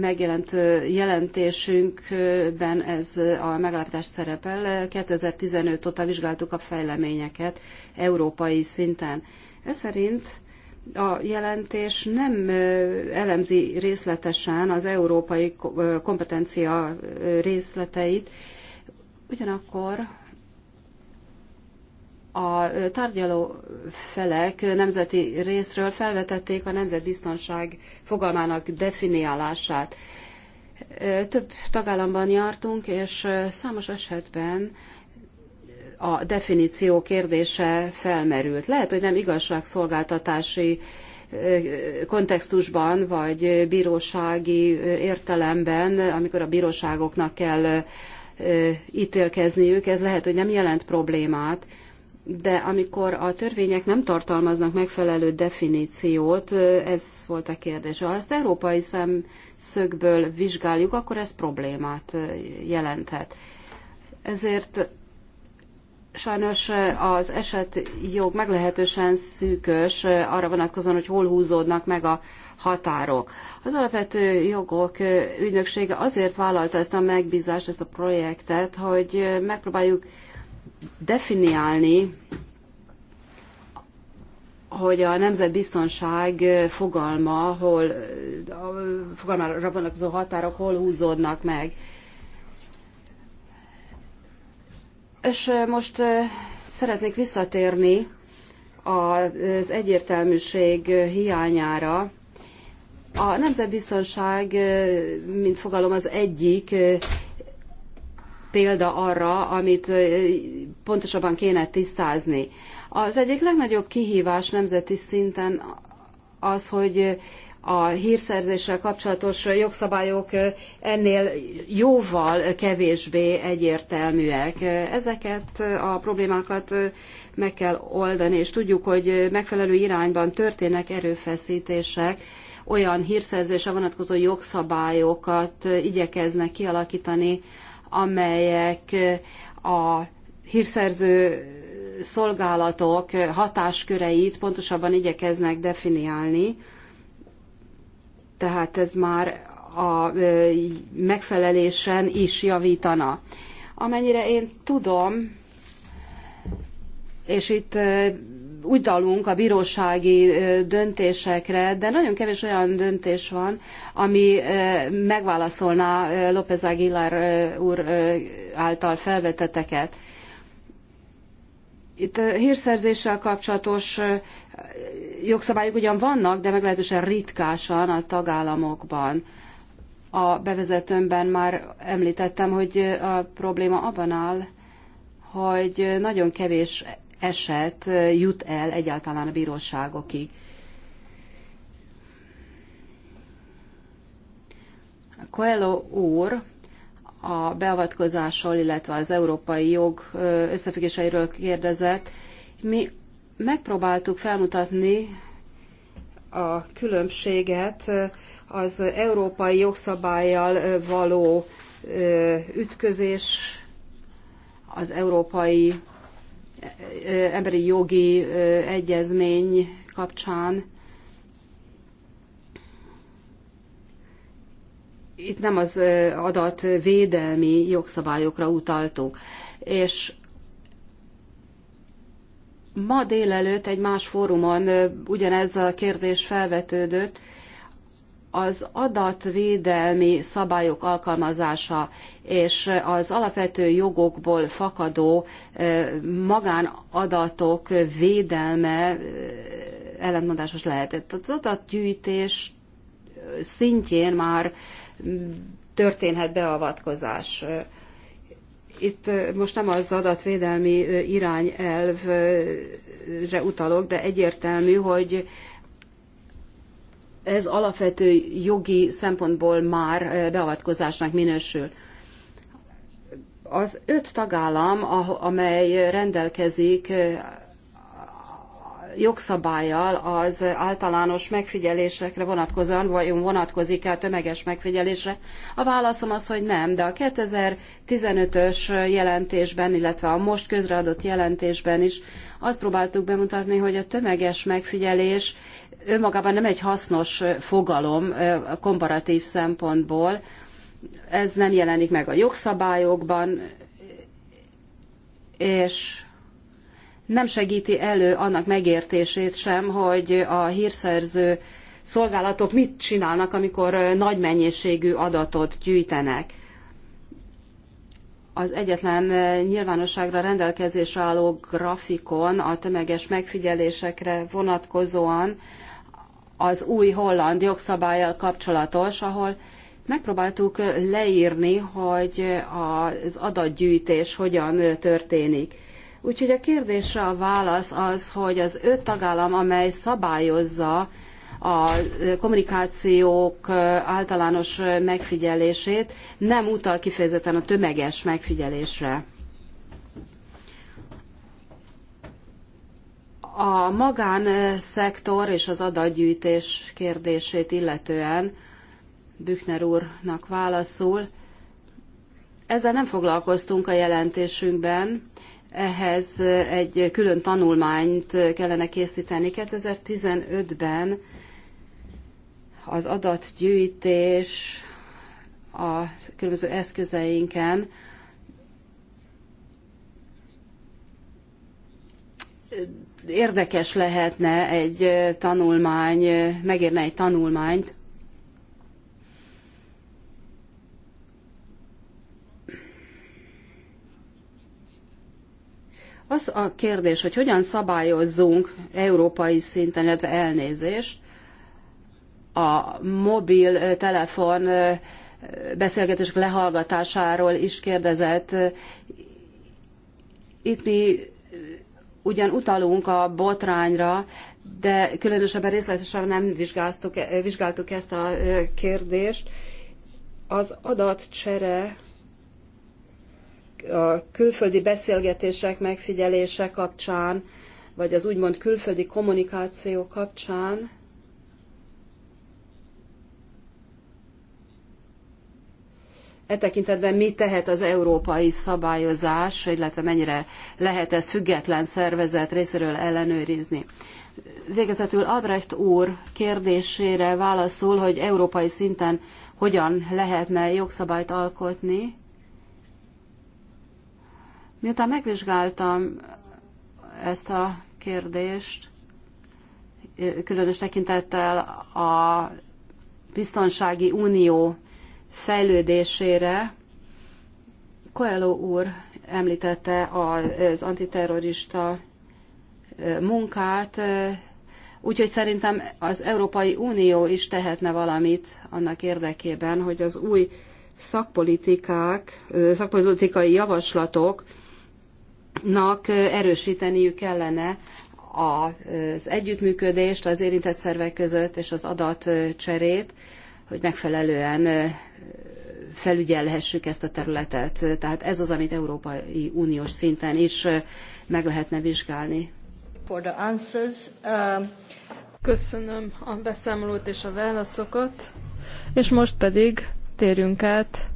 megjelent jelentésünkben ez a megállapítás szerepel. 2015 óta vizsgáltuk a fejleményeket európai szinten. Ez szerint a jelentés nem elemzi részletesen az európai kompetencia részleteit, ugyanakkor a tárgyaló felek nemzeti részről felvetették a nemzetbiztonság fogalmának definiálását. Több tagállamban jártunk, és számos esetben a definíció kérdése felmerült. Lehet, hogy nem igazságszolgáltatási kontextusban, vagy bírósági értelemben, amikor a bíróságoknak kell ítélkezniük, ez lehet, hogy nem jelent problémát, de amikor a törvények nem tartalmaznak megfelelő definíciót, ez volt a kérdés. Ha ezt európai szemszögből vizsgáljuk, akkor ez problémát jelenthet. Ezért Sajnos az eset jog meglehetősen szűkös arra vonatkozóan, hogy hol húzódnak meg a határok. Az alapvető jogok ügynöksége azért vállalta ezt a megbízást, ezt a projektet, hogy megpróbáljuk definiálni, hogy a nemzetbiztonság fogalma, hol a fogalmára vonatkozó határok hol húzódnak meg. És most szeretnék visszatérni az egyértelműség hiányára. A nemzetbiztonság, mint fogalom, az egyik példa arra, amit pontosabban kéne tisztázni. Az egyik legnagyobb kihívás nemzeti szinten az, hogy a hírszerzéssel kapcsolatos jogszabályok ennél jóval kevésbé egyértelműek. Ezeket a problémákat meg kell oldani, és tudjuk, hogy megfelelő irányban történnek erőfeszítések, olyan hírszerzésre vonatkozó jogszabályokat igyekeznek kialakítani, amelyek a hírszerző szolgálatok hatásköreit pontosabban igyekeznek definiálni, tehát ez már a megfelelésen is javítana. Amennyire én tudom, és itt úgy dalunk a bírósági döntésekre, de nagyon kevés olyan döntés van, ami megválaszolná López Aguilar úr által felveteteket. Itt a hírszerzéssel kapcsolatos jogszabályok ugyan vannak, de meglehetősen ritkásan a tagállamokban. A bevezetőmben már említettem, hogy a probléma abban áll, hogy nagyon kevés eset jut el egyáltalán a bíróságokig. Coelho úr a beavatkozásról, illetve az európai jog összefüggéseiről kérdezett. Mi megpróbáltuk felmutatni a különbséget az európai jogszabályjal való ütközés, az európai emberi jogi egyezmény kapcsán, itt nem az adatvédelmi jogszabályokra utaltunk. És ma délelőtt egy más fórumon ugyanez a kérdés felvetődött, az adatvédelmi szabályok alkalmazása és az alapvető jogokból fakadó magánadatok védelme ellentmondásos lehet. Az adatgyűjtés szintjén már történhet beavatkozás. Itt most nem az adatvédelmi irányelvre utalok, de egyértelmű, hogy ez alapvető jogi szempontból már beavatkozásnak minősül. Az öt tagállam, amely rendelkezik jogszabályjal az általános megfigyelésekre vonatkozóan, vagy vonatkozik-e tömeges megfigyelésre? A válaszom az, hogy nem, de a 2015-ös jelentésben, illetve a most közreadott jelentésben is azt próbáltuk bemutatni, hogy a tömeges megfigyelés önmagában nem egy hasznos fogalom komparatív szempontból, ez nem jelenik meg a jogszabályokban, és nem segíti elő annak megértését sem, hogy a hírszerző szolgálatok mit csinálnak, amikor nagy mennyiségű adatot gyűjtenek. Az egyetlen nyilvánosságra rendelkezésre álló grafikon a tömeges megfigyelésekre vonatkozóan az új holland jogszabályjal kapcsolatos, ahol megpróbáltuk leírni, hogy az adatgyűjtés hogyan történik. Úgyhogy a kérdésre a válasz az, hogy az öt tagállam, amely szabályozza a kommunikációk általános megfigyelését, nem utal kifejezetten a tömeges megfigyelésre. A magánszektor és az adatgyűjtés kérdését illetően Büchner úrnak válaszul. Ezzel nem foglalkoztunk a jelentésünkben, ehhez egy külön tanulmányt kellene készíteni. 2015-ben az adatgyűjtés a különböző eszközeinken érdekes lehetne egy tanulmány, megérne egy tanulmányt, Az a kérdés, hogy hogyan szabályozzunk európai szinten, illetve elnézést a mobiltelefon beszélgetések lehallgatásáról is kérdezett. Itt mi ugyan utalunk a botrányra, de különösebben részletesen nem vizsgáltuk, e- vizsgáltuk ezt a kérdést. Az adatcsere a külföldi beszélgetések, megfigyelése kapcsán, vagy az úgymond külföldi kommunikáció kapcsán, E tekintetben mit tehet az európai szabályozás, illetve mennyire lehet ezt független szervezet részéről ellenőrizni? Végezetül Albrecht úr kérdésére válaszol, hogy európai szinten hogyan lehetne jogszabályt alkotni. Miután megvizsgáltam ezt a kérdést, különös tekintettel a biztonsági unió fejlődésére, Koelo úr említette az antiterrorista munkát, úgyhogy szerintem az Európai Unió is tehetne valamit annak érdekében, hogy az új szakpolitikák, szakpolitikai javaslatok nak erősíteniük kellene az együttműködést az érintett szervek között és az adatcserét, hogy megfelelően felügyelhessük ezt a területet. Tehát ez az, amit Európai Uniós szinten is meg lehetne vizsgálni. For the answers um, Köszönöm a beszámolót és a válaszokat, és most pedig térjünk át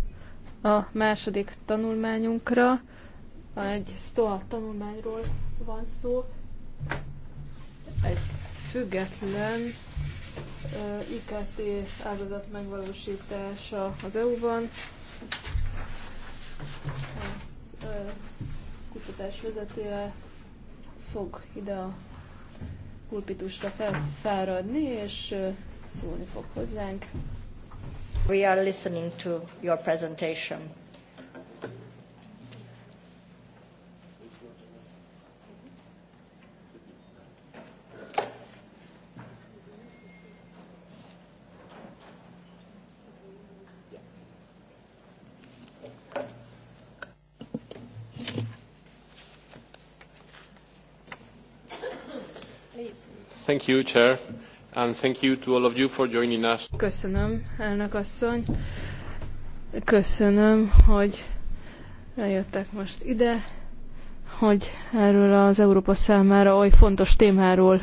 a második tanulmányunkra. Van egy STOA tanulmányról van szó, egy független uh, IKT ágazat megvalósítása az EU-ban. A uh, kutatás vezetője fog ide a pulpitusra felfáradni, és uh, szólni fog hozzánk. We are listening to your presentation. Köszönöm, elnök asszony. Köszönöm, hogy eljöttek most ide, hogy erről az Európa számára oly fontos témáról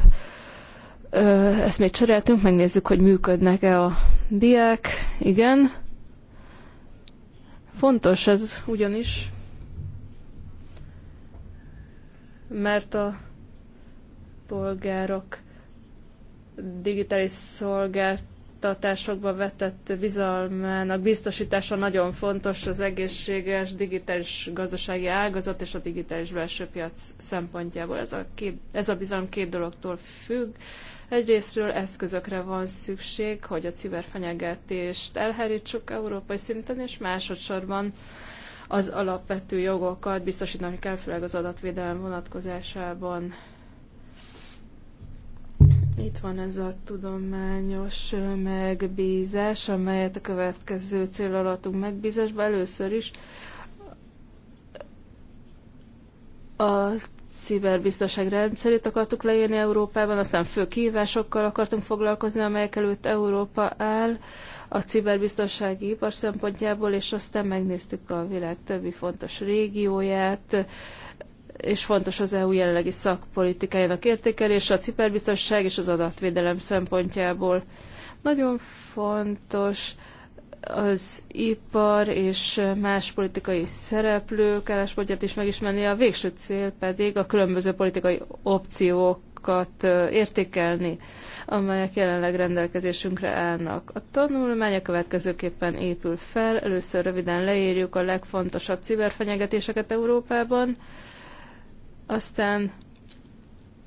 ezt még cseréltünk, megnézzük, hogy működnek-e a diák. Igen. Fontos ez ugyanis, mert a polgárok digitális szolgáltatásokba vetett bizalmának biztosítása nagyon fontos az egészséges digitális gazdasági ágazat és a digitális belső piac szempontjából. Ez a, két, ez a bizalom két dologtól függ. Egyrésztről eszközökre van szükség, hogy a ciberfenyegetést elhárítsuk európai szinten, és másodszorban az alapvető jogokat biztosítani kell, főleg az adatvédelem vonatkozásában itt van ez a tudományos megbízás, amelyet a következő cél alattunk megbízásban először is a ciberbiztonság rendszerét akartuk leírni Európában, aztán fő kihívásokkal akartunk foglalkozni, amelyek előtt Európa áll a ciberbiztonsági ipar szempontjából, és aztán megnéztük a világ többi fontos régióját, és fontos az EU jelenlegi szakpolitikájának értékelése a ciperbiztonság és az adatvédelem szempontjából. Nagyon fontos az ipar és más politikai szereplők álláspontját is megismerni, a végső cél pedig a különböző politikai opciókat értékelni, amelyek jelenleg rendelkezésünkre állnak. A tanulmány a következőképpen épül fel. Először röviden leírjuk a legfontosabb ciberfenyegetéseket Európában, aztán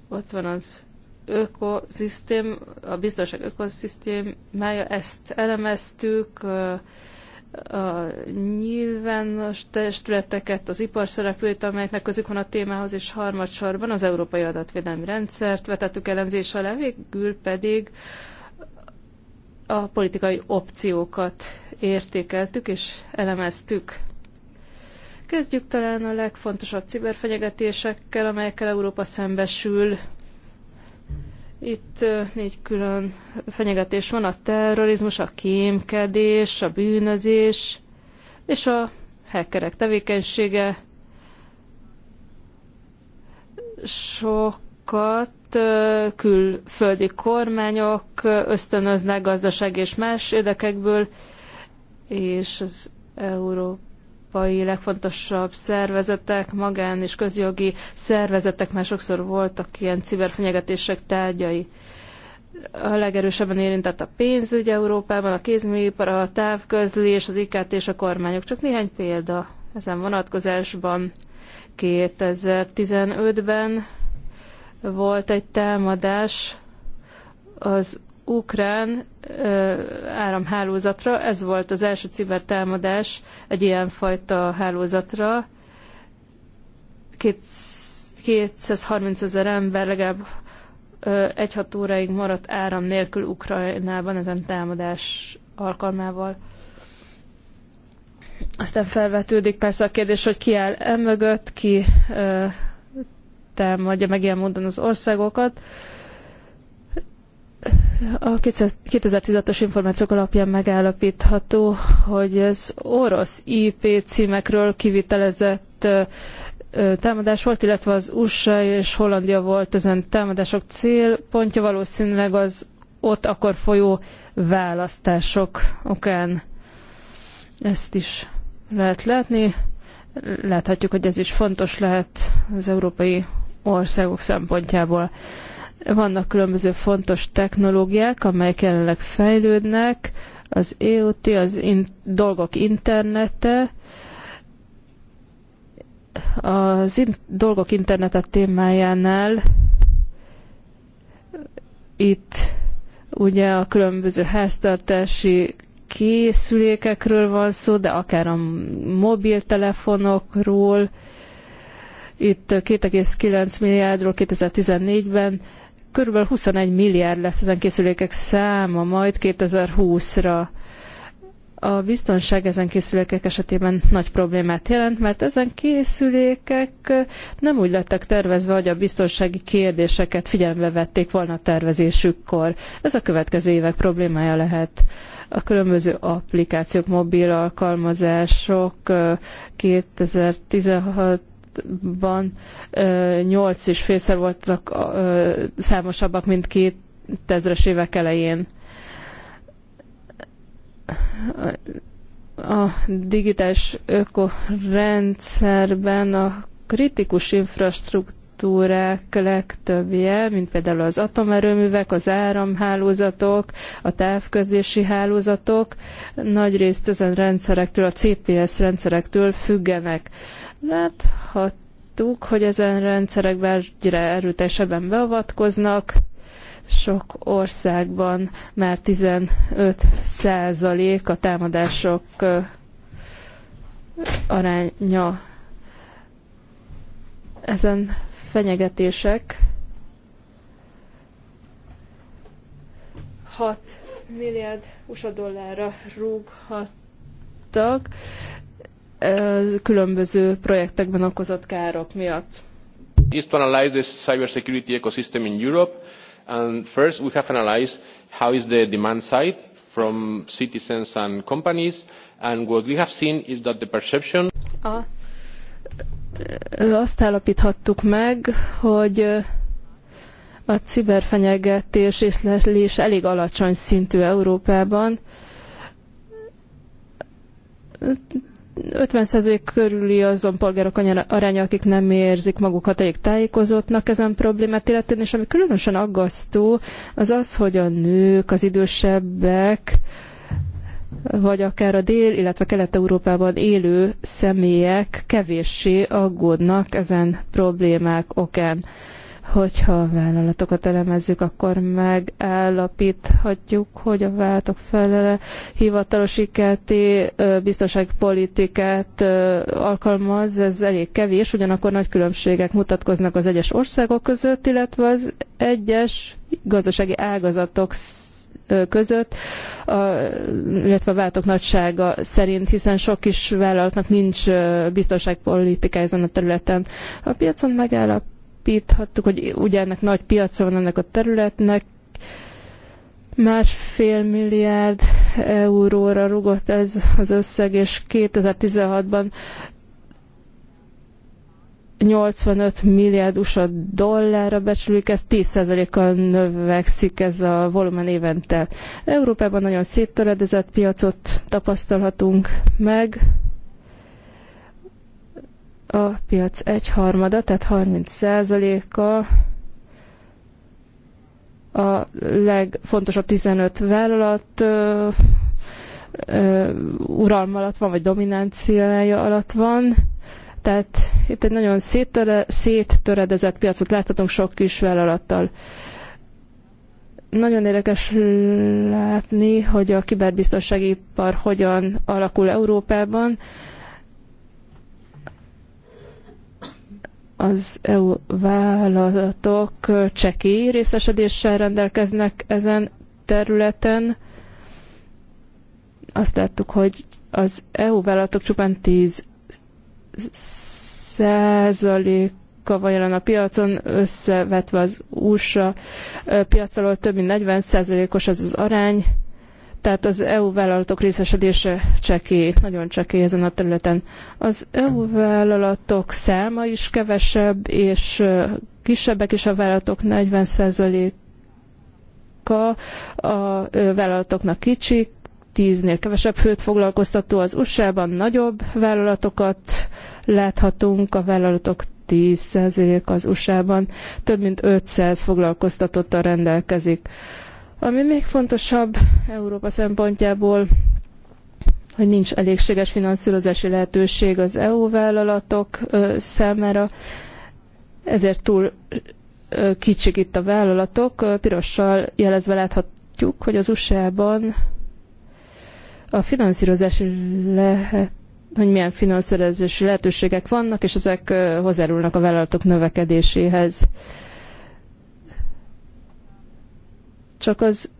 ott van az ökoszisztém, a biztonság ökoszisztémája, ezt elemeztük, a nyilvános testületeket, az ipar szereplőit, amelyeknek közük van a témához, és harmadsorban az Európai Adatvédelmi Rendszert vetettük elemzés alá, végül pedig a politikai opciókat értékeltük és elemeztük. Kezdjük talán a legfontosabb ciberfenyegetésekkel, amelyekkel Európa szembesül. Itt négy külön fenyegetés van, a terrorizmus, a kémkedés, a bűnözés és a hackerek tevékenysége. Sokat külföldi kormányok ösztönöznek gazdaság és más érdekekből, és az Európa európai legfontosabb szervezetek, magán és közjogi szervezetek már sokszor voltak ilyen ciberfenyegetések tárgyai. A legerősebben érintett a pénzügy Európában, a kézműipar, a távközlés, az IKT és a kormányok. Csak néhány példa ezen vonatkozásban. 2015-ben volt egy támadás az ukrán áramhálózatra. Ez volt az első cibertámadás egy ilyenfajta hálózatra. 230 ezer ember legalább egy-hat óráig maradt áram nélkül Ukrajnában ezen támadás alkalmával. Aztán felvetődik persze a kérdés, hogy ki áll emögött, ki ö, támadja meg ilyen módon az országokat. Ö, a 2016-os információk alapján megállapítható, hogy ez orosz IP címekről kivitelezett támadás volt, illetve az USA és Hollandia volt ezen támadások célpontja, valószínűleg az ott akkor folyó választások okán. Ezt is lehet látni. Láthatjuk, hogy ez is fontos lehet az európai országok szempontjából. Vannak különböző fontos technológiák, amelyek jelenleg fejlődnek, az IoT, e az in- dolgok internete, az in- dolgok internete témájánál itt ugye a különböző háztartási készülékekről van szó, de akár a mobiltelefonokról. Itt 2,9 milliárdról 2014-ben Körülbelül 21 milliárd lesz ezen készülékek száma majd 2020-ra. A biztonság ezen készülékek esetében nagy problémát jelent, mert ezen készülékek nem úgy lettek tervezve, hogy a biztonsági kérdéseket figyelembe vették volna a tervezésükkor. Ez a következő évek problémája lehet a különböző applikációk, mobil alkalmazások 2016 2006-ban és félszer voltak számosabbak, mint két es évek elején. A digitális ökorendszerben a kritikus infrastruktúrák legtöbbje, mint például az atomerőművek, az áramhálózatok, a távközlési hálózatok, nagyrészt ezen rendszerektől, a CPS rendszerektől függenek. Láthattuk, hogy ezen rendszerekben egyre erőteljesebben beavatkoznak, sok országban már 15 százalék a támadások aránya. Ezen fenyegetések 6 milliárd USA dollárra rúghattak, különböző projektekben okozott károk miatt. is to analyze the cybersecurity ecosystem in Europe and first we have analyzed how is the demand side from citizens and companies and what we have seen is that the perception a, azt állapíthattuk meg, hogy a ciberfenyegetés észlelés elég alacsony szintű Európában 50% körüli azon polgárok aránya, akik nem érzik magukat elég tájékozottnak ezen problémát illetően, és ami különösen aggasztó, az az, hogy a nők, az idősebbek, vagy akár a dél, illetve kelet-európában élő személyek kevéssé aggódnak ezen problémák okán. Hogyha a vállalatokat elemezzük, akkor megállapíthatjuk, hogy a vállalatok felele hivatalos IKT biztonságpolitikát alkalmaz, ez elég kevés, ugyanakkor nagy különbségek mutatkoznak az egyes országok között, illetve az egyes gazdasági ágazatok között, a, illetve a váltok nagysága szerint, hiszen sok kis vállalatnak nincs biztonságpolitika ezen a területen. A piacon megállap megállapíthattuk, hogy ugye ennek nagy piaca van ennek a területnek, másfél milliárd euróra rugott ez az összeg, és 2016-ban 85 milliárd USA dollárra becsülik, ez 10%-kal növekszik ez a volumen évente. Európában nagyon széttöredezett piacot tapasztalhatunk meg, a piac egyharmada, tehát 30%-a a legfontosabb 15 vállalat ö, ö, uralma alatt van, vagy dominanciája alatt van. Tehát itt egy nagyon széttöre, széttöredezett piacot láthatunk sok kis vállalattal. Nagyon érdekes látni, hogy a kiberbiztonsági ipar hogyan alakul Európában. Ö, az EU vállalatok csekély részesedéssel rendelkeznek ezen területen. Azt láttuk, hogy az EU vállalatok csupán 10 százaléka van jelen a piacon, összevetve az USA piacolól több mint 40 százalékos ez az arány. Tehát az EU vállalatok részesedése csekély, nagyon csekély ezen a területen. Az EU vállalatok száma is kevesebb, és kisebbek is a vállalatok 40%-a a vállalatoknak kicsik, 10-nél kevesebb főt foglalkoztató. Az USA-ban nagyobb vállalatokat láthatunk, a vállalatok 10% az USA-ban, több mint 500 foglalkoztatottal rendelkezik. Ami még fontosabb Európa szempontjából, hogy nincs elégséges finanszírozási lehetőség az EU vállalatok számára, ezért túl kicsik itt a vállalatok. Pirossal jelezve láthatjuk, hogy az USA-ban a finanszírozási lehet hogy milyen finanszírozási lehetőségek vannak, és ezek hozzárulnak a vállalatok növekedéséhez. Csak az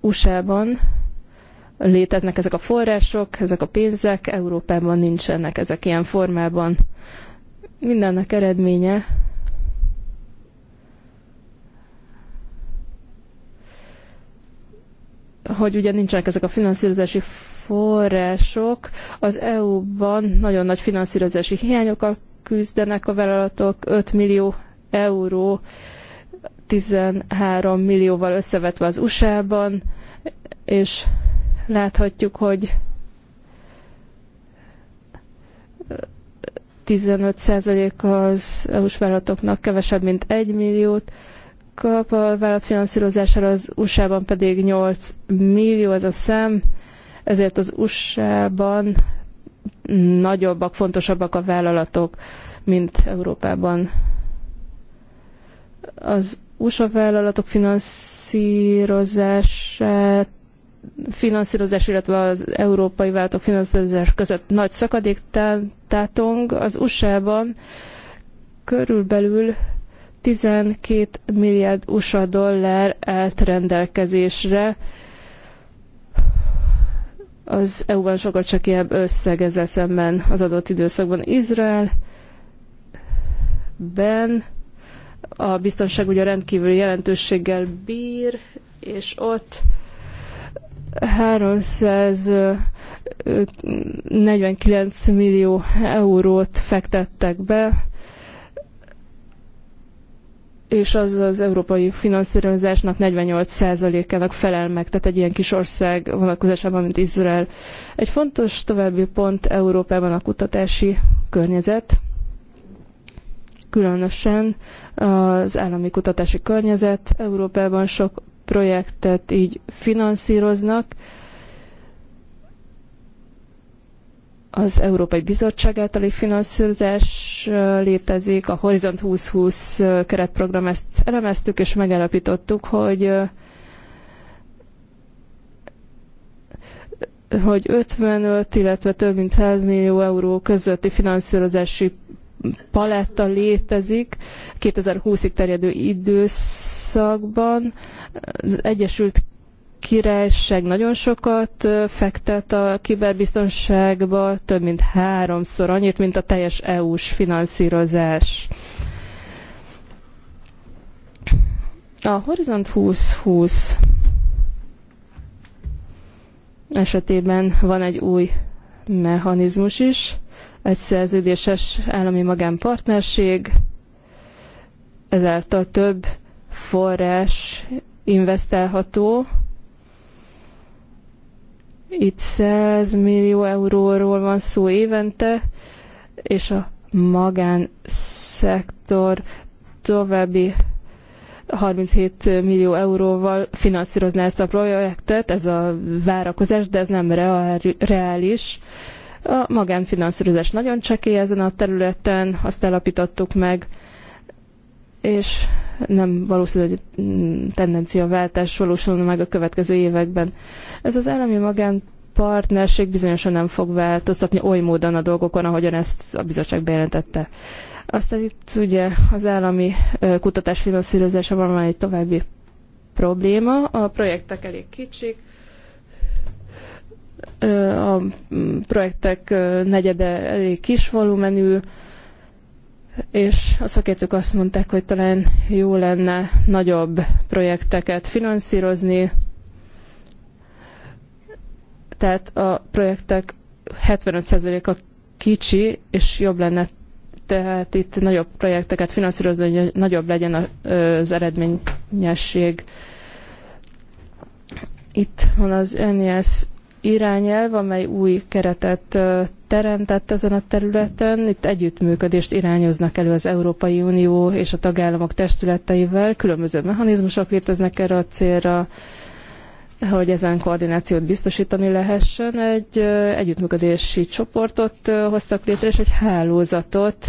USA-ban léteznek ezek a források, ezek a pénzek, Európában nincsenek ezek ilyen formában. Mindennek eredménye, hogy ugye nincsenek ezek a finanszírozási források, az EU-ban nagyon nagy finanszírozási hiányokkal küzdenek a vállalatok, 5 millió euró 13 millióval összevetve az USA-ban, és láthatjuk, hogy 15% az EU-s vállalatoknak kevesebb, mint 1 milliót kap, a vállalat finanszírozására az USA-ban pedig 8 millió ez a szem, ezért az USA-ban nagyobbak, fontosabbak a vállalatok, mint Európában. Az USA vállalatok finanszírozását finanszírozás, illetve az európai váltok finanszírozás között nagy szakadék tátong. Az USA-ban körülbelül 12 milliárd USA dollár állt rendelkezésre. Az EU-ban sokkal csak ilyen összeg ezzel szemben az adott időszakban. Izrael ben a biztonság ugye rendkívüli jelentőséggel bír, és ott 349 millió eurót fektettek be, és az az európai finanszírozásnak 48%-ának felel meg, tehát egy ilyen kis ország vonatkozásában, mint Izrael. Egy fontos további pont Európában a kutatási környezet különösen az állami kutatási környezet. Európában sok projektet így finanszíroznak. Az Európai Bizottság általi finanszírozás létezik, a Horizont 2020 keretprogram ezt elemeztük, és megállapítottuk, hogy hogy 55, illetve több mint 100 millió euró közötti finanszírozási paletta létezik 2020-ig terjedő időszakban. Az Egyesült Királyság nagyon sokat fektet a kiberbiztonságba, több mint háromszor annyit, mint a teljes EU-s finanszírozás. A Horizont 2020 esetében van egy új mechanizmus is, egy szerződéses állami magánpartnerség, ezáltal több forrás investálható. Itt 100 millió euróról van szó évente, és a magánszektor további 37 millió euróval finanszírozná ezt a projektet, ez a várakozás, de ez nem reális. A magánfinanszírozás nagyon csekély ezen a területen, azt elapítottuk meg, és nem valószínű, hogy tendenciaváltás valósulna meg a következő években. Ez az állami magánpartnerség bizonyosan nem fog változtatni oly módon a dolgokon, ahogyan ezt a bizottság bejelentette. Aztán itt ugye az állami kutatás finanszírozása van egy további probléma. A projektek elég kicsik, a projektek negyede elég kis volumenű, és a szakértők azt mondták, hogy talán jó lenne nagyobb projekteket finanszírozni, tehát a projektek 75%-a kicsi, és jobb lenne tehát itt nagyobb projekteket finanszírozni, hogy nagyobb legyen az eredményesség. Itt van az NES irányelv, amely új keretet teremtett ezen a területen. Itt együttműködést irányoznak elő az Európai Unió és a tagállamok testületeivel. Különböző mechanizmusok léteznek erre a célra, hogy ezen koordinációt biztosítani lehessen. Egy együttműködési csoportot hoztak létre, és egy hálózatot,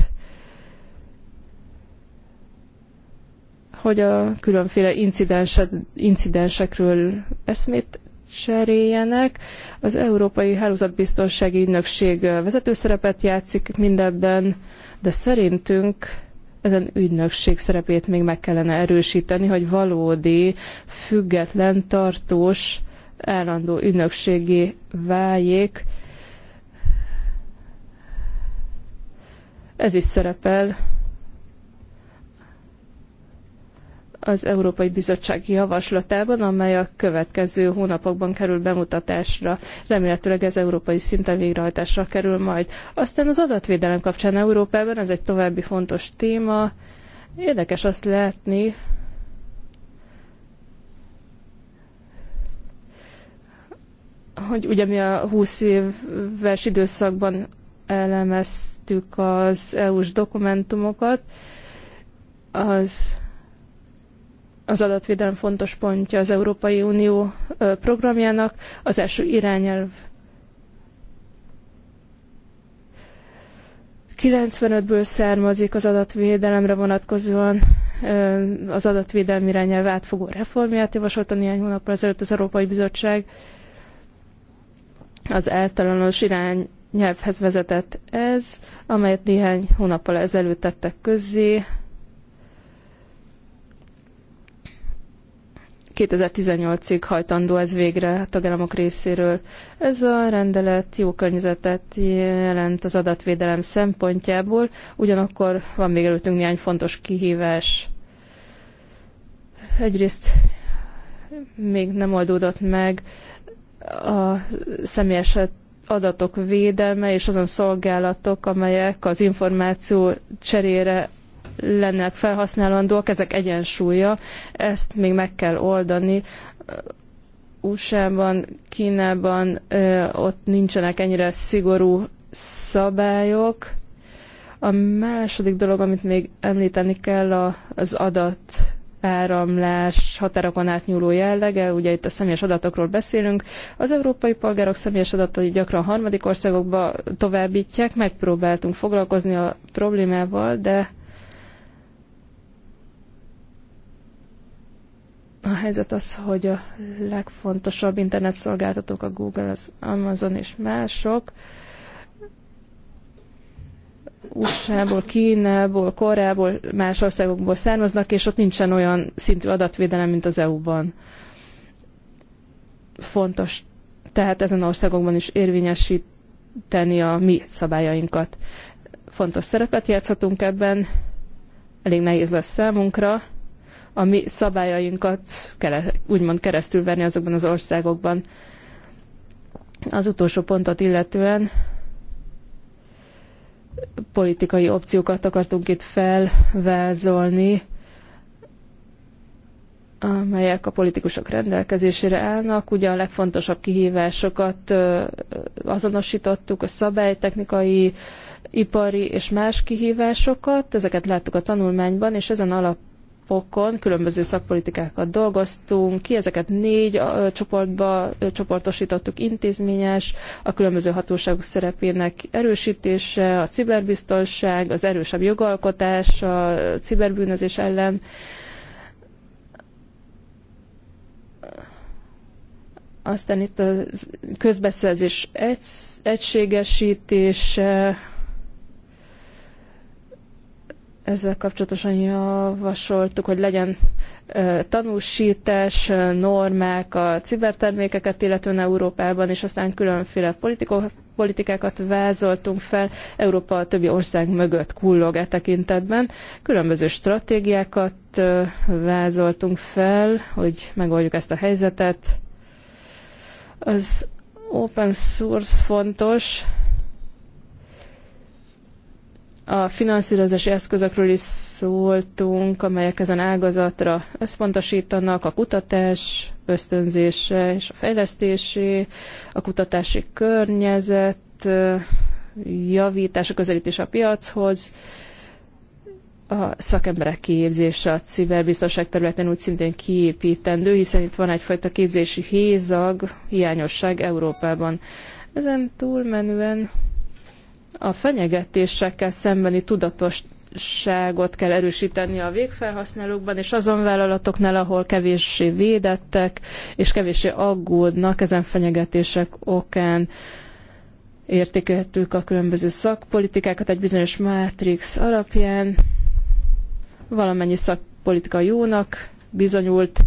hogy a különféle incidensek, incidensekről eszmét cseréljenek. Az Európai Hálózatbiztonsági Ügynökség vezető szerepet játszik mindebben, de szerintünk ezen ügynökség szerepét még meg kellene erősíteni, hogy valódi, független, tartós, állandó ügynökségé váljék. Ez is szerepel az Európai Bizottság javaslatában, amely a következő hónapokban kerül bemutatásra. Remélhetőleg ez európai szinten végrehajtásra kerül majd. Aztán az adatvédelem kapcsán Európában, ez egy további fontos téma. Érdekes azt látni, hogy ugye mi a 20 éves időszakban elemeztük az EU-s dokumentumokat, az az adatvédelem fontos pontja az Európai Unió programjának, az első irányelv 95-ből származik az adatvédelemre vonatkozóan az adatvédelmi irányelv átfogó reformját javasolta néhány hónappal ezelőtt az Európai Bizottság. Az általános irányelvhez vezetett ez, amelyet néhány hónappal ezelőtt tettek közzé 2018-ig hajtandó ez végre a tagállamok részéről. Ez a rendelet jó környezetet jelent az adatvédelem szempontjából, ugyanakkor van még előttünk néhány fontos kihívás. Egyrészt még nem oldódott meg a személyes adatok védelme és azon szolgálatok, amelyek az információ cserére lennek felhasználandóak, ezek egyensúlya, ezt még meg kell oldani. USA-ban, Kínában ott nincsenek ennyire szigorú szabályok. A második dolog, amit még említeni kell, az adat áramlás határokon átnyúló jellege, ugye itt a személyes adatokról beszélünk. Az európai polgárok személyes adatai gyakran harmadik országokba továbbítják, megpróbáltunk foglalkozni a problémával, de a helyzet az, hogy a legfontosabb internetszolgáltatók, a Google, az Amazon és mások, USA-ból, Kínából, Koreából, más országokból származnak, és ott nincsen olyan szintű adatvédelem, mint az EU-ban. Fontos tehát ezen országokban is érvényesíteni a mi szabályainkat. Fontos szerepet játszhatunk ebben, elég nehéz lesz számunkra, a mi szabályainkat úgymond keresztül venni azokban az országokban. Az utolsó pontot illetően politikai opciókat akartunk itt felvázolni, amelyek a politikusok rendelkezésére állnak. Ugye a legfontosabb kihívásokat azonosítottuk, a szabálytechnikai, ipari és más kihívásokat, ezeket láttuk a tanulmányban, és ezen alap alapokon különböző szakpolitikákat dolgoztunk ki, ezeket négy csoportba csoportosítottuk, intézményes, a különböző hatóságok szerepének erősítése, a ciberbiztonság, az erősebb jogalkotás, a ciberbűnözés ellen, aztán itt a közbeszerzés egységesítése, ezzel kapcsolatosan javasoltuk, hogy legyen tanúsítás, normák a cibertermékeket, illetően Európában, és aztán különféle politikákat vázoltunk fel Európa a többi ország mögött kullog e tekintetben. Különböző stratégiákat vázoltunk fel, hogy megoldjuk ezt a helyzetet. Az open source fontos, a finanszírozási eszközökről is szóltunk, amelyek ezen ágazatra összpontosítanak, a kutatás ösztönzése és a fejlesztési, a kutatási környezet, javítás, a közelítés a piachoz, a szakemberek képzése a civilbiztonság területen úgy szintén kiépítendő, hiszen itt van egyfajta képzési hézag, hiányosság Európában. Ezen túlmenően a fenyegetésekkel szembeni tudatosságot kell erősíteni a végfelhasználókban, és azon vállalatoknál, ahol kevéssé védettek, és kevéssé aggódnak ezen fenyegetések okán értékelhetők a különböző szakpolitikákat egy bizonyos mátrix alapján. Valamennyi szakpolitika jónak bizonyult.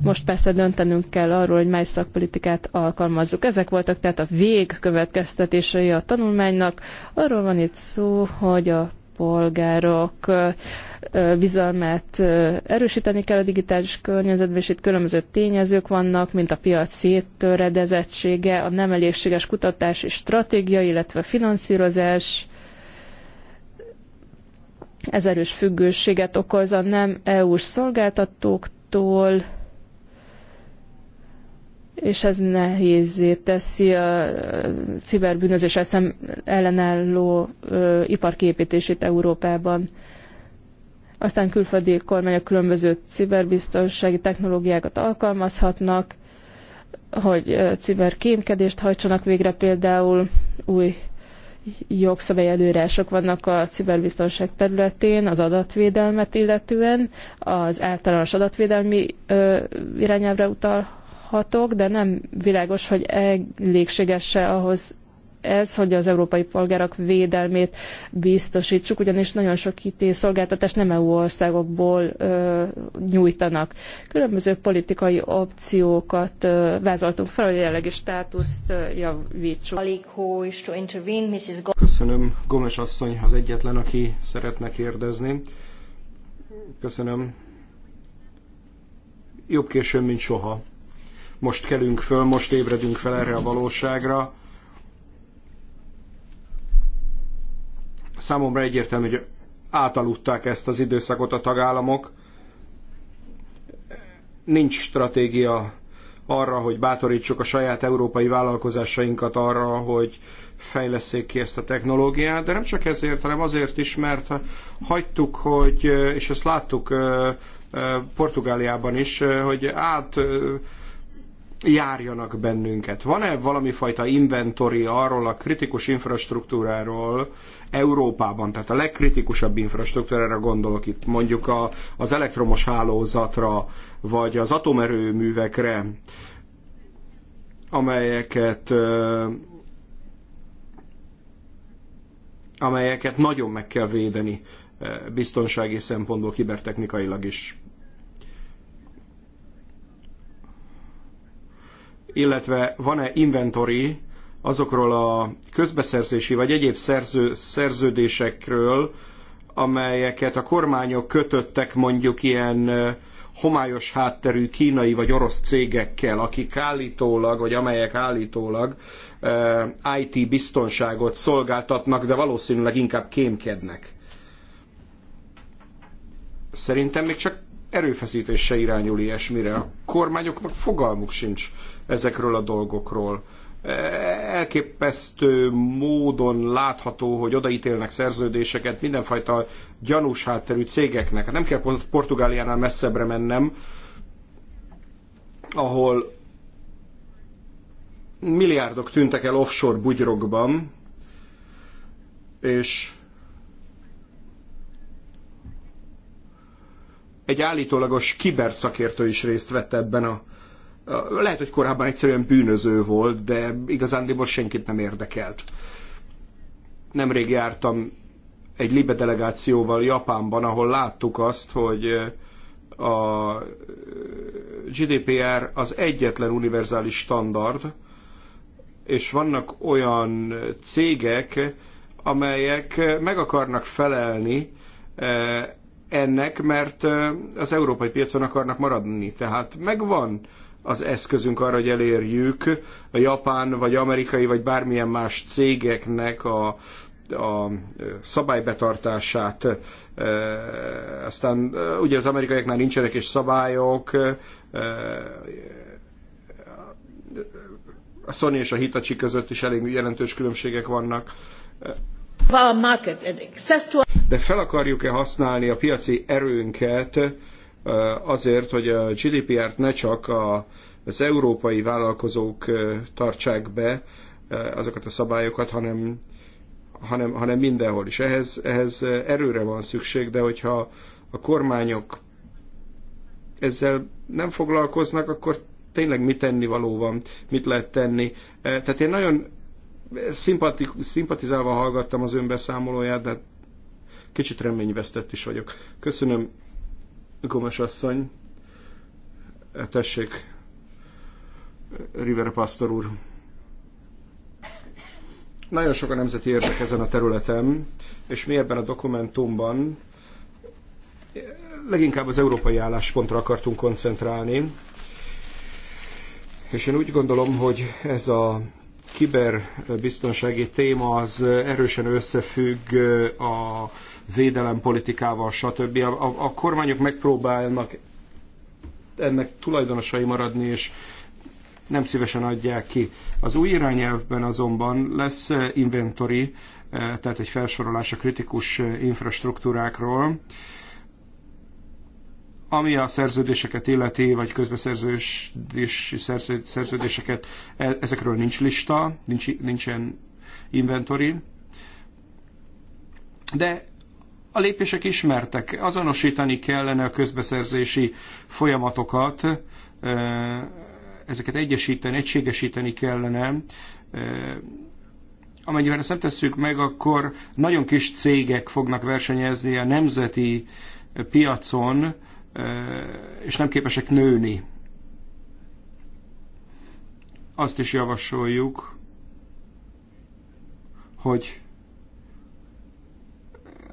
Most persze döntenünk kell arról, hogy mely szakpolitikát alkalmazzuk. Ezek voltak tehát a végkövetkeztetései a tanulmánynak. Arról van itt szó, hogy a polgárok bizalmát erősíteni kell a digitális környezetben, és itt különböző tényezők vannak, mint a piac széttöredezettsége, a nem elégséges kutatási stratégia, illetve finanszírozás, ez erős függőséget okoz a nem EU-s szolgáltatóktól, és ez nehézé teszi a ciberbűnözés ellenálló iparképítését Európában. Aztán külföldi kormányok különböző ciberbiztonsági technológiákat alkalmazhatnak, hogy ciberkémkedést hajtsanak végre például új jogszabály előírások vannak a ciberbiztonság területén, az adatvédelmet illetően, az általános adatvédelmi ö, irányelvre utalhatok, de nem világos, hogy elégséges-e ahhoz ez, hogy az európai polgárok védelmét biztosítsuk, ugyanis nagyon sok szolgáltatást nem EU országokból ö, nyújtanak. Különböző politikai opciókat ö, vázoltunk fel, hogy a jelenlegi státuszt ö, javítsuk. Köszönöm. Gomes asszony az egyetlen, aki szeretne kérdezni. Köszönöm. Jobb későn, mint soha. Most kelünk föl, most ébredünk fel erre a valóságra. Számomra egyértelmű, hogy átaludták ezt az időszakot a tagállamok. Nincs stratégia arra, hogy bátorítsuk a saját európai vállalkozásainkat arra, hogy fejleszék ki ezt a technológiát, de nem csak ezért, hanem azért is, mert hagytuk, hogy, és ezt láttuk eh, eh, Portugáliában is, eh, hogy át járjanak bennünket. Van-e valami fajta inventori arról a kritikus infrastruktúráról Európában, tehát a legkritikusabb infrastruktúrára gondolok itt, mondjuk a, az elektromos hálózatra, vagy az atomerőművekre, amelyeket amelyeket nagyon meg kell védeni biztonsági szempontból, kibertechnikailag is. illetve van-e inventory azokról a közbeszerzési vagy egyéb szerző, szerződésekről, amelyeket a kormányok kötöttek mondjuk ilyen homályos hátterű kínai vagy orosz cégekkel, akik állítólag, vagy amelyek állítólag IT biztonságot szolgáltatnak, de valószínűleg inkább kémkednek. Szerintem még csak erőfeszítésre irányul ilyesmire. A kormányoknak fogalmuk sincs ezekről a dolgokról. E, elképesztő módon látható, hogy odaítélnek szerződéseket mindenfajta gyanús hátterű cégeknek. Nem kell Portugáliánál messzebbre mennem, ahol milliárdok tűntek el offshore bugyrokban, és egy állítólagos kiberszakértő is részt vett ebben a lehet, hogy korábban egyszerűen bűnöző volt, de igazándiból senkit nem érdekelt. Nemrég jártam egy libe delegációval Japánban, ahol láttuk azt, hogy eh, a GDPR az egyetlen univerzális standard, és vannak olyan cégek, amelyek meg akarnak felelni eh, ennek, mert eh, az európai piacon akarnak maradni. Tehát megvan az eszközünk arra, hogy elérjük a japán, vagy amerikai, vagy bármilyen más cégeknek a, a szabálybetartását. Aztán ugye az amerikaiaknál nincsenek is szabályok, a Sony és a Hitachi között is elég jelentős különbségek vannak. De fel akarjuk-e használni a piaci erőnket, azért, hogy a GDPR-t ne csak a, az európai vállalkozók tartsák be azokat a szabályokat, hanem, hanem, hanem mindenhol is. Ehhez, ehhez erőre van szükség, de hogyha a kormányok ezzel nem foglalkoznak, akkor tényleg mit tenni való van, mit lehet tenni. Tehát én nagyon szimpati, szimpatizálva hallgattam az önbeszámolóját, de kicsit reményvesztett is vagyok. Köszönöm Gomes asszony. Eh, tessék, River Pastor úr. Nagyon sok a nemzeti érdek ezen a területen, és mi ebben a dokumentumban leginkább az európai álláspontra akartunk koncentrálni. És én úgy gondolom, hogy ez a kiberbiztonsági téma az erősen összefügg a védelempolitikával, stb. A, a, a kormányok megpróbálnak ennek tulajdonosai maradni, és nem szívesen adják ki. Az új irányelvben azonban lesz eh, inventory, eh, tehát egy felsorolás a kritikus eh, infrastruktúrákról, ami a szerződéseket illeti, vagy közbeszerződési szerződéseket, e, ezekről nincs lista, nincs, nincsen inventory, de a lépések ismertek, azonosítani kellene a közbeszerzési folyamatokat, ezeket egyesíteni, egységesíteni kellene. Amennyiben ezt nem tesszük meg, akkor nagyon kis cégek fognak versenyezni a nemzeti piacon, és nem képesek nőni. Azt is javasoljuk, hogy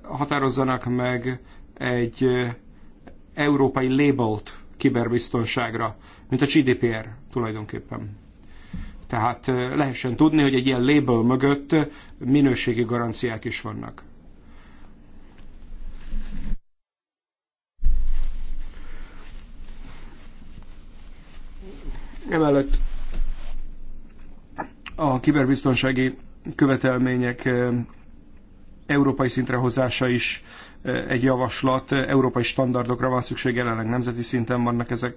határozzanak meg egy európai labelt kiberbiztonságra, mint a GDPR tulajdonképpen. Tehát lehessen tudni, hogy egy ilyen label mögött minőségi garanciák is vannak. Emellett a kiberbiztonsági követelmények európai szintre hozása is egy javaslat, európai standardokra van szükség, jelenleg nemzeti szinten vannak ezek.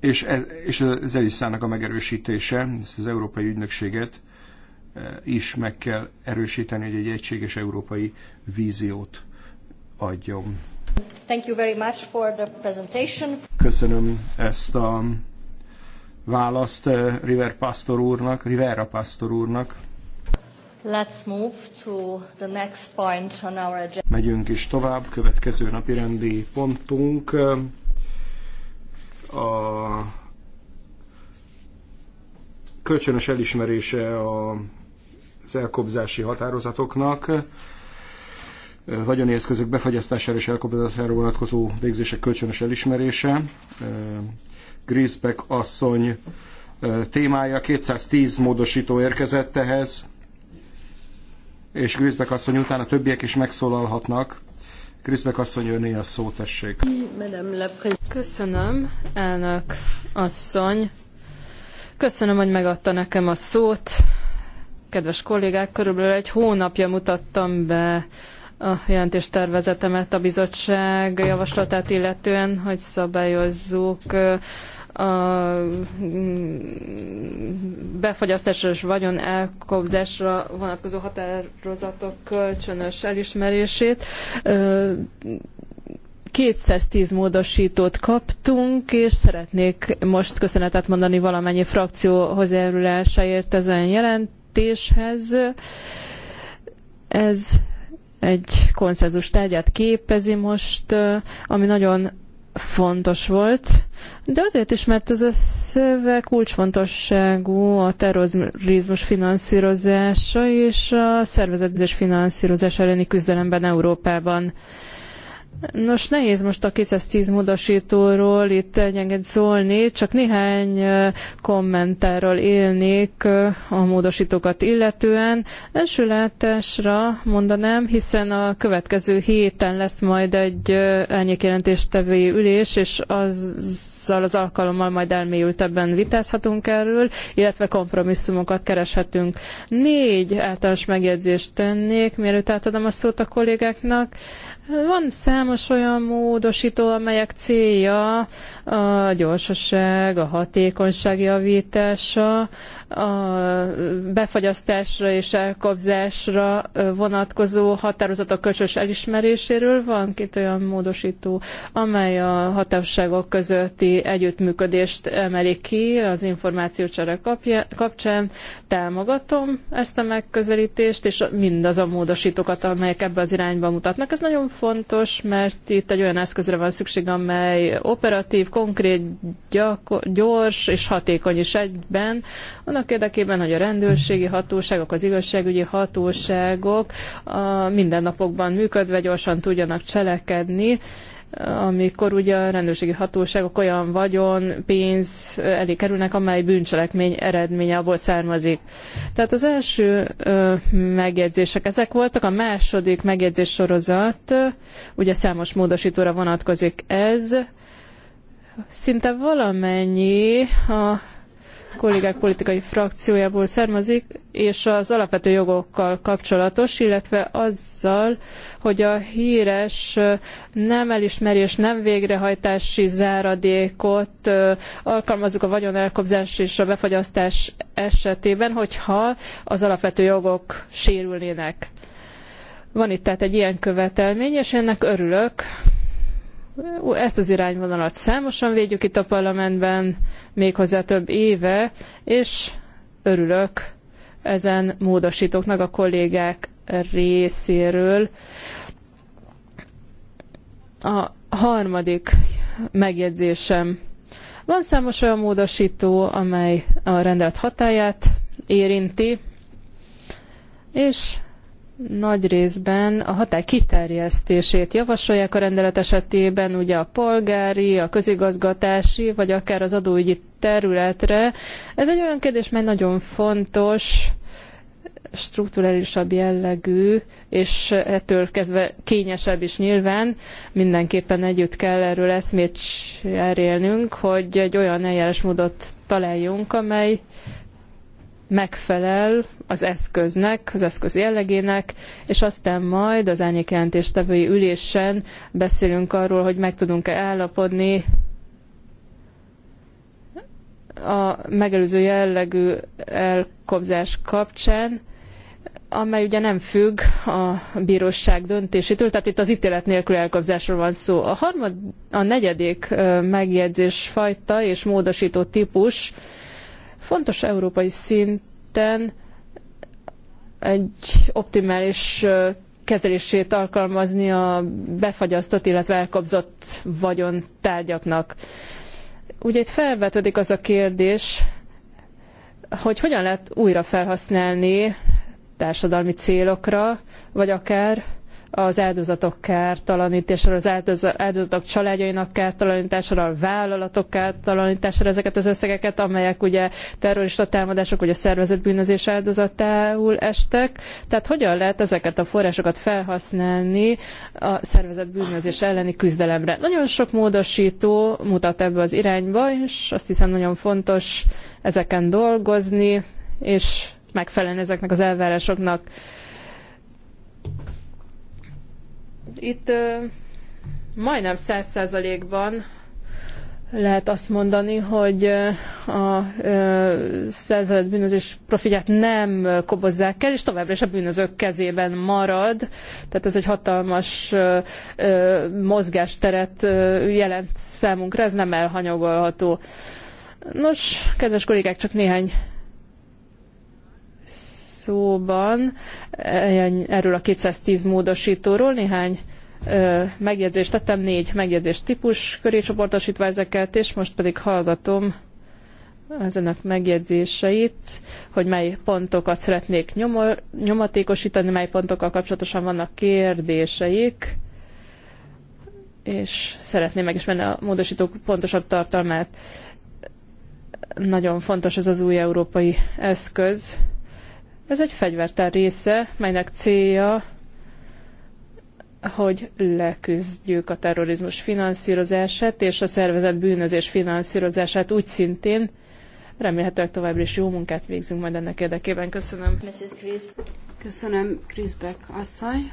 És ez, és ez Eliszának a megerősítése, ezt az európai ügynökséget is meg kell erősíteni, hogy egy egységes európai víziót adjon. Thank you very much for the presentation. Köszönöm ezt a választ eh, River Pastor úrnak, Rivera Pastor úrnak. Let's move to the next point on our agenda. Megyünk is tovább, következő napi rendi pontunk. Eh, a kölcsönös elismerése a az elkobzási határozatoknak, eh, vagyoni eszközök befagyasztására és elkobzására vonatkozó végzések kölcsönös elismerése. Grisbeck asszony témája. 210 módosító érkezett ehhez, és Grisbeck asszony után a többiek is megszólalhatnak. Kriszbek asszony, öné a szó, tessék. Köszönöm, elnök asszony. Köszönöm, hogy megadta nekem a szót. Kedves kollégák, körülbelül egy hónapja mutattam be a jelentéstervezetemet a bizottság javaslatát illetően, hogy szabályozzuk a mm, befagyasztásra és vagyon elkobzásra vonatkozó határozatok kölcsönös elismerését. 210 módosítót kaptunk, és szeretnék most köszönetet mondani valamennyi frakció hozzájárulásáért ezen jelentéshez. Ez egy konszenzus tárgyát képezi most, ami nagyon fontos volt, de azért is, mert ez a szöveg kulcsfontosságú a terrorizmus finanszírozása és a szervezetbűnözés finanszírozás elleni küzdelemben Európában. Nos, nehéz most a 210 módosítóról itt egyenged szólni, csak néhány kommentárral élnék a módosítókat illetően. Első látásra mondanám, hiszen a következő héten lesz majd egy elnyékjelentéstevői ülés, és azzal az alkalommal majd elmélyültebben vitázhatunk erről, illetve kompromisszumokat kereshetünk. Négy általános megjegyzést tennék, mielőtt átadom a szót a kollégáknak. Van számos olyan módosító, amelyek célja a gyorsaság, a hatékonyság javítása, a befagyasztásra és elkobzásra vonatkozó határozatok közös elismeréséről van két olyan módosító, amely a hatóságok közötti együttműködést emeli ki az információcsere kapcsán. Támogatom ezt a megközelítést, és mindaz a módosítókat, amelyek ebbe az irányba mutatnak. Ez nagyon fontos, mert itt egy olyan eszközre van szükség, amely operatív, konkrét, gyors és hatékony is egyben, annak érdekében, hogy a rendőrségi hatóságok, az igazságügyi hatóságok a mindennapokban működve gyorsan tudjanak cselekedni, amikor ugye a rendőrségi hatóságok olyan vagyon, pénz elé kerülnek, amely bűncselekmény eredménye abból származik. Tehát az első ö, megjegyzések ezek voltak, a második megjegyzés sorozat, ugye számos módosítóra vonatkozik ez, szinte valamennyi a kollégák politikai frakciójából származik, és az alapvető jogokkal kapcsolatos, illetve azzal, hogy a híres nem elismerés, nem végrehajtási záradékot alkalmazzuk a vagyonelkobzás és a befagyasztás esetében, hogyha az alapvető jogok sérülnének. Van itt tehát egy ilyen követelmény, és ennek örülök, ezt az irányvonalat számosan védjük itt a parlamentben, méghozzá több éve, és örülök ezen módosítóknak a kollégák részéről. A harmadik megjegyzésem. Van számos olyan módosító, amely a rendelet hatáját érinti, és nagy részben a hatály kiterjesztését javasolják a rendelet esetében, ugye a polgári, a közigazgatási, vagy akár az adóügyi területre. Ez egy olyan kérdés, mely nagyon fontos, strukturálisabb jellegű, és ettől kezdve kényesebb is nyilván. Mindenképpen együtt kell erről eszmét cserélnünk, hogy egy olyan eljárásmódot találjunk, amely megfelel az eszköznek, az eszköz jellegének, és aztán majd az jelentéstevői ülésen beszélünk arról, hogy meg tudunk-e állapodni a megelőző jellegű elkobzás kapcsán, amely ugye nem függ a bíróság döntésétől, tehát itt az ítélet nélkül elkobzásról van szó. A, harmad, a negyedik megjegyzés fajta és módosító típus, Fontos európai szinten egy optimális kezelését alkalmazni a befagyasztott, illetve elkobzott vagyontárgyaknak. Ugye itt felvetődik az a kérdés, hogy hogyan lehet újra felhasználni társadalmi célokra, vagy akár az áldozatok kártalanítására, az áldozatok családjainak kártalanítására, a vállalatok kártalanítására ezeket az összegeket, amelyek ugye terrorista támadások vagy a szervezett bűnözés áldozatául estek. Tehát hogyan lehet ezeket a forrásokat felhasználni a szervezett bűnözés elleni küzdelemre? Nagyon sok módosító mutat ebbe az irányba, és azt hiszem nagyon fontos ezeken dolgozni, és megfelelni ezeknek az elvárásoknak. Itt majdnem száz százalékban lehet azt mondani, hogy a szervezett bűnözés profitját nem kobozzák el, és továbbra is a bűnözők kezében marad. Tehát ez egy hatalmas mozgásteret jelent számunkra, ez nem elhanyagolható. Nos, kedves kollégák, csak néhány szóban erről a 210 módosítóról. Néhány megjegyzést tettem, négy megjegyzés típus köré csoportosítva ezeket, és most pedig hallgatom az önök megjegyzéseit, hogy mely pontokat szeretnék nyomatékosítani, mely pontokkal kapcsolatosan vannak kérdéseik, és szeretném megismerni a módosítók pontosabb tartalmát. Nagyon fontos ez az új európai eszköz, ez egy fegyvertár része, melynek célja, hogy leküzdjük a terrorizmus finanszírozását és a szervezet bűnözés finanszírozását úgy szintén, remélhetőleg továbbra is jó munkát végzünk majd ennek érdekében. Köszönöm. Mrs. Chris. Köszönöm, Krisbeck asszony.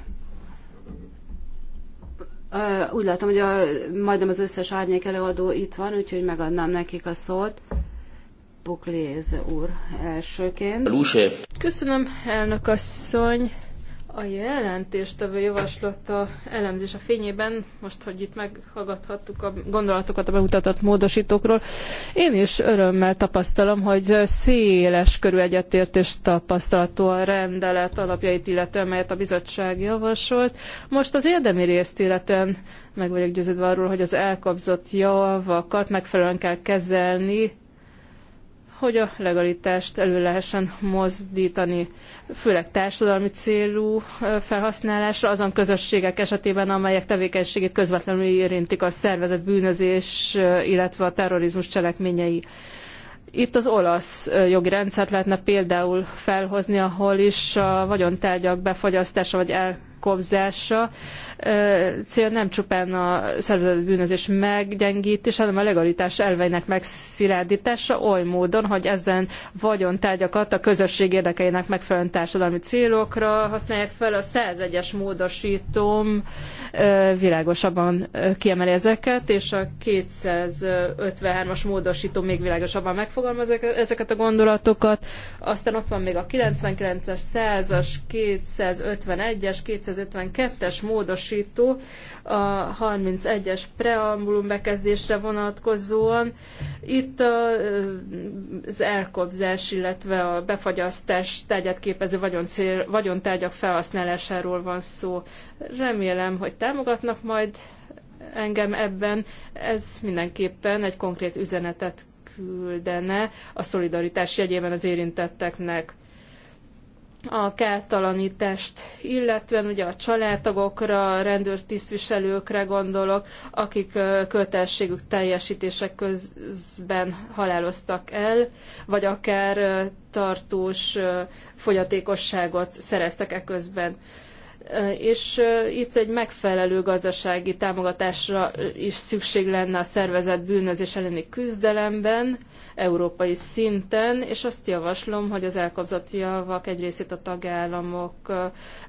Úgy látom, hogy a, majdnem az összes árnyék előadó itt van, úgyhogy megadnám nekik a szót. Bukléze úr elsőként. Lusé. Köszönöm, elnök asszony. A jelentést, javaslat a elemzés a fényében, most, hogy itt meghallgathattuk a gondolatokat a bemutatott módosítókról, én is örömmel tapasztalom, hogy széles körű egyetértést tapasztalható a rendelet alapjait, illetően melyet a bizottság javasolt. Most az érdemi részt illetően meg vagyok győződve arról, hogy az elkapzott javakat megfelelően kell kezelni, hogy a legalitást elő lehessen mozdítani, főleg társadalmi célú felhasználásra, azon közösségek esetében, amelyek tevékenységét közvetlenül érintik a szervezet bűnözés, illetve a terrorizmus cselekményei. Itt az olasz jogi rendszert lehetne például felhozni, ahol is a vagyontárgyak befagyasztása vagy el kobzása cél nem csupán a szervezett bűnözés meggyengítése, hanem a legalitás elveinek megszilárdítása oly módon, hogy ezen vagyontárgyakat a közösség érdekeinek megfelelően társadalmi célokra használják fel. A 101-es módosítom világosabban kiemeli ezeket, és a 253-as módosítom még világosabban megfogalmaz ezeket a gondolatokat. Aztán ott van még a 99-es, 100-as, 251-es, 252-es módosító a 31-es preambulum bekezdésre vonatkozóan. Itt az elkobzás, illetve a befagyasztás tárgyát képező vagyoncél, vagyontárgyak felhasználásáról van szó. Remélem, hogy támogatnak majd engem ebben. Ez mindenképpen egy konkrét üzenetet küldene a szolidaritás jegyében az érintetteknek a kártalanítást, illetve ugye a családtagokra, a rendőrtisztviselőkre gondolok, akik kötelességük teljesítése közben haláloztak el, vagy akár tartós fogyatékosságot szereztek e közben és itt egy megfelelő gazdasági támogatásra is szükség lenne a szervezet bűnözés elleni küzdelemben, európai szinten, és azt javaslom, hogy az elkobzott javak egy részét a tagállamok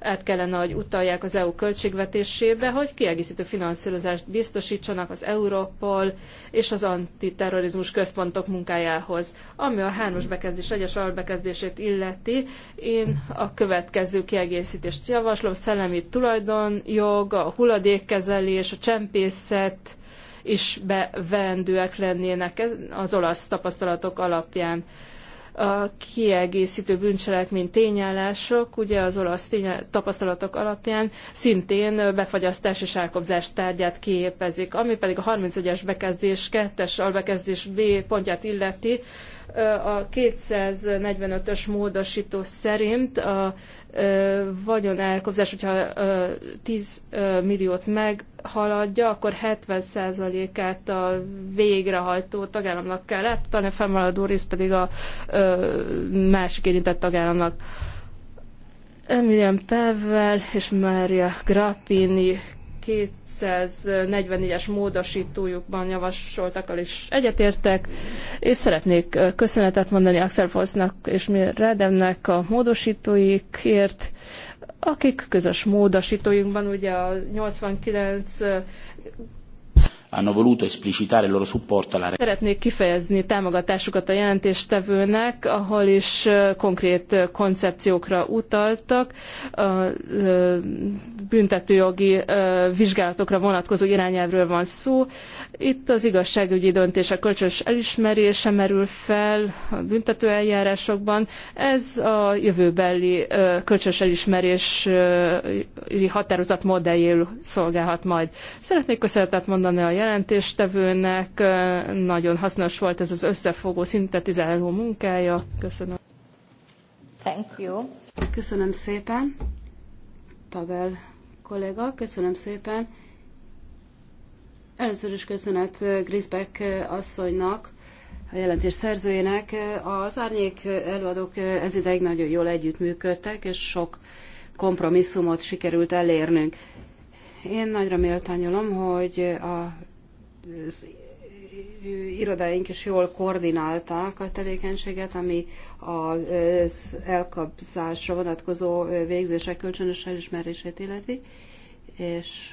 át kellene, hogy utalják az EU költségvetésébe, hogy kiegészítő finanszírozást biztosítsanak az Europol és az antiterrorizmus központok munkájához. Ami a hármas bekezdés egyes albekezdését illeti, én a következő kiegészítést javaslom, szellemi tulajdonjog, a hulladékkezelés, a csempészet is bevendőek lennének az olasz tapasztalatok alapján. A kiegészítő bűncselekmény tényállások, ugye az olasz tapasztalatok alapján szintén befagyasztás és elkobzás tárgyát képezik, ami pedig a 31-es bekezdés 2-es albekezdés B pontját illeti, a 245-ös módosító szerint a Vagyon elkobzás, hogyha 10 milliót meghaladja, akkor 70%-át a végrehajtó tagállamnak kell átutalni, a fennmaradó rész pedig a másik érintett tagállamnak. Emilian Pevvel és Mária Grappini 244-es módosítójukban javasoltakkal is egyetértek, és szeretnék köszönetet mondani Axel Fosznak és Redemnek a módosítóikért, akik közös módosítóinkban ugye a 89 hanno voluto esplicitare il loro supporto alla Szeretnék kifejezni támogatásukat a jelentéstevőnek, ahol is konkrét koncepciókra utaltak, a büntetőjogi vizsgálatokra vonatkozó irányelvről van szó. Itt az igazságügyi döntések kölcsönös elismerése merül fel a büntetőeljárásokban. Ez a jövőbeli kölcsönös elismerési határozat modelljéül szolgálhat majd. Szeretnék köszönetet mondani a jelentéstevőnek, nagyon hasznos volt ez az összefogó, szintetizáló munkája. Köszönöm. Thank you. Köszönöm szépen, Pavel kollega, köszönöm szépen. Először is köszönet Grisbeck asszonynak, a jelentés szerzőjének. Az árnyék előadók ez ideig nagyon jól együttműködtek, és sok kompromisszumot sikerült elérnünk. Én nagyra méltányolom, hogy a irodáink is jól koordinálták a tevékenységet, ami az elkapzásra vonatkozó végzések kölcsönös elismerését illeti, és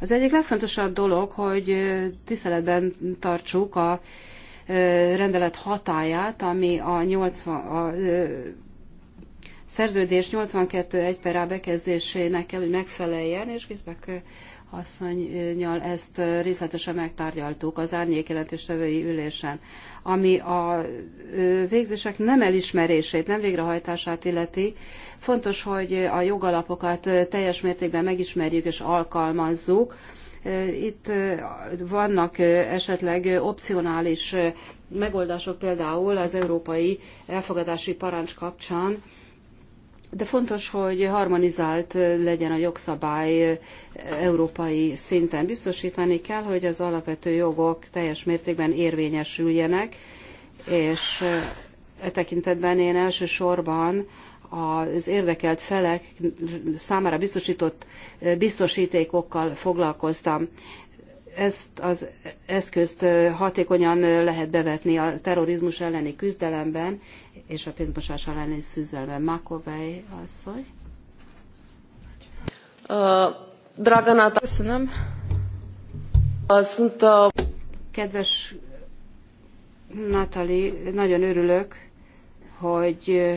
Az egyik legfontosabb dolog, hogy tiszteletben tartsuk a rendelet hatáját, ami a, 80, a szerződés 82.1 per A bekezdésének kell, hogy megfeleljen, és Gizbek asszonynyal ezt részletesen megtárgyaltuk az és jelentéstevői ülésen, ami a végzések nem elismerését, nem végrehajtását illeti. Fontos, hogy a jogalapokat teljes mértékben megismerjük és alkalmazzuk. Itt vannak esetleg opcionális megoldások például az európai elfogadási parancs kapcsán, de fontos, hogy harmonizált legyen a jogszabály eh, európai szinten. Biztosítani kell, hogy az alapvető jogok teljes mértékben érvényesüljenek, és eh, e tekintetben én elsősorban az érdekelt felek számára biztosított eh, biztosítékokkal foglalkoztam ezt az eszközt hatékonyan lehet bevetni a terrorizmus elleni küzdelemben és a pénzmosás elleni szüzdelben. Makovej asszony. Uh, Draganát, köszönöm. Azt a... Kedves Natali, nagyon örülök, hogy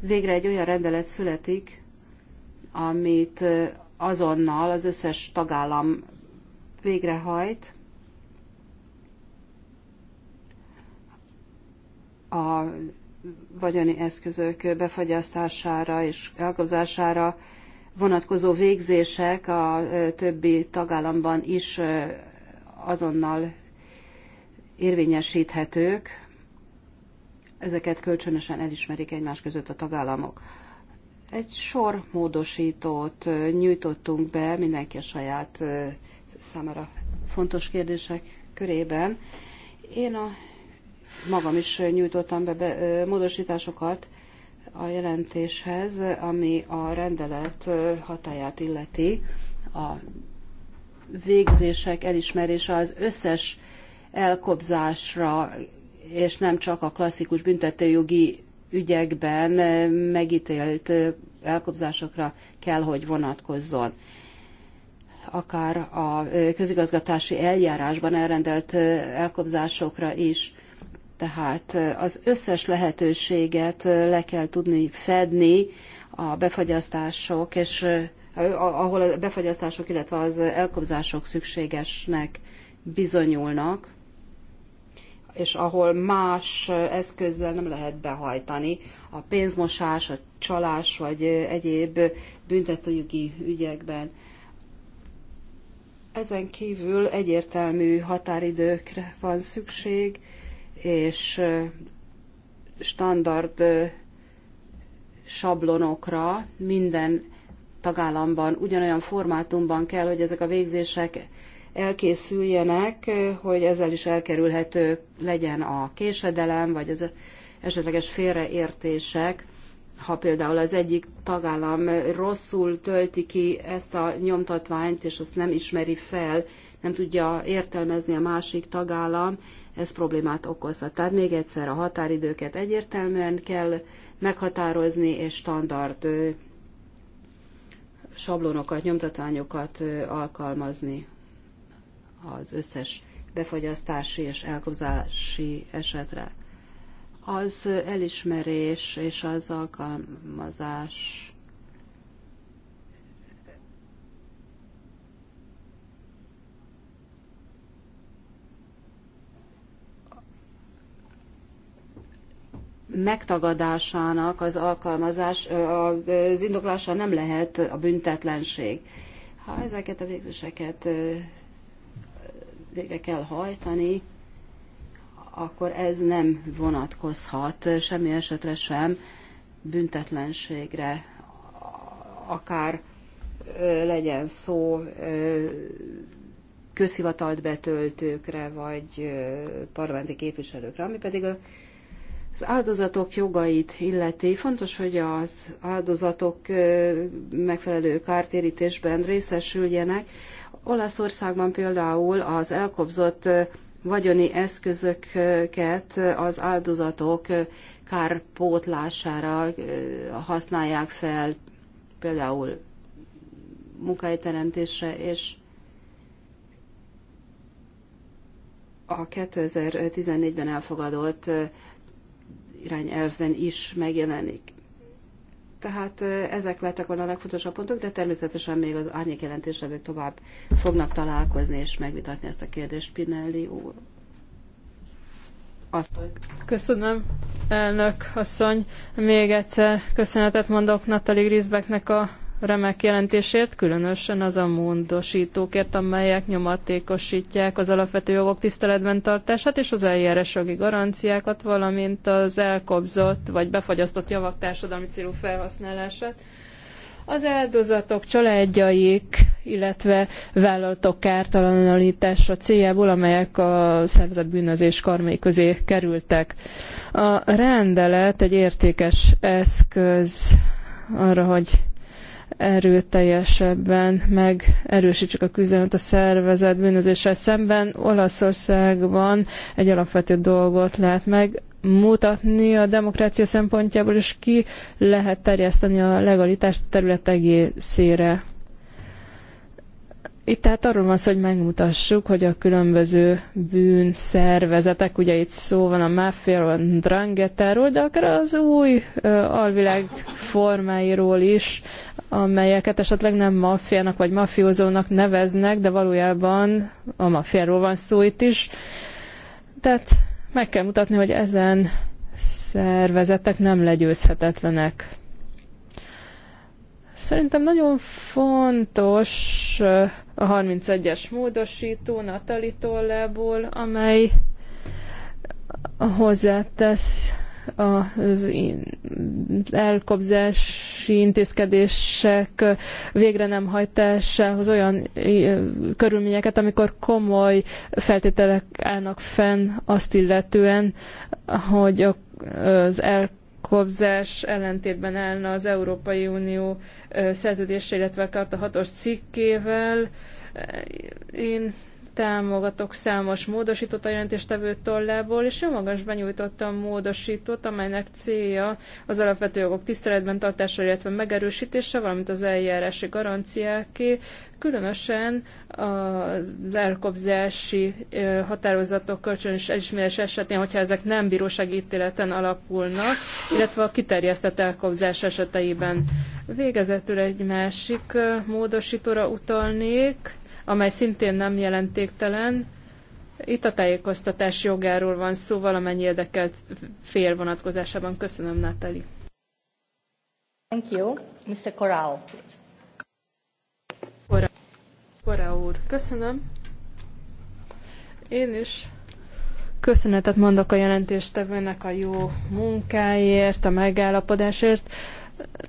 végre egy olyan rendelet születik, amit azonnal az összes tagállam végrehajt a vagyoni eszközök befagyasztására és elgazdására vonatkozó végzések a többi tagállamban is azonnal érvényesíthetők. Ezeket kölcsönösen elismerik egymás között a tagállamok. Egy sor módosítót nyújtottunk be, mindenki a saját számára fontos kérdések körében. Én a magam is nyújtottam be, be módosításokat a jelentéshez, ami a rendelet hatáját illeti. A végzések elismerése az összes elkobzásra, és nem csak a klasszikus büntetőjogi ügyekben megítélt elkobzásokra kell, hogy vonatkozzon akár a közigazgatási eljárásban elrendelt elkobzásokra is. Tehát az összes lehetőséget le kell tudni fedni a befagyasztások, és ahol a befagyasztások, illetve az elkobzások szükségesnek bizonyulnak, és ahol más eszközzel nem lehet behajtani. A pénzmosás, a csalás vagy egyéb büntetőjogi ügyekben ezen kívül egyértelmű határidőkre van szükség, és standard sablonokra minden tagállamban ugyanolyan formátumban kell, hogy ezek a végzések elkészüljenek, hogy ezzel is elkerülhető legyen a késedelem, vagy az esetleges félreértések ha például az egyik tagállam rosszul tölti ki ezt a nyomtatványt, és azt nem ismeri fel, nem tudja értelmezni a másik tagállam, ez problémát okozhat. Tehát még egyszer a határidőket egyértelműen kell meghatározni, és standard sablonokat, nyomtatványokat alkalmazni az összes befogyasztási és elkobzási esetre az elismerés és az alkalmazás megtagadásának az alkalmazás, az indoklása nem lehet a büntetlenség. Ha ezeket a végzéseket végre kell hajtani, akkor ez nem vonatkozhat semmi esetre sem büntetlenségre, akár legyen szó közhivatalt betöltőkre, vagy parlamenti képviselőkre, ami pedig az áldozatok jogait illeti. Fontos, hogy az áldozatok megfelelő kártérítésben részesüljenek. Olaszországban például az elkobzott vagyoni eszközöket az áldozatok kárpótlására használják fel, például munkahelyteremtésre, és a 2014-ben elfogadott irányelvben is megjelenik. Tehát ezek lettek volna a legfontosabb pontok, de természetesen még az árnyék jelentésevők tovább fognak találkozni és megvitatni ezt a kérdést Pinelli úr. Asszony. Köszönöm, elnök asszony. Még egyszer köszönetet mondok Natali Grisbecknek a remek jelentésért, különösen az a módosítókért, amelyek nyomatékosítják az alapvető jogok tiszteletben tartását és az jogi garanciákat, valamint az elkobzott vagy befagyasztott javak társadalmi célú felhasználását. Az áldozatok családjaik, illetve vállalatok kártalanítása céljából, amelyek a szervezett bűnözés karmai közé kerültek. A rendelet egy értékes eszköz arra, hogy erőteljesebben megerősítsük a küzdelmet a szervezet bűnözéssel szemben. Olaszországban egy alapvető dolgot lehet meg mutatni a demokrácia szempontjából, és ki lehet terjeszteni a legalitást a terület egészére. Itt tehát arról van szó, hogy megmutassuk, hogy a különböző bűn szervezetek, ugye itt szó van a máfiáról, a drangetáról, de akár az új ö, alvilág formáiról is, amelyeket esetleg nem maffiának vagy mafiózónak neveznek, de valójában a maffiáról van szó itt is. Tehát meg kell mutatni, hogy ezen szervezetek nem legyőzhetetlenek. Szerintem nagyon fontos a 31-es módosító Natali tollából, amely hozzátesz az elkobzási intézkedések végre nem hajtásához olyan körülményeket, amikor komoly feltételek állnak fenn azt illetően, hogy az elkobzás kobzás ellentétben állna az Európai Unió szerződése, illetve a Karta 6-os cikkével. Én támogatok számos módosított a jelentéstevő tollából, és jó magas benyújtottam módosítót, amelynek célja az alapvető jogok tiszteletben tartása, illetve megerősítése, valamint az eljárási garanciáké, különösen a lelkobzási határozatok kölcsönös elismerés esetén, hogyha ezek nem bírósági ítéleten alapulnak, illetve a kiterjesztett elkobzás eseteiben. Végezetül egy másik módosítóra utalnék, amely szintén nem jelentéktelen. Itt a tájékoztatás jogáról van szó valamennyi érdekelt fél vonatkozásában. Köszönöm, Nátali. Thank you. Mr. Corral, please. Corral, Corral úr, köszönöm. Én is köszönetet mondok a jelentéstevőnek a jó munkáért, a megállapodásért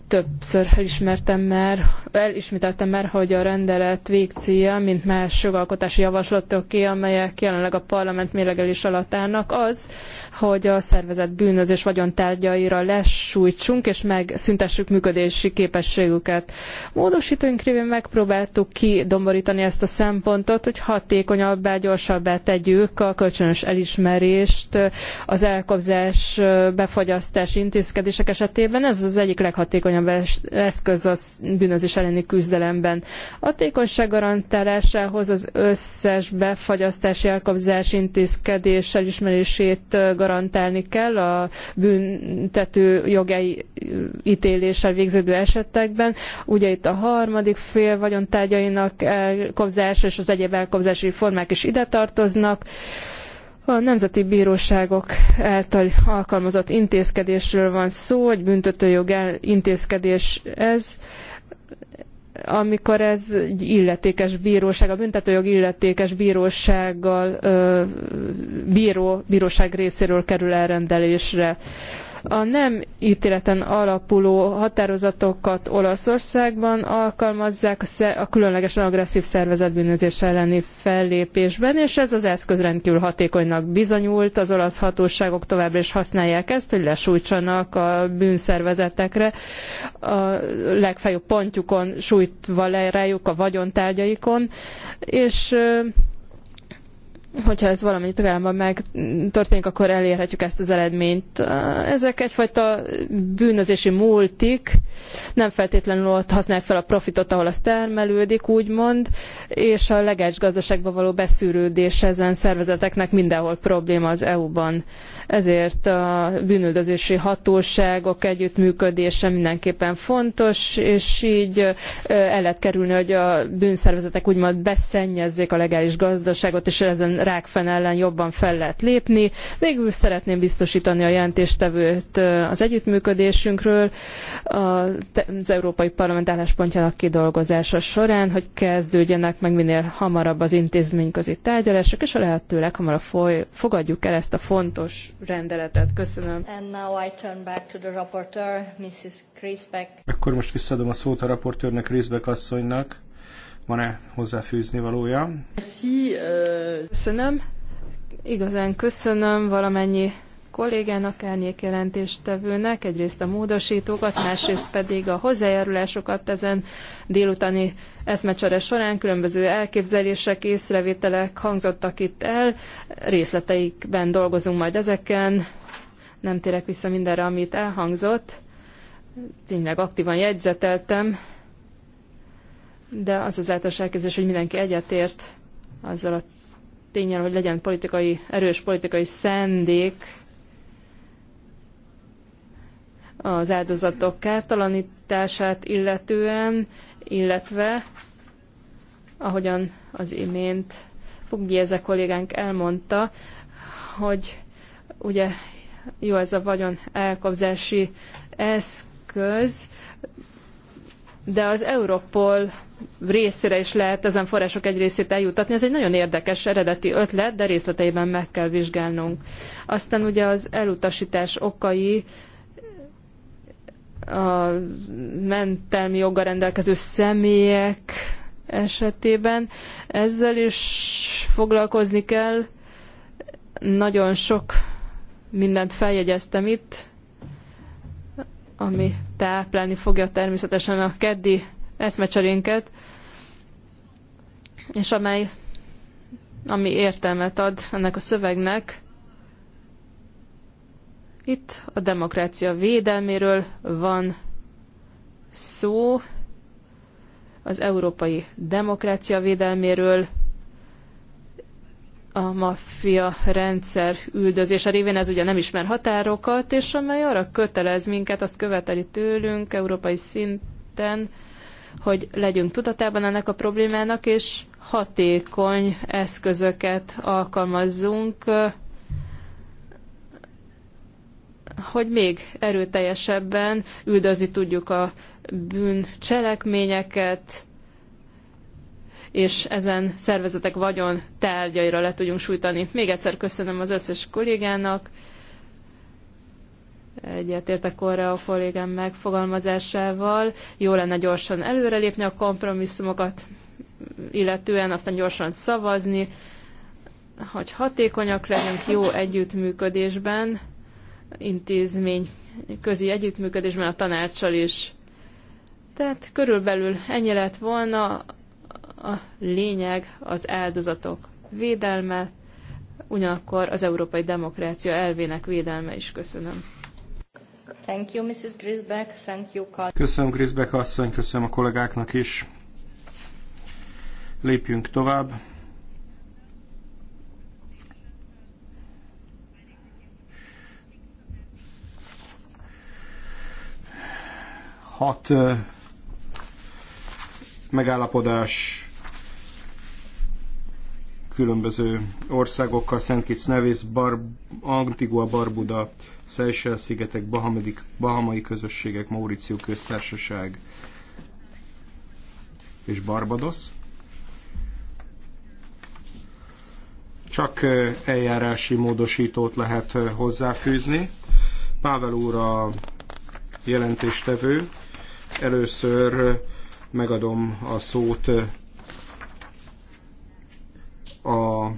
többször elismertem már, elismételtem már, hogy a rendelet végcélja, mint más jogalkotási javaslatoké, amelyek jelenleg a parlament mélegelés alatt állnak, az, hogy a szervezet bűnözés vagyontárgyaira lesújtsunk és megszüntessük működési képességüket. Módosítóink révén megpróbáltuk kidomborítani ezt a szempontot, hogy hatékonyabbá, gyorsabbá tegyük a kölcsönös elismerést az elkobzás, befagyasztás intézkedések esetében. Ez az egyik leghatékonyabb leghatékonyabb eszköz a bűnözés elleni küzdelemben. A Hatékonyság garantálásához az összes befagyasztási elkapzás intézkedés elismerését garantálni kell a büntető jogai ítéléssel végződő esetekben. Ugye itt a harmadik fél vagyontárgyainak elkobzása és az egyéb elkobzási formák is ide tartoznak. A nemzeti bíróságok által alkalmazott intézkedésről van szó, egy büntetőjog intézkedés ez, amikor ez egy illetékes bíróság, a büntetőjog illetékes bírósággal, bíró, bíróság részéről kerül elrendelésre. A nem ítéleten alapuló határozatokat Olaszországban alkalmazzák a különlegesen agresszív szervezetbűnözés elleni fellépésben, és ez az eszköz rendkívül hatékonynak bizonyult. Az olasz hatóságok továbbra is használják ezt, hogy lesújtsanak a bűnszervezetekre, a legfeljebb pontjukon sújtva le rájuk a vagyontárgyaikon, és hogyha ez valami meg történik, akkor elérhetjük ezt az eredményt. Ezek egyfajta bűnözési multik, nem feltétlenül ott használják fel a profitot, ahol az termelődik, úgymond, és a legelső gazdaságba való beszűrődés ezen szervezeteknek mindenhol probléma az EU-ban. Ezért a bűnöldözési hatóságok együttműködése mindenképpen fontos, és így el lehet kerülni, hogy a bűnszervezetek úgymond beszennyezzék a legális gazdaságot, és ezen rákfen ellen jobban fel lehet lépni. Végül szeretném biztosítani a jelentéstevőt az együttműködésünkről az Európai Parlament álláspontjának kidolgozása során, hogy kezdődjenek meg minél hamarabb az intézményközi tárgyalások, és a lehető leghamarabb foly, fogadjuk el ezt a fontos rendeletet. Köszönöm. And now I turn back to the Mrs. Akkor most visszadom a szót a raportőrnek, Griesbeck asszonynak. Van-e hozzáfűzni valója? Euh, köszönöm. Igazán köszönöm valamennyi kollégának, árnyék jelentéstevőnek, egyrészt a módosítókat, másrészt pedig a hozzájárulásokat ezen délutáni eszmecsere során különböző elképzelések, észrevételek hangzottak itt el, részleteikben dolgozunk majd ezeken, nem térek vissza mindenre, amit elhangzott, tényleg aktívan jegyzeteltem, de az az általános elképzelés, hogy mindenki egyetért azzal a tényel, hogy legyen politikai, erős politikai szendék az áldozatok kártalanítását illetően, illetve ahogyan az imént Fugi ezek a kollégánk elmondta, hogy ugye jó ez a vagyon elkobzási eszköz, de az Europol részére is lehet ezen források egy részét eljutatni. Ez egy nagyon érdekes eredeti ötlet, de részleteiben meg kell vizsgálnunk. Aztán ugye az elutasítás okai a mentelmi joggal rendelkező személyek esetében. Ezzel is foglalkozni kell. Nagyon sok mindent feljegyeztem itt, ami táplálni fogja természetesen a keddi eszmecserénket, és amely, ami értelmet ad ennek a szövegnek. Itt a demokrácia védelméről van szó, az európai demokrácia védelméről, a maffia rendszer üldözése révén, ez ugye nem ismer határokat, és amely arra kötelez minket, azt követeli tőlünk európai szinten, hogy legyünk tudatában ennek a problémának, és hatékony eszközöket alkalmazzunk, hogy még erőteljesebben üldözni tudjuk a bűncselekményeket, és ezen szervezetek vagyon tárgyaira le tudjunk sújtani. Még egyszer köszönöm az összes kollégának, egyetértek korra a kollégám megfogalmazásával. Jó lenne gyorsan előrelépni a kompromisszumokat, illetően aztán gyorsan szavazni, hogy hatékonyak legyünk jó együttműködésben, intézmény közi együttműködésben a tanácssal is. Tehát körülbelül ennyi lett volna a lényeg az áldozatok védelme, ugyanakkor az európai demokrácia elvének védelme is köszönöm. Thank you, Mrs. Grisbeck. Thank you, köszönöm, Grisbeck asszony, köszönöm a kollégáknak is. Lépjünk tovább. Hat megállapodás különböző országokkal, Szent Kitts Bar, Antigua, Barbuda, Seychelles-szigetek, Bahamedik, Bahamai közösségek, Mauricio köztársaság és Barbados. Csak eljárási módosítót lehet hozzáfűzni. Pável úr a jelentéstevő. Először megadom a szót a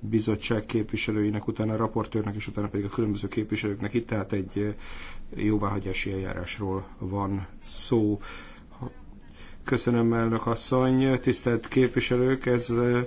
bizottság képviselőinek, utána a raportőrnek, és utána pedig a különböző képviselőknek itt, tehát egy eh, jóváhagyási eljárásról van szó. Köszönöm, elnök asszony, tisztelt képviselők, ez eh,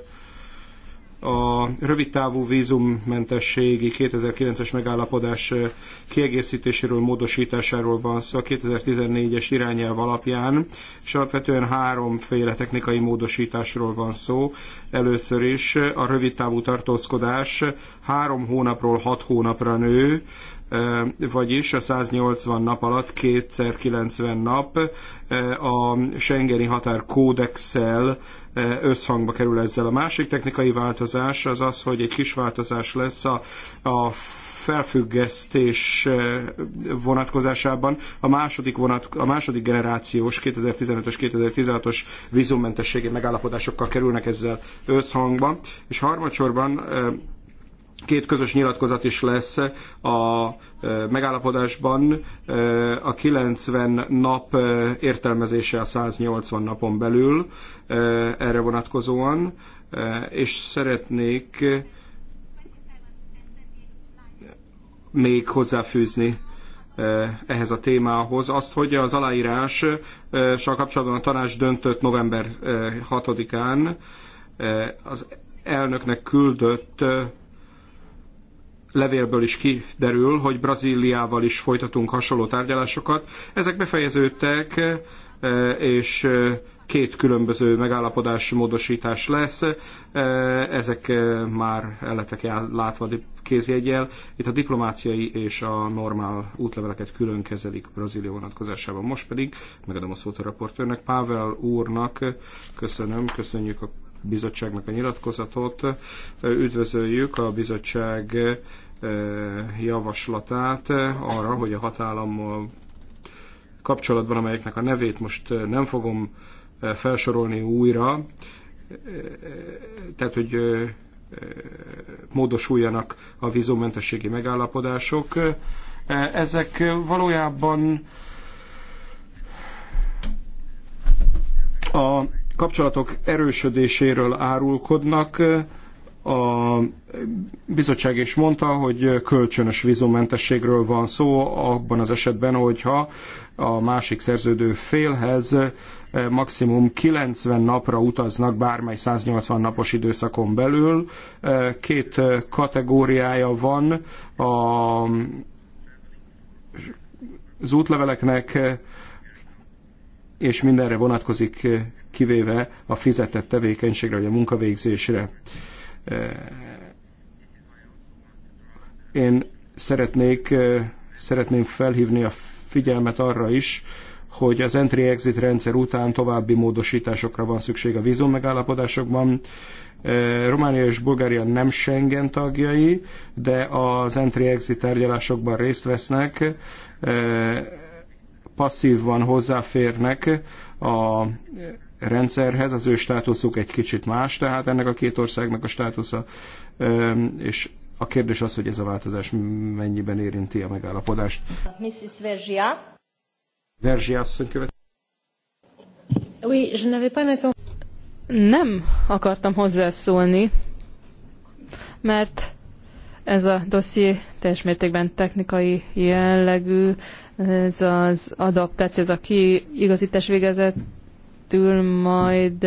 a rövidtávú vízummentességi 2009-es megállapodás eh, kiegészítéséről, módosításáról van szó a 2014-es irányelv alapján, és alapvetően háromféle technikai módosításról van szó. Először is a rövidtávú tartózkodás három hónapról hat hónapra nő, vagyis a 180 nap alatt kétszer 90 nap a Schengeni határ kódexel összhangba kerül ezzel. A másik technikai változás az az, hogy egy kis változás lesz a, a felfüggesztés vonatkozásában a második, vonat, a második generációs 2015-ös, 2016-os vízummentességi megállapodásokkal kerülnek ezzel összhangba. És harmadsorban két közös nyilatkozat is lesz a megállapodásban a 90 nap értelmezése a 180 napon belül erre vonatkozóan, és szeretnék még hozzáfűzni ehhez a témához. Azt, hogy az aláírással kapcsolatban a tanács döntött november 6-án az elnöknek küldött levélből is kiderül, hogy Brazíliával is folytatunk hasonló tárgyalásokat. Ezek befejeződtek, eh, és eh, két különböző megállapodási módosítás lesz. Eh, ezek már elletek látva kézjegyel. Itt a diplomáciai és a normál útleveleket külön kezelik Brazília vonatkozásában. Most pedig megadom a szót a raportőrnek, Pável úrnak. Köszönöm, köszönjük a bizottságnak a nyilatkozatot. Üdvözöljük a bizottság eh, javaslatát arra, hogy a hatállammal kapcsolatban, amelyeknek a nevét most eh, nem fogom eh, felsorolni újra, tehát, hogy módosuljanak a vízumentességi megállapodások. Ezek valójában a kapcsolatok erősödéséről árulkodnak. A bizottság is mondta, hogy kölcsönös vízumentességről van szó abban az esetben, hogyha a másik szerződő félhez maximum 90 napra utaznak bármely 180 napos időszakon belül. Két kategóriája van a, az útleveleknek, és mindenre vonatkozik kivéve a fizetett tevékenységre vagy a munkavégzésre. E, én szeretnék, e, szeretném felhívni a figyelmet arra is, hogy az entry-exit rendszer után további módosításokra van szükség a vízum megállapodásokban. E, Románia és Bulgária nem Schengen tagjai, de az entry-exit tárgyalásokban részt vesznek, passzívan hozzáférnek a rendszerhez, az ő státuszuk egy kicsit más, tehát ennek a két országnak a státusza, és a kérdés az, hogy ez a változás mennyiben érinti a megállapodást. Mrs. Vergia. Vergia asszony követ. Oui, je n'avais pas Nem akartam hozzászólni, mert ez a dosszié teljes mértékben technikai jellegű, ez az adaptáció, ez a kiigazítás végezett keresztül majd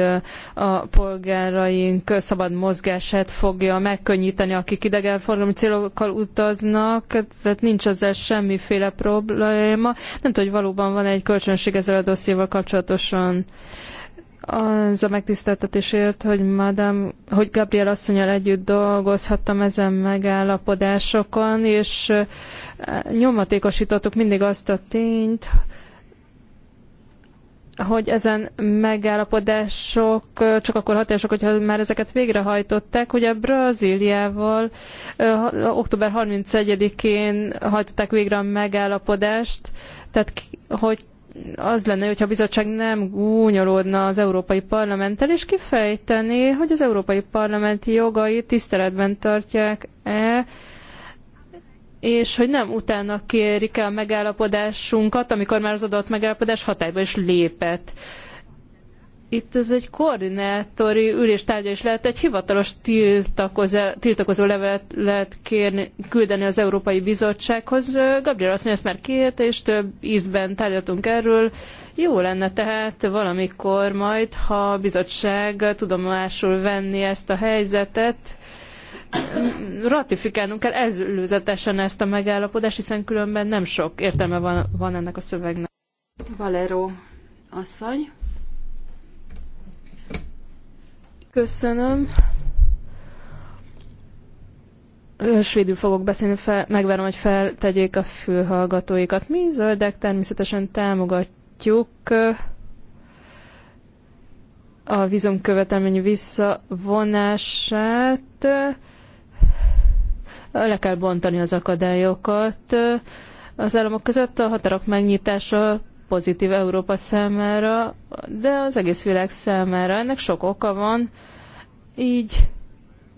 a polgáraink szabad mozgását fogja megkönnyíteni, akik idegenforgalmi célokkal utaznak, tehát nincs ezzel semmiféle probléma. Nem tudom, hogy valóban van egy kölcsönség ezzel a dossziéval kapcsolatosan az a megtiszteltetésért, hogy Madame, hogy Gabriel asszonyal együtt dolgozhattam ezen megállapodásokon, és nyomatékosítottuk mindig azt a tényt, hogy ezen megállapodások csak akkor hatások, hogyha már ezeket végrehajtották. Ugye Brazíliával október 31-én hajtották végre a megállapodást, tehát hogy az lenne, hogyha a bizottság nem gúnyolódna az Európai Parlamenttel, és kifejtené, hogy az Európai Parlamenti jogai tiszteletben tartják-e, és hogy nem utána kérik el a megállapodásunkat, amikor már az adott megállapodás hatályba is lépett. Itt ez egy koordinátori üléstárgya is lehet, egy hivatalos tiltakozó, tiltakozó levelet lehet kérni, küldeni az Európai Bizottsághoz. Gabriel azt mondja, ezt már kérte, és több ízben tárgyaltunk erről. Jó lenne tehát valamikor majd, ha a bizottság tudomásul venni ezt a helyzetet, ratifikálnunk kell előzetesen ezt a megállapodást, hiszen különben nem sok értelme van, van ennek a szövegnek. Valero asszony. Köszönöm. Svédül fogok beszélni, fel, megvárom, hogy feltegyék a fülhallgatóikat. Mi zöldek természetesen támogatjuk a vízumkövetelmény visszavonását le kell bontani az akadályokat. Az államok között a határok megnyitása pozitív Európa számára, de az egész világ számára. Ennek sok oka van, így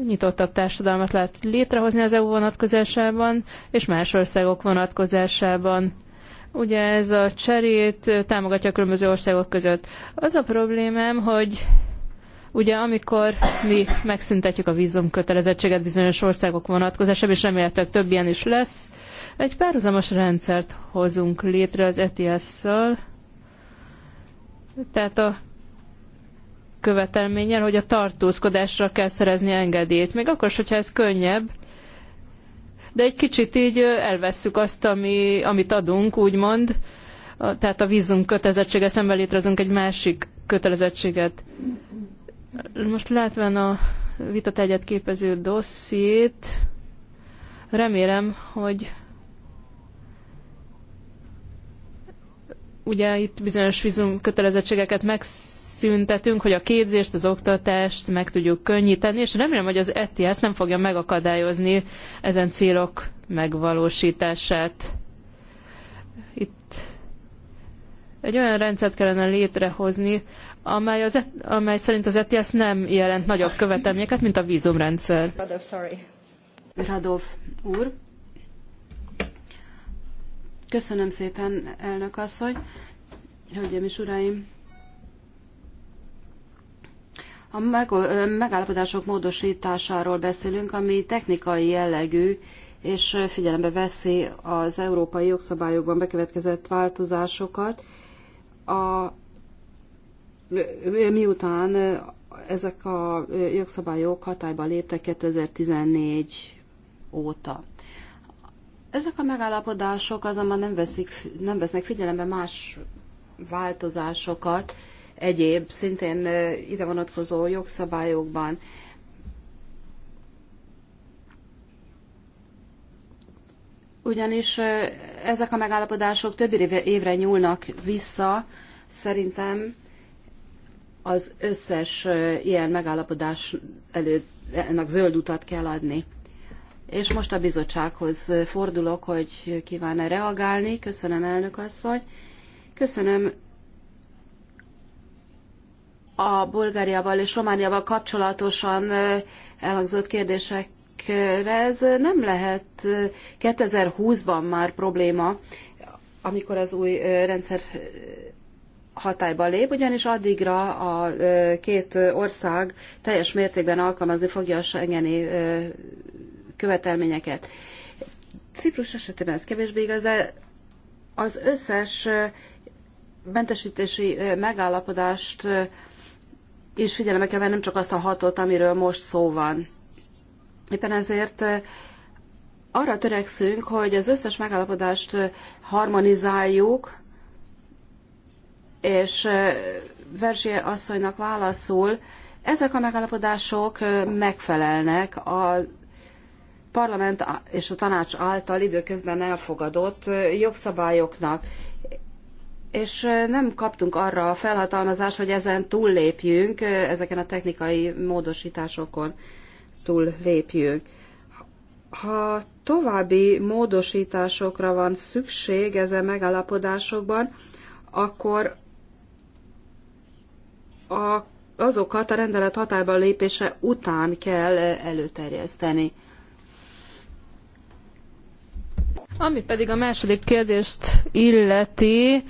nyitottabb társadalmat lehet létrehozni az EU vonatkozásában, és más országok vonatkozásában. Ugye ez a cserét támogatja a különböző országok között. Az a problémám, hogy Ugye amikor mi megszüntetjük a vízumkötelezettséget bizonyos országok vonatkozásában, és remélhetőleg több ilyen is lesz, egy párhuzamos rendszert hozunk létre az ETS-szal, tehát a követelménnyel, hogy a tartózkodásra kell szerezni engedélyt. Még akkor is, hogyha ez könnyebb, de egy kicsit így elvesszük azt, ami, amit adunk, úgymond, tehát a vízum kötelezettsége szemben létrehozunk egy másik kötelezettséget. Most látván a vitategyet képező dossziét, remélem, hogy ugye itt bizonyos vízum kötelezettségeket megszüntetünk, hogy a képzést, az oktatást meg tudjuk könnyíteni, és remélem, hogy az ETIAS nem fogja megakadályozni ezen célok megvalósítását. Itt egy olyan rendszert kellene létrehozni, amely, az, e- amely szerint az ETS nem jelent nagyobb követelményeket, mint a vízumrendszer. Radov, sorry. Radov úr. Köszönöm szépen, elnök asszony. Hölgyeim és uraim, a megállapodások módosításáról beszélünk, ami technikai jellegű, és figyelembe veszi az európai jogszabályokban bekövetkezett változásokat. A miután eh, ezek a eh, jogszabályok hatályba léptek 2014 óta. Ezek a megállapodások azonban nem, veszik, nem vesznek figyelembe más változásokat, egyéb szintén eh, ide vonatkozó jogszabályokban. Ugyanis ezek a megállapodások több évre nyúlnak vissza, szerintem az összes ilyen megállapodás előtt ennek zöld utat kell adni. És most a bizottsághoz fordulok, hogy kíván-e reagálni. Köszönöm, elnök asszony. Köszönöm a Bulgáriával és Romániával kapcsolatosan elhangzott kérdésekre. Ez nem lehet 2020-ban már probléma, amikor az új rendszer hatályba lép, ugyanis addigra a két ország teljes mértékben alkalmazni fogja a Schengeni követelményeket. Ciprus esetében ez kevésbé igaz, de az összes mentesítési megállapodást is figyelembe kell nem csak azt a hatot, amiről most szó van. Éppen ezért arra törekszünk, hogy az összes megállapodást harmonizáljuk, és Verzsier asszonynak válaszul, ezek a megállapodások megfelelnek a parlament és a tanács által időközben elfogadott jogszabályoknak, és nem kaptunk arra a felhatalmazást, hogy ezen túllépjünk, ezeken a technikai módosításokon túllépjünk. Ha további módosításokra van szükség ezen megállapodásokban, akkor a, azokat a rendelet hatályba lépése után kell előterjeszteni. Ami pedig a második kérdést illeti,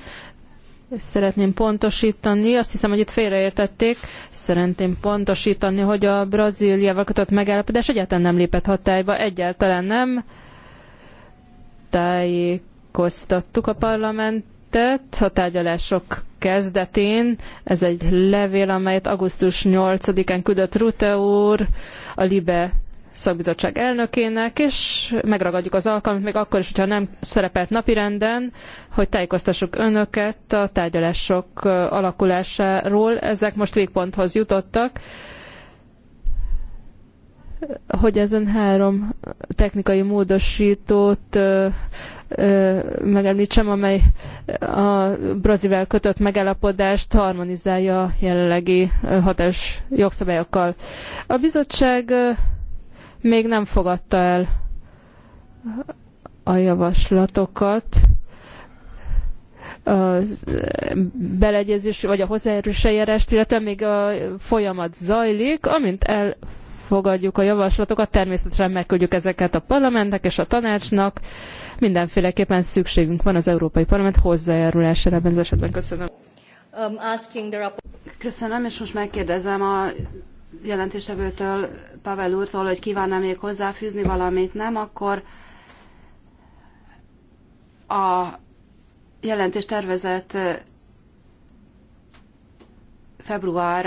ezt szeretném pontosítani, azt hiszem, hogy itt félreértették, szeretném pontosítani, hogy a Brazíliával kötött megállapodás egyáltalán nem lépett hatályba, egyáltalán nem tájékoztattuk a parlament született a tárgyalások kezdetén. Ez egy levél, amelyet augusztus 8-án küldött Rute úr a Libe szakbizottság elnökének, és megragadjuk az alkalmat, még akkor is, hogyha nem szerepelt napirenden, hogy tájékoztassuk önöket a tárgyalások alakulásáról. Ezek most végponthoz jutottak hogy ezen három technikai módosítót ö, ö, megemlítsem, amely a Brazivel kötött megállapodást harmonizálja a jelenlegi hatás jogszabályokkal. A bizottság ö, még nem fogadta el a javaslatokat a beleegyezés, vagy a hozzájárulás eljárást, illetve még a folyamat zajlik, amint el fogadjuk a javaslatokat, természetesen megküldjük ezeket a parlamentnek és a tanácsnak. Mindenféleképpen szükségünk van az Európai Parlament hozzájárulására ebben az esetben. Köszönöm. Um, Köszönöm, és most megkérdezem a jelentéstevőtől, Pavel úrtól, hogy kívánna még hozzáfűzni valamit, nem, akkor a jelentés tervezett február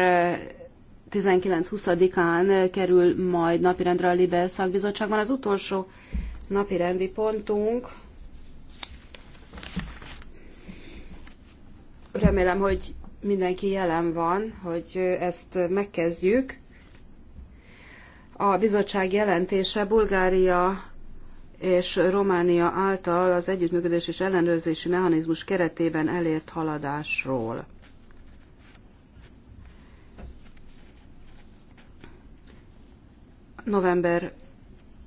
19-20-án eh, kerül majd napirendre a Libe szakbizottságban. Az utolsó napirendi pontunk. Remélem, hogy mindenki jelen van, hogy eh, ezt megkezdjük. A bizottság jelentése Bulgária és Románia által az együttműködés és ellenőrzési mechanizmus keretében elért haladásról. november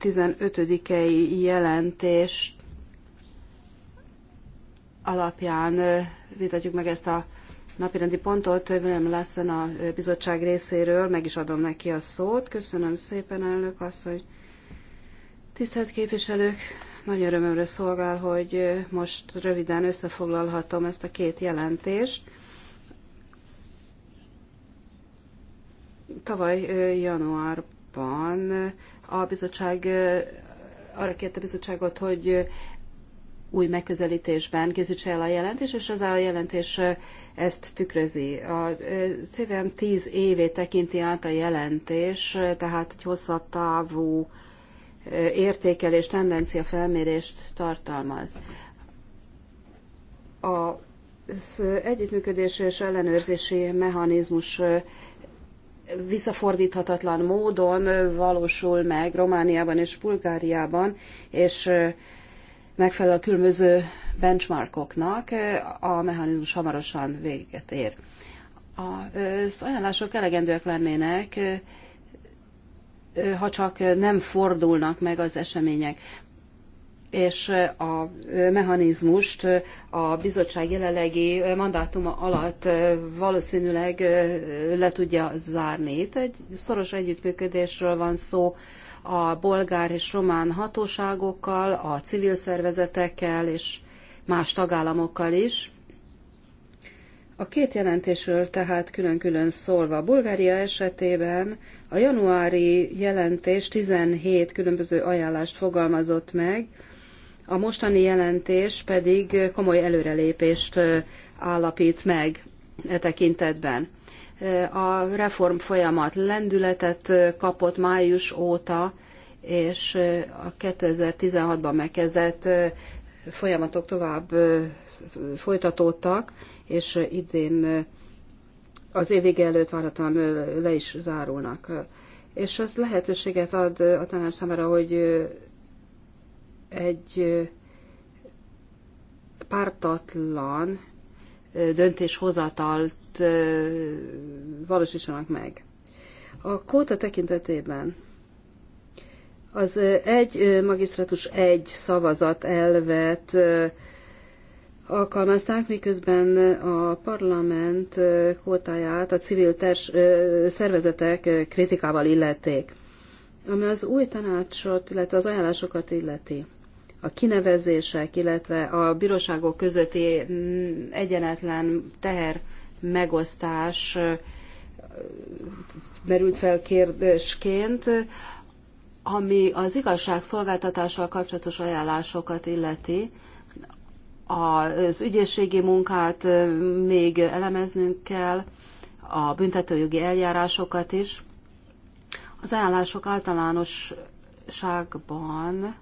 15-i jelentés alapján vitatjuk meg ezt a napirendi pontot. nem leszen a bizottság részéről, meg is adom neki a szót. Köszönöm szépen, elnök asszony. Tisztelt képviselők, nagy örömömre szolgál, hogy most röviden összefoglalhatom ezt a két jelentést. Tavaly január hónapban a bizottság arra kérte a bizottságot, hogy új megközelítésben készítse el a jelentés, és az a jelentés ezt tükrözi. A CVM 10 évét tekinti át a jelentés, tehát egy hosszabb távú értékelés, tendencia felmérést tartalmaz. A együttműködés és ellenőrzési mechanizmus visszafordíthatatlan módon valósul meg Romániában és Bulgáriában, és megfelel a különböző benchmarkoknak, a mechanizmus hamarosan véget ér. A ajánlások elegendőek lennének, ha csak nem fordulnak meg az események és a mechanizmust a bizottság jelenlegi mandátuma alatt valószínűleg le tudja zárni. Itt egy szoros együttműködésről van szó a bolgár és román hatóságokkal, a civil szervezetekkel és más tagállamokkal is. A két jelentésről tehát külön-külön szólva, Bulgária esetében a januári jelentés 17 különböző ajánlást fogalmazott meg, a mostani jelentés pedig komoly előrelépést állapít meg e tekintetben. A reform folyamat lendületet kapott május óta, és a 2016-ban megkezdett folyamatok tovább folytatódtak, és idén az év vége előtt várhatóan le is zárulnak. És ez lehetőséget ad a tanács számára, hogy egy pártatlan döntéshozatalt valósítsanak meg. A kóta tekintetében az egy magisztratus egy szavazat elvet alkalmazták, miközben a parlament kótáját a civil ters, szervezetek kritikával illették, ami az új tanácsot, illetve az ajánlásokat illeti a kinevezések, illetve a bíróságok közötti egyenetlen teher megosztás merült fel kérdésként, ami az igazságszolgáltatással kapcsolatos ajánlásokat illeti, az ügyészségi munkát még elemeznünk kell, a büntetőjogi eljárásokat is. Az ajánlások általánosságban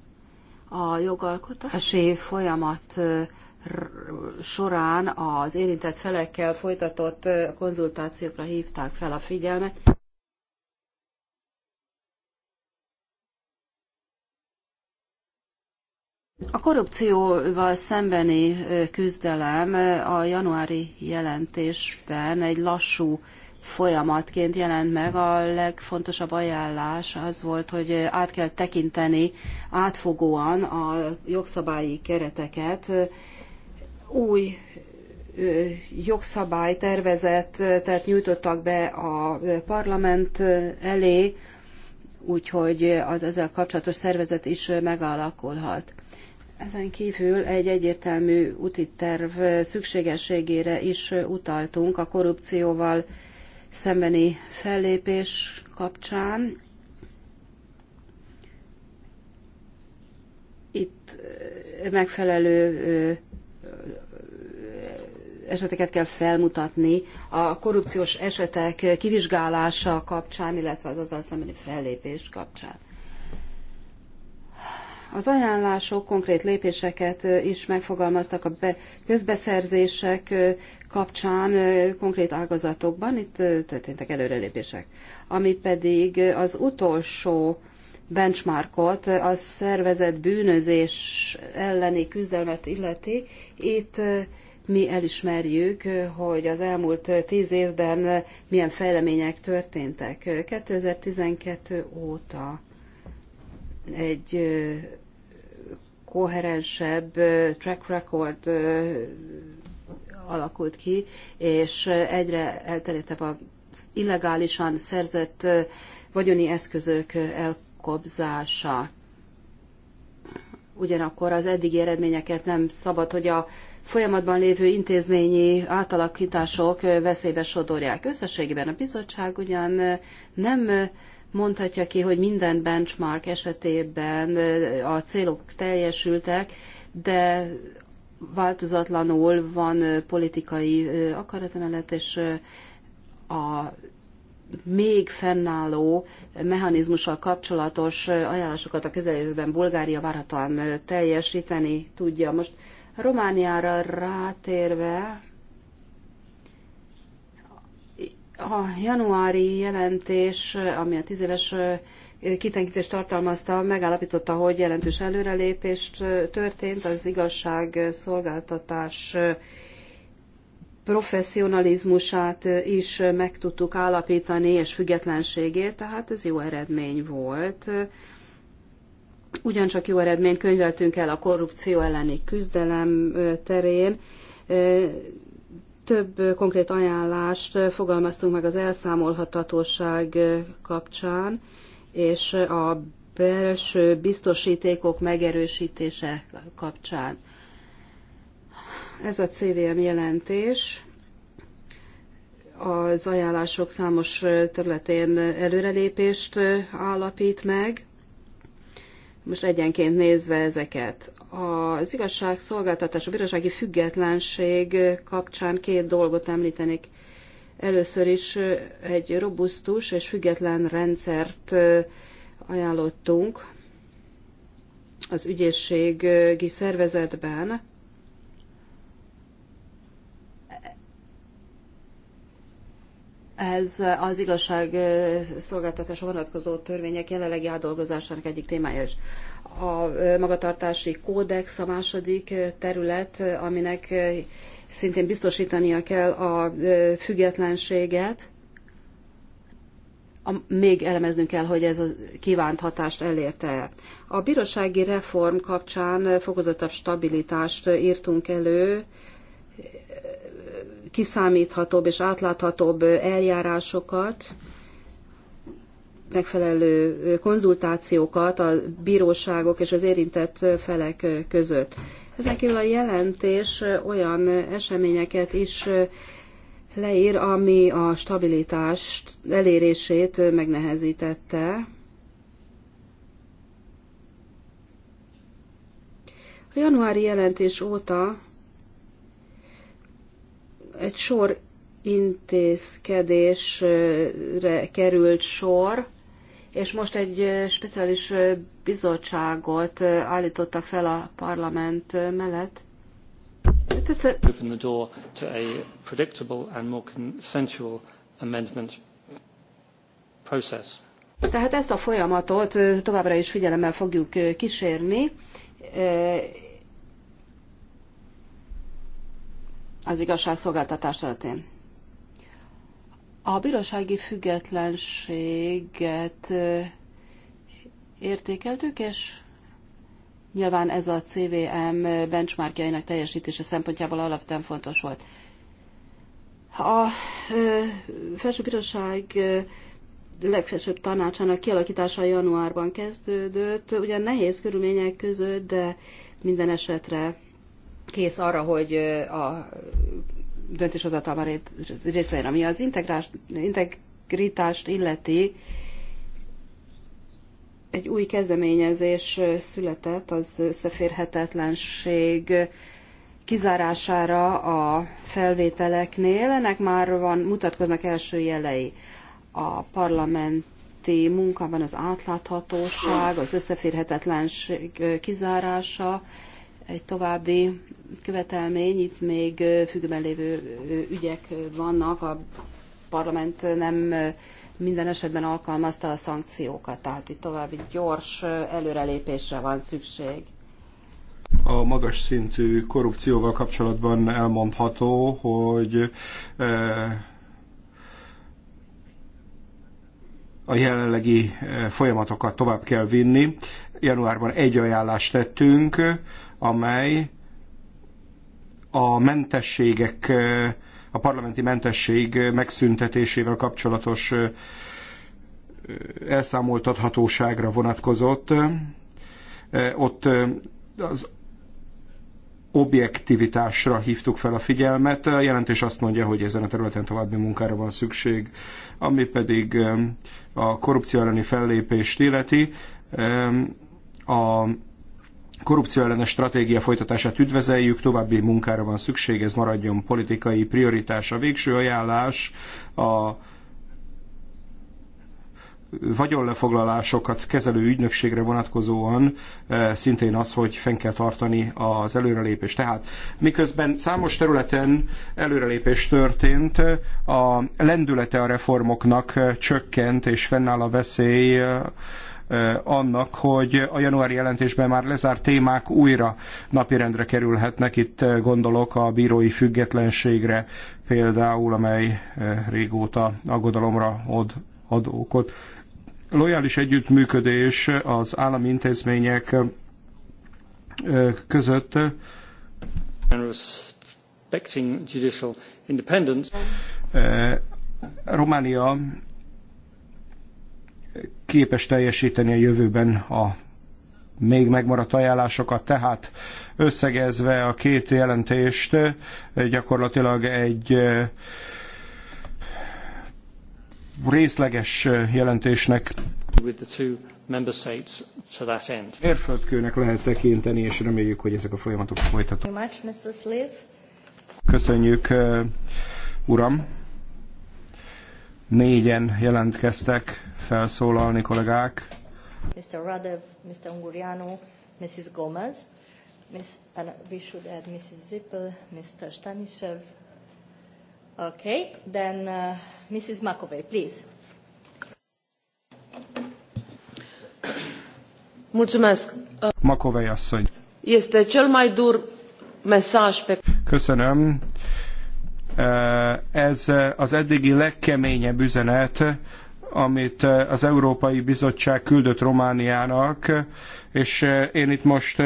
a jogalkotási folyamat során az érintett felekkel folytatott konzultációkra hívták fel a figyelmet. A korrupcióval szembeni küzdelem a januári jelentésben egy lassú folyamatként jelent meg. A legfontosabb ajánlás az volt, hogy át kell tekinteni átfogóan a jogszabályi kereteket. Új jogszabálytervezetet nyújtottak be a parlament elé, úgyhogy az ezzel kapcsolatos szervezet is megalakulhat. Ezen kívül egy egyértelmű úti terv szükségességére is utaltunk a korrupcióval szembeni fellépés kapcsán. Itt eh, megfelelő eh, eseteket kell felmutatni a korrupciós esetek kivizsgálása kapcsán, illetve az azzal szembeni fellépés kapcsán. Az ajánlások konkrét lépéseket is megfogalmaztak a közbeszerzések kapcsán konkrét ágazatokban, itt történtek előrelépések. Ami pedig az utolsó benchmarkot, a szervezett bűnözés elleni küzdelmet illeti, itt mi elismerjük, hogy az elmúlt tíz évben milyen fejlemények történtek 2012 óta egy koherensebb track record alakult ki, és egyre elterjedtebb az illegálisan szerzett vagyoni eszközök elkobzása. Ugyanakkor az eddigi eredményeket nem szabad, hogy a folyamatban lévő intézményi átalakítások veszélybe sodorják. Összességében a bizottság ugyan nem mondhatja ki, hogy minden benchmark esetében a célok teljesültek, de változatlanul van politikai akarat emellett, és a még fennálló mechanizmussal kapcsolatos ajánlásokat a közeljövőben Bulgária várhatóan teljesíteni tudja. Most Romániára rátérve, A januári jelentés, ami a tíz éves kitenkítést tartalmazta, megállapította, hogy jelentős előrelépést történt az igazságszolgáltatás professzionalizmusát is meg tudtuk állapítani, és függetlenségét, tehát ez jó eredmény volt. Ugyancsak jó eredményt könyveltünk el a korrupció elleni küzdelem terén, több konkrét ajánlást fogalmaztunk meg az elszámolhatatóság kapcsán, és a belső biztosítékok megerősítése kapcsán. Ez a CVM jelentés az ajánlások számos területén előrelépést állapít meg, most egyenként nézve ezeket. Az igazságszolgáltatás, a bírósági függetlenség kapcsán két dolgot említenék. Először is egy robusztus és független rendszert ajánlottunk az ügyészségi szervezetben, Ez az igazság szolgáltatása vonatkozó törvények jelenlegi átdolgozásának egyik témája is. A magatartási kódex a második terület, aminek szintén biztosítania kell a függetlenséget. A, még elemeznünk kell, hogy ez a kívánt hatást elérte-e. A bírósági reform kapcsán fokozottabb stabilitást írtunk elő, kiszámíthatóbb és átláthatóbb eljárásokat, megfelelő konzultációkat a bíróságok és az érintett felek között. Ezen kívül a jelentés olyan eseményeket is leír, ami a stabilitás elérését megnehezítette. A januári jelentés óta egy sor intézkedésre került sor, és most egy speciális bizottságot állítottak fel a parlament mellett. Open the door to a predictable and more consensual amendment process. Tehát ezt a folyamatot továbbra is figyelemmel fogjuk kísérni, az igazságszolgáltatás területén. A bírósági függetlenséget értékeltük, és nyilván ez a CVM benchmarkjainak teljesítése szempontjából alapvetően fontos volt. A Felső Bíróság legfelsőbb tanácsának kialakítása januárban kezdődött, ugyan nehéz körülmények között, de minden esetre kész arra, hogy a döntéshozatalma részt vegyen, ami az integritást illeti, egy új kezdeményezés született az összeférhetetlenség kizárására a felvételeknél. Ennek már van, mutatkoznak első jelei. A parlamenti munkában az átláthatóság, az összeférhetetlenség kizárása, egy további követelmény, itt még függőben lévő ügyek vannak, a parlament nem minden esetben alkalmazta a szankciókat, tehát itt további gyors előrelépésre van szükség. A magas szintű korrupcióval kapcsolatban elmondható, hogy a jelenlegi folyamatokat tovább kell vinni. Januárban egy ajánlást tettünk, amely a mentességek, a parlamenti mentesség megszüntetésével kapcsolatos elszámoltathatóságra vonatkozott. Ott az objektivitásra hívtuk fel a figyelmet. A jelentés azt mondja, hogy ezen a területen további munkára van szükség, ami pedig a korrupció elleni fellépést illeti. A korrupcióellenes stratégia folytatását üdvözöljük, további munkára van szükség, ez maradjon politikai prioritás. A végső ajánlás a vagyonlefoglalásokat kezelő ügynökségre vonatkozóan eh, szintén az, hogy fenn kell tartani az előrelépést. Tehát miközben számos területen előrelépés történt, a lendülete a reformoknak eh, csökkent, és fennáll a veszély eh, annak, hogy a januári jelentésben már lezárt témák újra napirendre kerülhetnek. Itt gondolok a bírói függetlenségre például, amely régóta aggodalomra ad, ad okot. Lojális együttműködés az állami intézmények között Románia képes teljesíteni a jövőben a még megmaradt ajánlásokat, tehát összegezve a két jelentést gyakorlatilag egy részleges jelentésnek mérföldkőnek lehet tekinteni, és reméljük, hogy ezek a folyamatok folytatódnak. Köszönjük, uram! Négyen jelentkeztek felszólalni kollégák. Mr. Radev, Mr. Unguriano, Mrs. Gomez, Miss, and we should add Mrs. Zippel, Mr. Stanishev. Okay, then uh, Mrs. McAvey, please. Mulțumesc. Macovei asszony. Este cel mai dur mesaj pe... Köszönöm. Eh, ez eh, az eddigi legkeményebb üzenet, amit eh, az Európai Bizottság küldött Romániának, és én itt most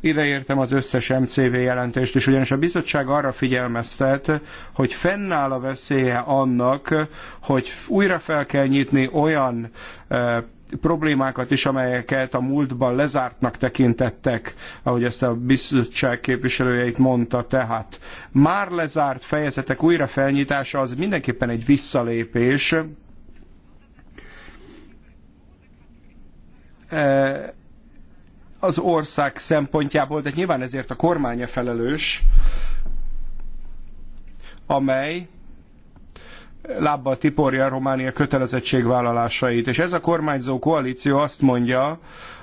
ideértem az összes MCV jelentést is, ugyanis a bizottság arra figyelmeztet, hogy fennáll a veszélye annak, hogy újra fel kell nyitni olyan problémákat is, amelyeket a múltban lezártnak tekintettek, ahogy ezt a bizottság képviselőjeit mondta, tehát már lezárt fejezetek újra felnyitása az mindenképpen egy visszalépés. E, az ország szempontjából, de nyilván ezért a kormánya felelős, amely lábbal tiporja Románia kötelezettségvállalásait. És ez a kormányzó koalíció azt mondja,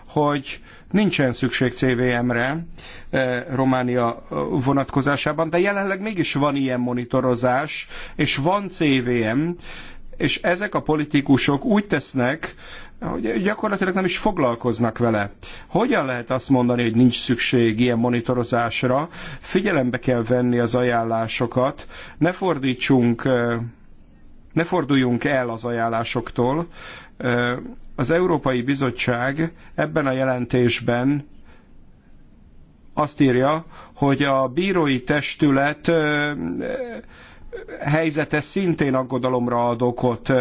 hogy nincsen szükség CVM-re eh, Románia eh, vonatkozásában, de jelenleg mégis van ilyen monitorozás, és van CVM, és ezek a politikusok úgy tesznek, hogy gyakorlatilag nem is foglalkoznak vele. Hogyan lehet azt mondani, hogy nincs szükség ilyen monitorozásra? Figyelembe kell venni az ajánlásokat, ne fordítsunk eh, ne forduljunk el az ajánlásoktól. Az Európai Bizottság ebben a jelentésben azt írja, hogy a bírói testület helyzete szintén aggodalomra ad okot.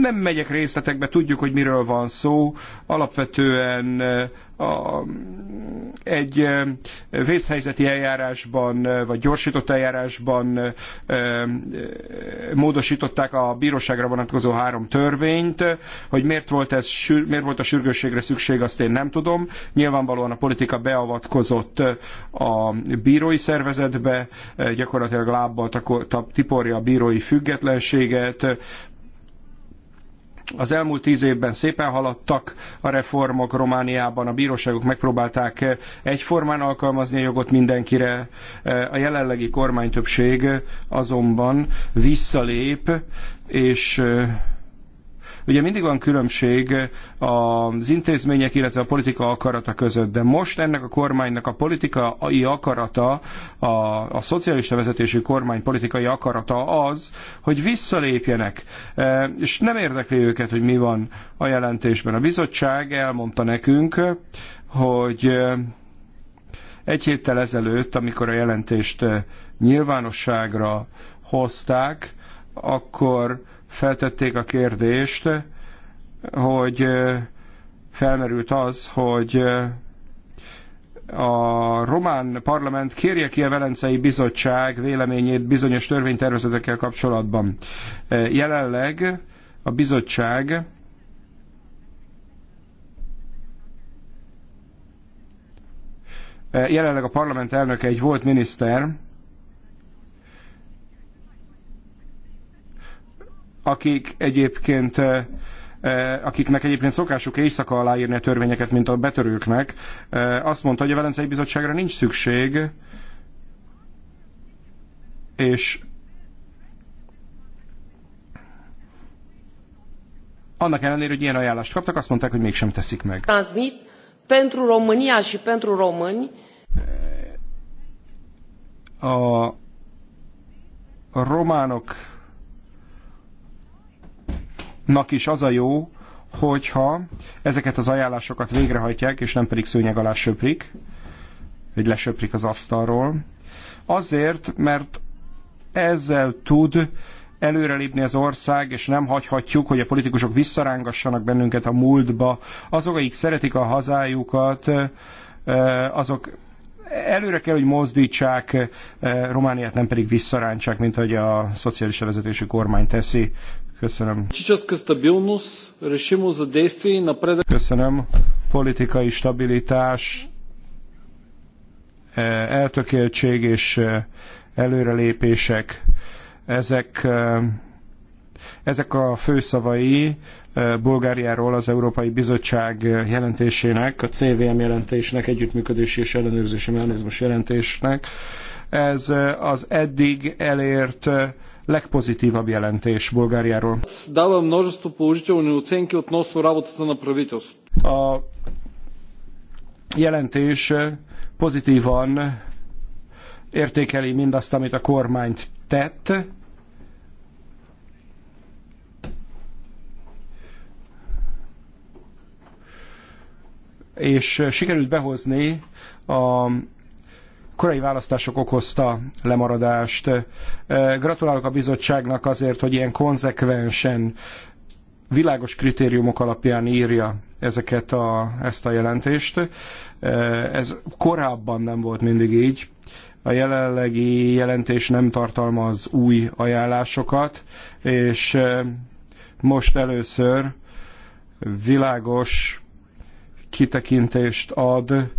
Nem megyek részletekbe, tudjuk, hogy miről van szó. Alapvetően a, egy vészhelyzeti eljárásban, vagy gyorsított eljárásban módosították a bíróságra vonatkozó három törvényt, hogy miért volt, ez, miért volt a sürgősségre szükség, azt én nem tudom. Nyilvánvalóan a politika beavatkozott a bírói szervezetbe, gyakorlatilag lábbal tiporja a bírói függetlenséget, az elmúlt tíz évben szépen haladtak a reformok Romániában, a bíróságok megpróbálták eh, egyformán alkalmazni a jogot mindenkire. Eh, a jelenlegi kormánytöbbség azonban visszalép, és eh, Ugye mindig van különbség az intézmények, illetve a politika akarata között, de most ennek a kormánynak a politikai akarata, a, a szocialista vezetésű kormány politikai akarata az, hogy visszalépjenek, e, és nem érdekli őket, hogy mi van a jelentésben. A bizottság elmondta nekünk, hogy e, egy héttel ezelőtt, amikor a jelentést e, nyilvánosságra hozták, akkor feltették a kérdést, hogy felmerült az, hogy a román parlament kérje ki a Velencei Bizottság véleményét bizonyos törvénytervezetekkel kapcsolatban. Jelenleg a bizottság jelenleg a parlament elnöke egy volt miniszter, akik egyébként eh, eh, akiknek egyébként szokásuk éjszaka aláírni a törvényeket, mint a betörőknek, eh, azt mondta, hogy a Velencei Bizottságra nincs szükség, és annak ellenére, hogy ilyen ajánlást kaptak, azt mondták, hogy mégsem teszik meg. Transmit pentru România și pentru români. A románok nak is az a jó, hogyha ezeket az ajánlásokat végrehajtják, és nem pedig szőnyeg alá söprik, vagy lesöprik az asztalról. Azért, mert ezzel tud előrelépni az ország, és nem hagyhatjuk, hogy a politikusok visszarángassanak bennünket a múltba. Azok, akik szeretik a hazájukat, azok előre kell, hogy mozdítsák Romániát, nem pedig visszarántsák, mint ahogy a szocialista vezetési kormány teszi. Köszönöm. Köszönöm. Politikai stabilitás, e, eltökéltség és e, előrelépések, ezek, e, ezek a főszavai Bulgáriáról az Európai Bizottság jelentésének, a CVM jelentésnek, együttműködési és ellenőrzési mechanizmus jelentésnek. Ez az eddig elért legpozitívabb jelentés Bulgáriáról. Дава множество положителни оценки относно работата на правителството. A jelentés pozitívan értékeli mindazt, amit a kormányt tett, és sikerült behozni a korai választások okozta lemaradást. E, gratulálok a bizottságnak azért, hogy ilyen konzekvensen világos kritériumok alapján írja ezeket a, ezt a jelentést. E, ez korábban nem volt mindig így. A jelenlegi jelentés nem tartalmaz új ajánlásokat, és e, most először világos kitekintést ad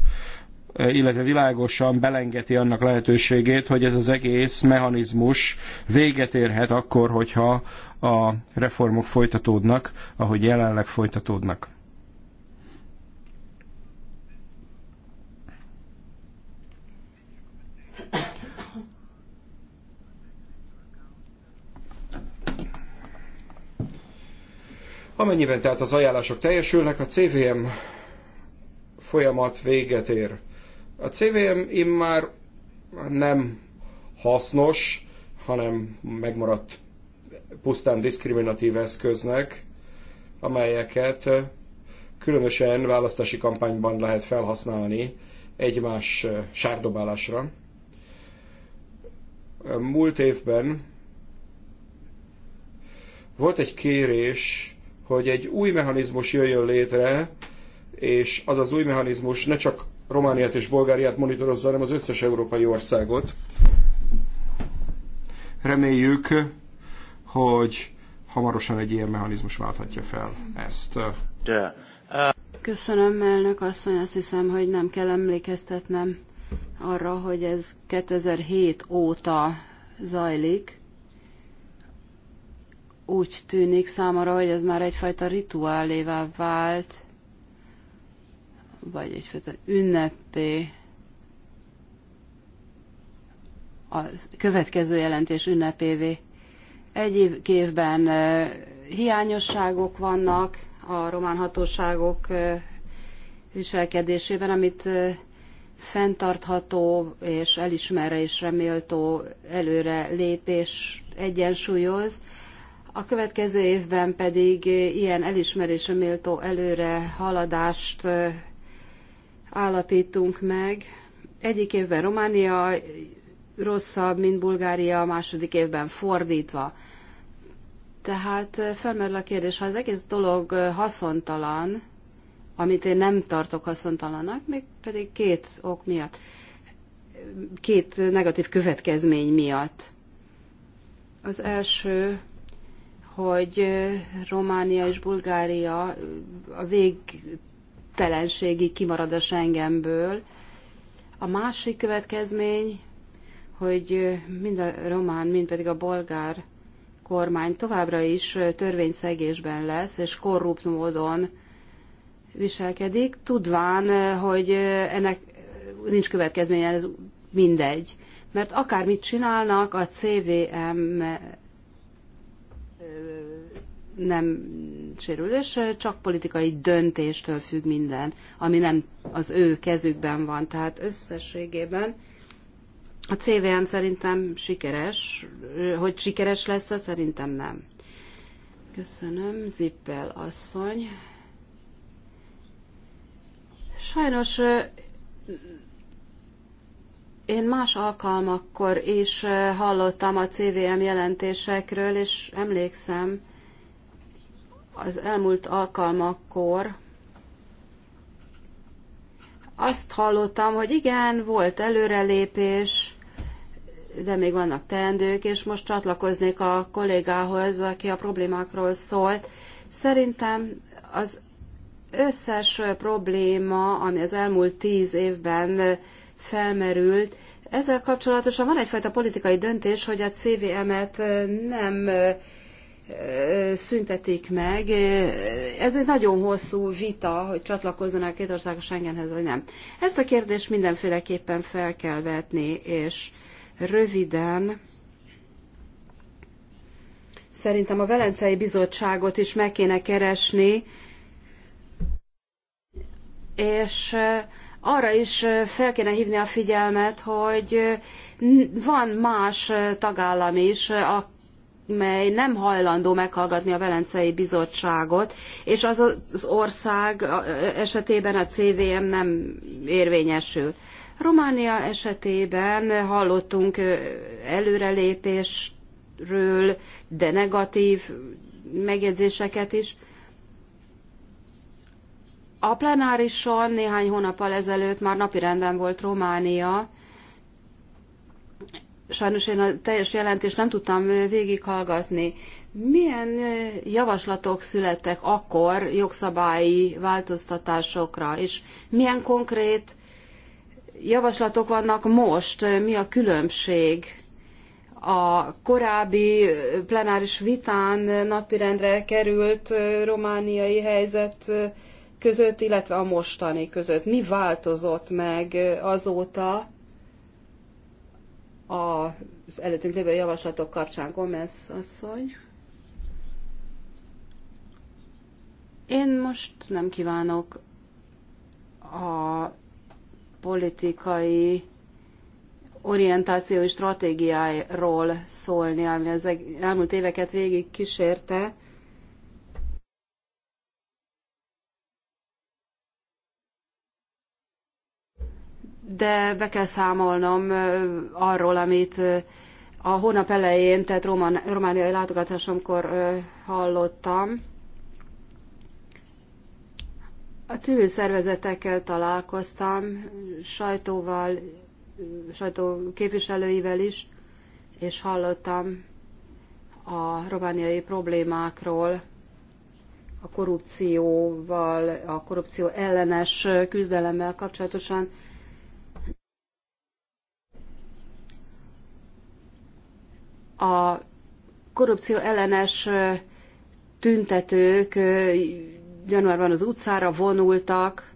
E, illetve világosan belengeti annak lehetőségét, hogy ez az egész mechanizmus véget érhet akkor, hogyha a reformok folytatódnak, ahogy jelenleg folytatódnak. Amennyiben tehát az ajánlások teljesülnek, a CVM folyamat véget ér. A CVM immár nem hasznos, hanem megmaradt pusztán diszkriminatív eszköznek, amelyeket különösen választási kampányban lehet felhasználni egymás eh, sárdobálásra. Múlt évben volt egy kérés, hogy egy új mechanizmus jöjjön létre, és az az új mechanizmus ne csak Romániát és Bulgáriát monitorozza, hanem az összes európai országot. Reméljük, hogy hamarosan egy ilyen mechanizmus válthatja fel ezt. Köszönöm, elnök asszony, azt hiszem, hogy nem kell emlékeztetnem arra, hogy ez 2007 óta zajlik. Úgy tűnik számomra, hogy ez már egyfajta rituálévá vált, vagy egyfajta ünnepé a következő jelentés ünnepévé. Egy évben hiányosságok vannak a román hatóságok viselkedésében, amit fenntartható és elismerésre méltó előre lépés egyensúlyoz. A következő évben pedig ilyen elismerésre méltó előre haladást állapítunk meg. Egyik évben Románia rosszabb, mint Bulgária, a második évben fordítva. Tehát eh, felmerül a kérdés, ha az egész dolog eh, haszontalan, amit én nem tartok haszontalannak, még pedig két ok miatt, két negatív következmény miatt. Az első, hogy eh, Románia és Bulgária a vég telenségi kimarad a Schengenből. A másik következmény, hogy mind a román, mind pedig a bolgár kormány továbbra is törvényszegésben lesz, és korrupt módon viselkedik, tudván, hogy ennek nincs következménye, ez mindegy. Mert akármit csinálnak, a CVM nem sérülés, és csak politikai döntéstől függ minden, ami nem az ő kezükben van. Tehát összességében a CVM szerintem sikeres, hogy sikeres lesz, szerintem nem. Köszönöm, Zippel asszony. Sajnos én más alkalmakkor is hallottam a CVM jelentésekről, és emlékszem, az elmúlt alkalmakkor azt hallottam, hogy igen, volt előrelépés, de még vannak teendők, és most csatlakoznék a kollégához, aki a problémákról szólt. Szerintem az összes probléma, ami az elmúlt tíz évben felmerült, ezzel kapcsolatosan van egyfajta politikai döntés, hogy a CVM-et nem szüntetik meg. Ez egy nagyon hosszú vita, hogy csatlakozzanak két ország a Schengenhez, vagy nem. Ezt a kérdést mindenféleképpen fel kell vetni, és röviden szerintem a Velencei Bizottságot is meg kéne keresni, és eh, arra is eh, fel kéne hívni a figyelmet, hogy eh, van más tagállam is, a mely nem hajlandó meghallgatni a Velencei Bizottságot, és az az ország esetében a CVM nem érvényesül. Románia esetében hallottunk előrelépésről, de negatív megjegyzéseket is. A plenárison néhány hónappal ezelőtt már napirenden volt Románia, Sajnos én a teljes jelentést nem tudtam végighallgatni. Milyen javaslatok születtek akkor jogszabályi változtatásokra, és milyen konkrét javaslatok vannak most, mi a különbség a korábbi plenáris vitán napirendre került romániai helyzet között, illetve a mostani között. Mi változott meg azóta? az előttük lévő javaslatok kapcsán Gomez asszony. Én most nem kívánok a politikai orientáció és stratégiáról szólni, ami az elmúlt éveket végig kísérte. de be kell számolnom arról, amit a hónap elején, tehát román, romániai látogatásomkor hallottam. A civil szervezetekkel találkoztam, sajtóval, sajtó képviselőivel is, és hallottam a romániai problémákról, a korrupcióval, a korrupció ellenes küzdelemmel kapcsolatosan a korrupció ellenes tüntetők januárban az utcára vonultak,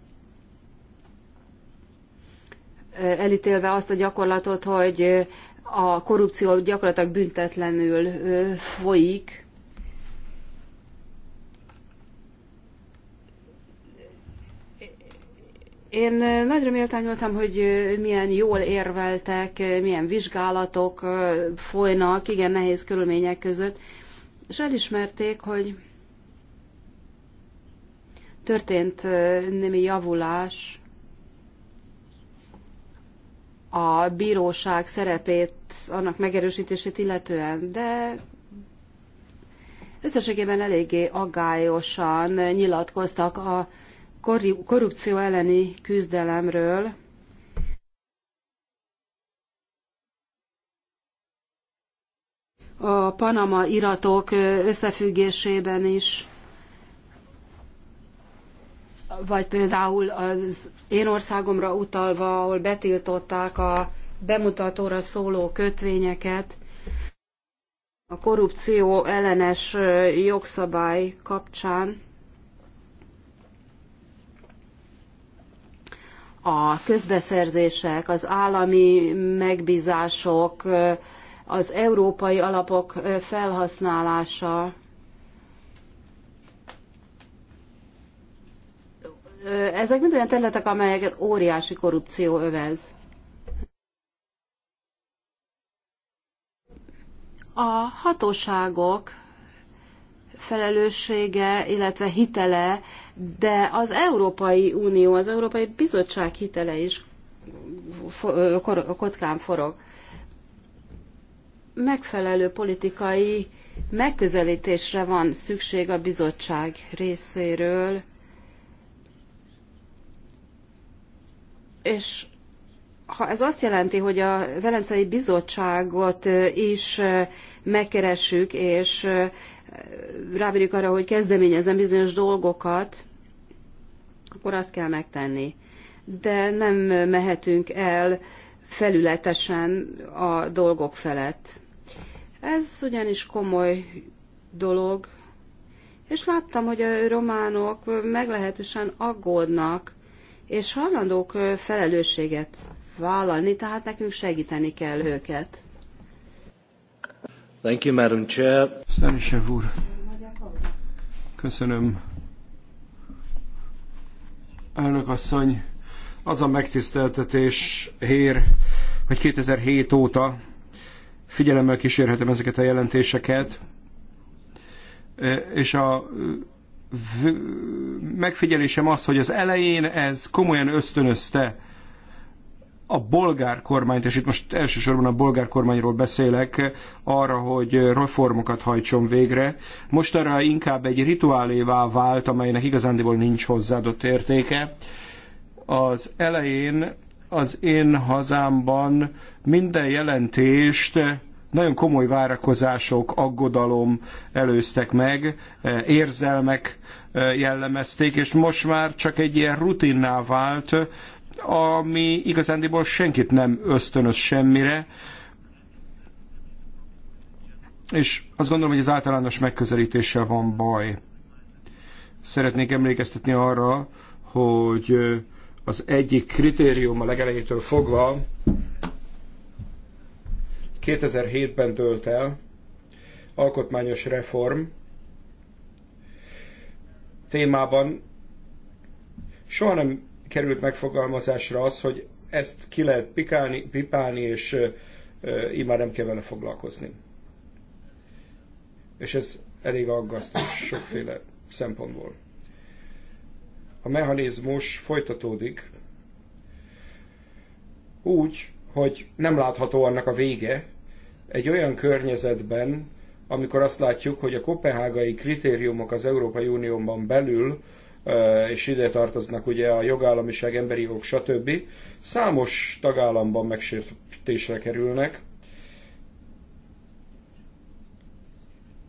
elítélve azt a gyakorlatot, hogy a korrupció gyakorlatilag büntetlenül folyik, Én nagyra méltányoltam, hogy milyen jól érveltek, milyen vizsgálatok folynak, igen nehéz körülmények között, és elismerték, hogy történt némi javulás a bíróság szerepét, annak megerősítését illetően, de összességében eléggé aggályosan nyilatkoztak a korrupció elleni küzdelemről, a Panama iratok összefüggésében is, vagy például az én országomra utalva, ahol betiltották a bemutatóra szóló kötvényeket, a korrupció ellenes jogszabály kapcsán. a közbeszerzések, az állami megbízások, az európai alapok felhasználása, ezek mind olyan területek, amelyeket óriási korrupció övez. A hatóságok felelőssége, illetve hitele, de az Európai Unió, az Európai Bizottság hitele is kockán forog. Megfelelő politikai megközelítésre van szükség a bizottság részéről, és ha ez azt jelenti, hogy a Velencei Bizottságot is megkeressük, és rábírjuk arra, hogy kezdeményezem bizonyos dolgokat, akkor azt kell megtenni. De nem mehetünk el felületesen a dolgok felett. Ez ugyanis komoly dolog, és láttam, hogy a románok meglehetősen aggódnak, és hajlandók felelősséget vállalni, tehát nekünk segíteni kell őket. Thank you, Madam Chair. úr. Köszönöm. Elnök asszony, az a megtiszteltetés hér, hogy 2007 óta figyelemmel kísérhetem ezeket a jelentéseket, e, és a megfigyelésem az, hogy az elején ez komolyan ösztönözte a bolgár kormányt, és itt most elsősorban a bolgár kormányról beszélek, arra, hogy reformokat hajtson végre. Most arra inkább egy rituálévá vált, amelynek igazándiból nincs hozzáadott értéke. Az elején az én hazámban minden jelentést nagyon komoly várakozások, aggodalom előztek meg, érzelmek jellemezték, és most már csak egy ilyen rutinná vált, ami igazándiból senkit nem ösztönöz semmire, és azt gondolom, hogy az általános megközelítéssel van baj. Szeretnék emlékeztetni arra, hogy az egyik kritérium a legelejétől fogva 2007-ben dölt el, alkotmányos reform témában soha nem került megfogalmazásra az, hogy ezt ki lehet pikálni, pipálni, és így már nem kell vele foglalkozni. És ez elég aggasztó sokféle szempontból. A mechanizmus folytatódik úgy, hogy nem látható annak a vége, egy olyan környezetben, amikor azt látjuk, hogy a kopenhágai kritériumok az Európai Unióban belül és ide tartoznak ugye a jogállamiság, emberi jogok, stb. Számos tagállamban megsértésre kerülnek.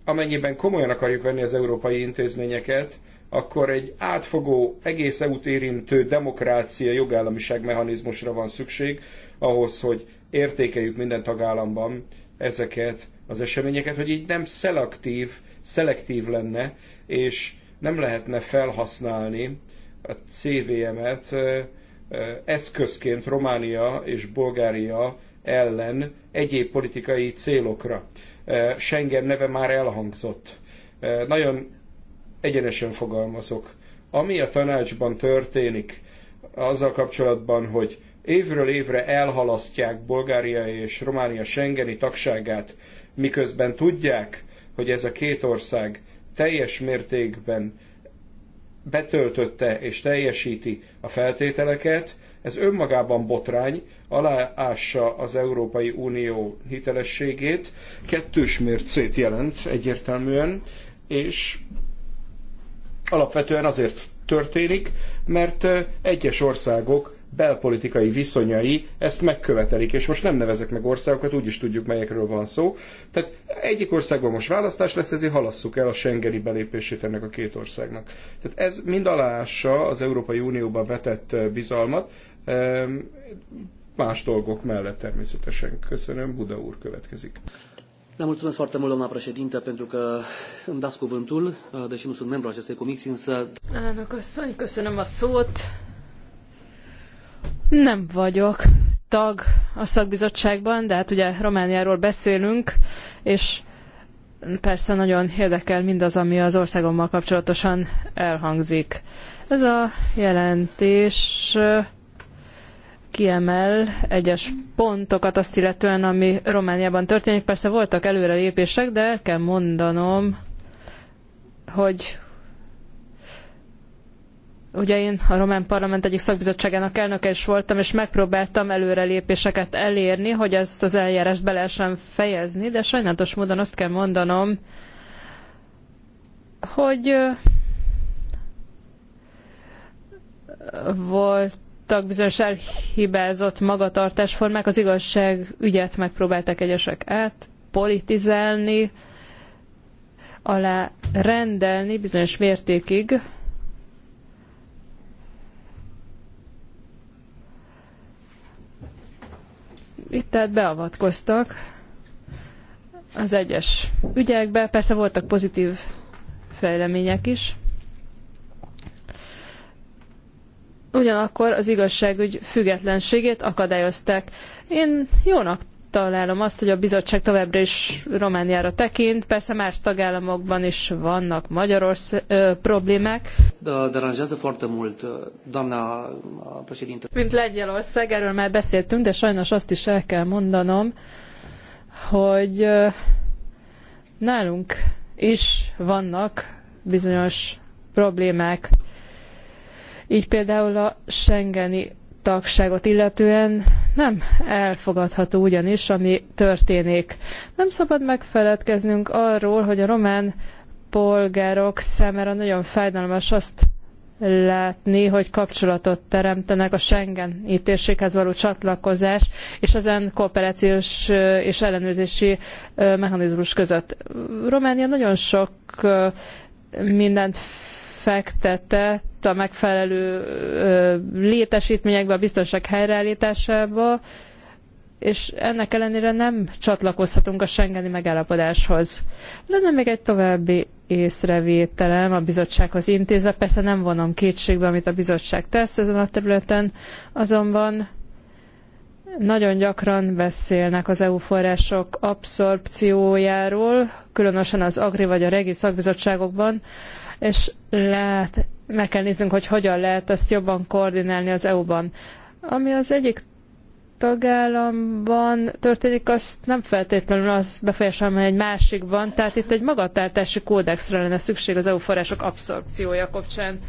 Amennyiben komolyan akarjuk venni az európai intézményeket, akkor egy átfogó, egész EU-t érintő demokrácia, jogállamiság mechanizmusra van szükség, ahhoz, hogy értékeljük minden tagállamban ezeket az eseményeket, hogy így nem szelektív, szelektív lenne, és nem lehetne felhasználni a CVM-et eszközként Románia és Bulgária ellen egyéb politikai célokra. Schengen neve már elhangzott. Nagyon egyenesen fogalmazok. Ami a tanácsban történik, azzal kapcsolatban, hogy évről évre elhalasztják Bulgária és Románia Schengeni tagságát, miközben tudják, hogy ez a két ország teljes mértékben betöltötte és teljesíti a feltételeket, ez önmagában botrány, aláássa az Európai Unió hitelességét, kettős mércét jelent egyértelműen, és alapvetően azért történik, mert egyes országok belpolitikai viszonyai ezt megkövetelik, és most nem nevezek meg országokat, úgyis tudjuk, melyekről van szó. Tehát egyik országban most választás lesz, ezért halasszuk el a Schengeni belépését ennek a két országnak. Tehát ez mind aláássa az Európai Unióban vetett bizalmat, más dolgok mellett természetesen. Köszönöm, Buda úr következik. Le mulțumesc foarte mult, doamna președintă, pentru că îmi dați cuvântul, deși nu sunt membru acestei comisii, însă... Elnök asszony, köszönöm a szót. Nem vagyok tag a szakbizottságban, de hát ugye Romániáról beszélünk, és persze nagyon érdekel mindaz, ami az országommal kapcsolatosan elhangzik. Ez a jelentés kiemel egyes pontokat azt illetően, ami Romániában történik. Persze voltak előrelépések, de el kell mondanom, hogy Ugye én a román parlament egyik szakbizottságának elnöke is voltam, és megpróbáltam előrelépéseket elérni, hogy ezt az eljárást be lehessen fejezni, de sajnálatos módon azt kell mondanom, hogy voltak bizonyos elhibázott magatartásformák, az igazság ügyet megpróbáltak egyesek át politizálni, alá rendelni bizonyos mértékig, tehát beavatkoztak az egyes ügyekbe. Persze voltak pozitív fejlemények is. Ugyanakkor az igazságügy függetlenségét akadályozták. Én jónak találom azt, hogy a bizottság továbbra is Romániára tekint. Persze más tagállamokban is vannak Magyarország problémák. De deranjează foarte mult, doamna președinte. Mint Lengyelország, erről már beszéltünk, de sajnos azt is el kell mondanom, hogy nálunk is vannak bizonyos problémák. Így például a Schengeni tagságot illetően nem elfogadható ugyanis, ami történik. Nem szabad megfeledkeznünk arról, hogy a román polgárok számára nagyon fájdalmas azt látni, hogy kapcsolatot teremtenek a Schengen térséghez való csatlakozás és ezen kooperációs és ellenőrzési mechanizmus között. Románia nagyon sok mindent fektetett a megfelelő létesítményekbe, a biztonság helyreállításába, és ennek ellenére nem csatlakozhatunk a Schengeni megállapodáshoz. Lenne még egy további észrevételem a bizottsághoz intézve, persze nem vonom kétségbe, amit a bizottság tesz ezen a területen, azonban nagyon gyakran beszélnek az EU források abszorpciójáról, különösen az Agri vagy a Regi szakbizottságokban, és lehet, meg kell néznünk, hogy hogyan lehet ezt jobban koordinálni az EU-ban. Ami az egyik tagállamban történik, azt nem feltétlenül az befolyásol, hogy egy másikban. Tehát itt egy magatartási kódexre lenne szükség az EU források abszorpciója kapcsán.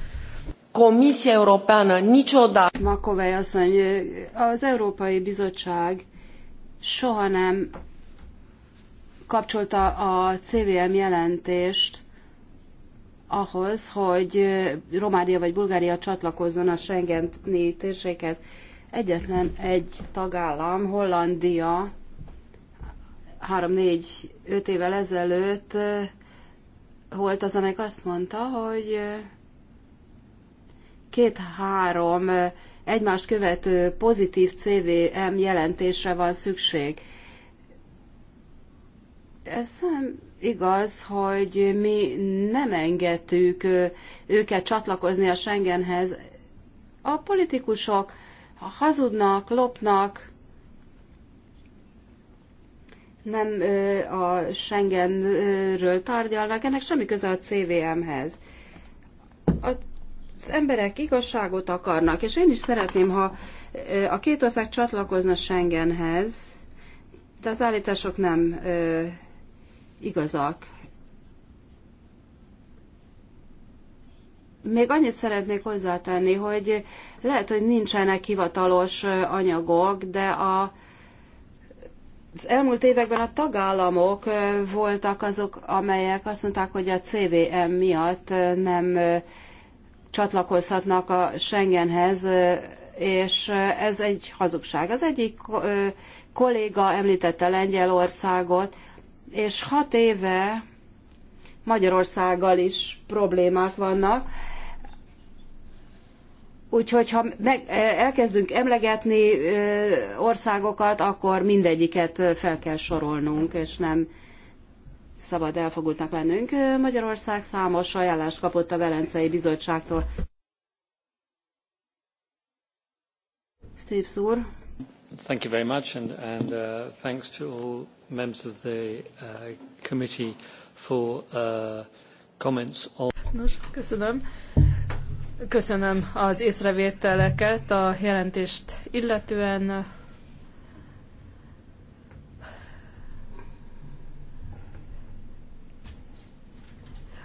Komissia Európána nicsoda. Makovej mondja, az Európai Bizottság soha nem kapcsolta a CVM jelentést ahhoz, hogy Románia vagy Bulgária csatlakozzon a Schengeni térséghez. Egyetlen egy tagállam, Hollandia, 3-4-5 évvel ezelőtt volt az, amelyik azt mondta, hogy két-három egymást követő pozitív CVM jelentésre van szükség. Ez nem igaz, hogy mi nem engedtük őket csatlakozni a Schengenhez. A politikusok hazudnak, lopnak, nem a Schengenről tárgyalnak, ennek semmi köze a CVM-hez. Az emberek igazságot akarnak, és én is szeretném, ha a két ország csatlakozna Schengenhez, de az állítások nem igazak. Még annyit szeretnék hozzátenni, hogy lehet, hogy nincsenek hivatalos anyagok, de a, az elmúlt években a tagállamok voltak azok, amelyek azt mondták, hogy a CVM miatt nem csatlakozhatnak a Schengenhez, és ez egy hazugság. Az egyik kolléga említette Lengyelországot, és hat éve Magyarországgal is problémák vannak. Úgyhogy ha meg, e, elkezdünk emlegetni országokat, akkor mindegyiket fel kell sorolnunk, és nem szabad elfogultnak lennünk. Magyarország számos ajánlást kapott a Velencei Bizottságtól. Steve Szúr. Thank you very much, and, and uh, thanks to all members of the uh, committee for uh, comments on. Nos, köszönöm. Köszönöm az észrevételeket a jelentést illetően.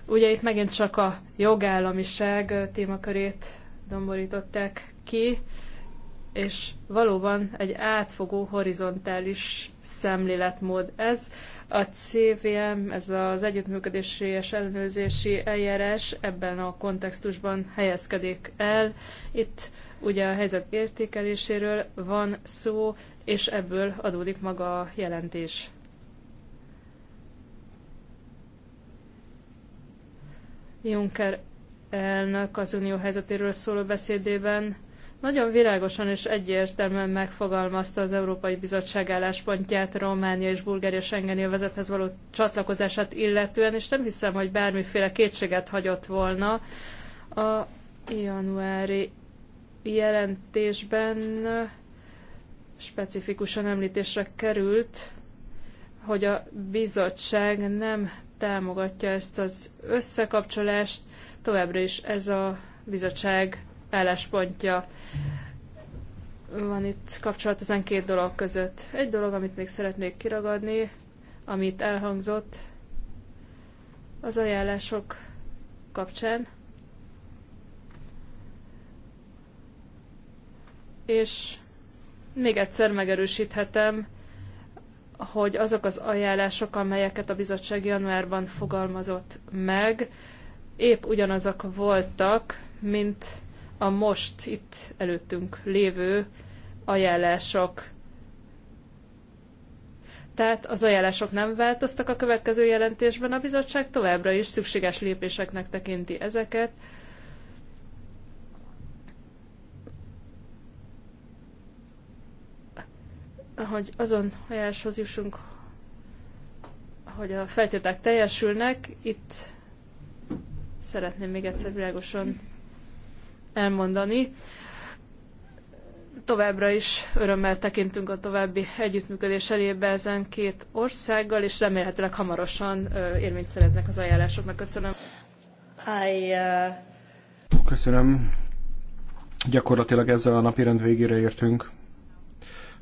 Ugye itt megint csak a jogállamiság témakörét domborították ki és valóban egy átfogó, horizontális szemléletmód ez. A CVM, ez az együttműködési és ellenőrzési eljárás ebben a kontextusban helyezkedik el. Itt ugye a helyzet értékeléséről van szó, és ebből adódik maga a jelentés. Juncker elnök az unió helyzetéről szóló beszédében nagyon világosan és egyértelműen megfogalmazta az Európai Bizottság álláspontját Románia és Bulgária Schengen élvezethez való csatlakozását illetően, és nem hiszem, hogy bármiféle kétséget hagyott volna. A januári jelentésben specifikusan említésre került, hogy a bizottság nem támogatja ezt az összekapcsolást, továbbra is ez a bizottság álláspontja. Van itt kapcsolat ezen két dolog között. Egy dolog, amit még szeretnék kiragadni, amit elhangzott az ajánlások kapcsán, és még egyszer megerősíthetem, hogy azok az ajánlások, amelyeket a bizottság januárban fogalmazott meg, épp ugyanazok voltak, mint a most itt előttünk lévő ajánlások. Tehát az ajánlások nem változtak a következő jelentésben, a bizottság továbbra is szükséges lépéseknek tekinti ezeket. Hogy azon ajánláshoz jussunk, hogy a feltételek teljesülnek, itt szeretném még egyszer világosan elmondani. Továbbra is örömmel tekintünk a további együttműködés elébe ezen két országgal, és remélhetőleg hamarosan érvényt szereznek az ajánlásoknak. Köszönöm. I, uh... Köszönöm. Gyakorlatilag ezzel a napirend végére értünk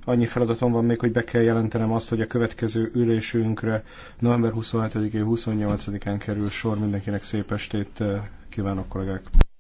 annyi feladatom van még, hogy be kell jelentenem azt, hogy a következő ülésünkre november 27-28-án kerül sor. Mindenkinek szép estét kívánok, kollégák!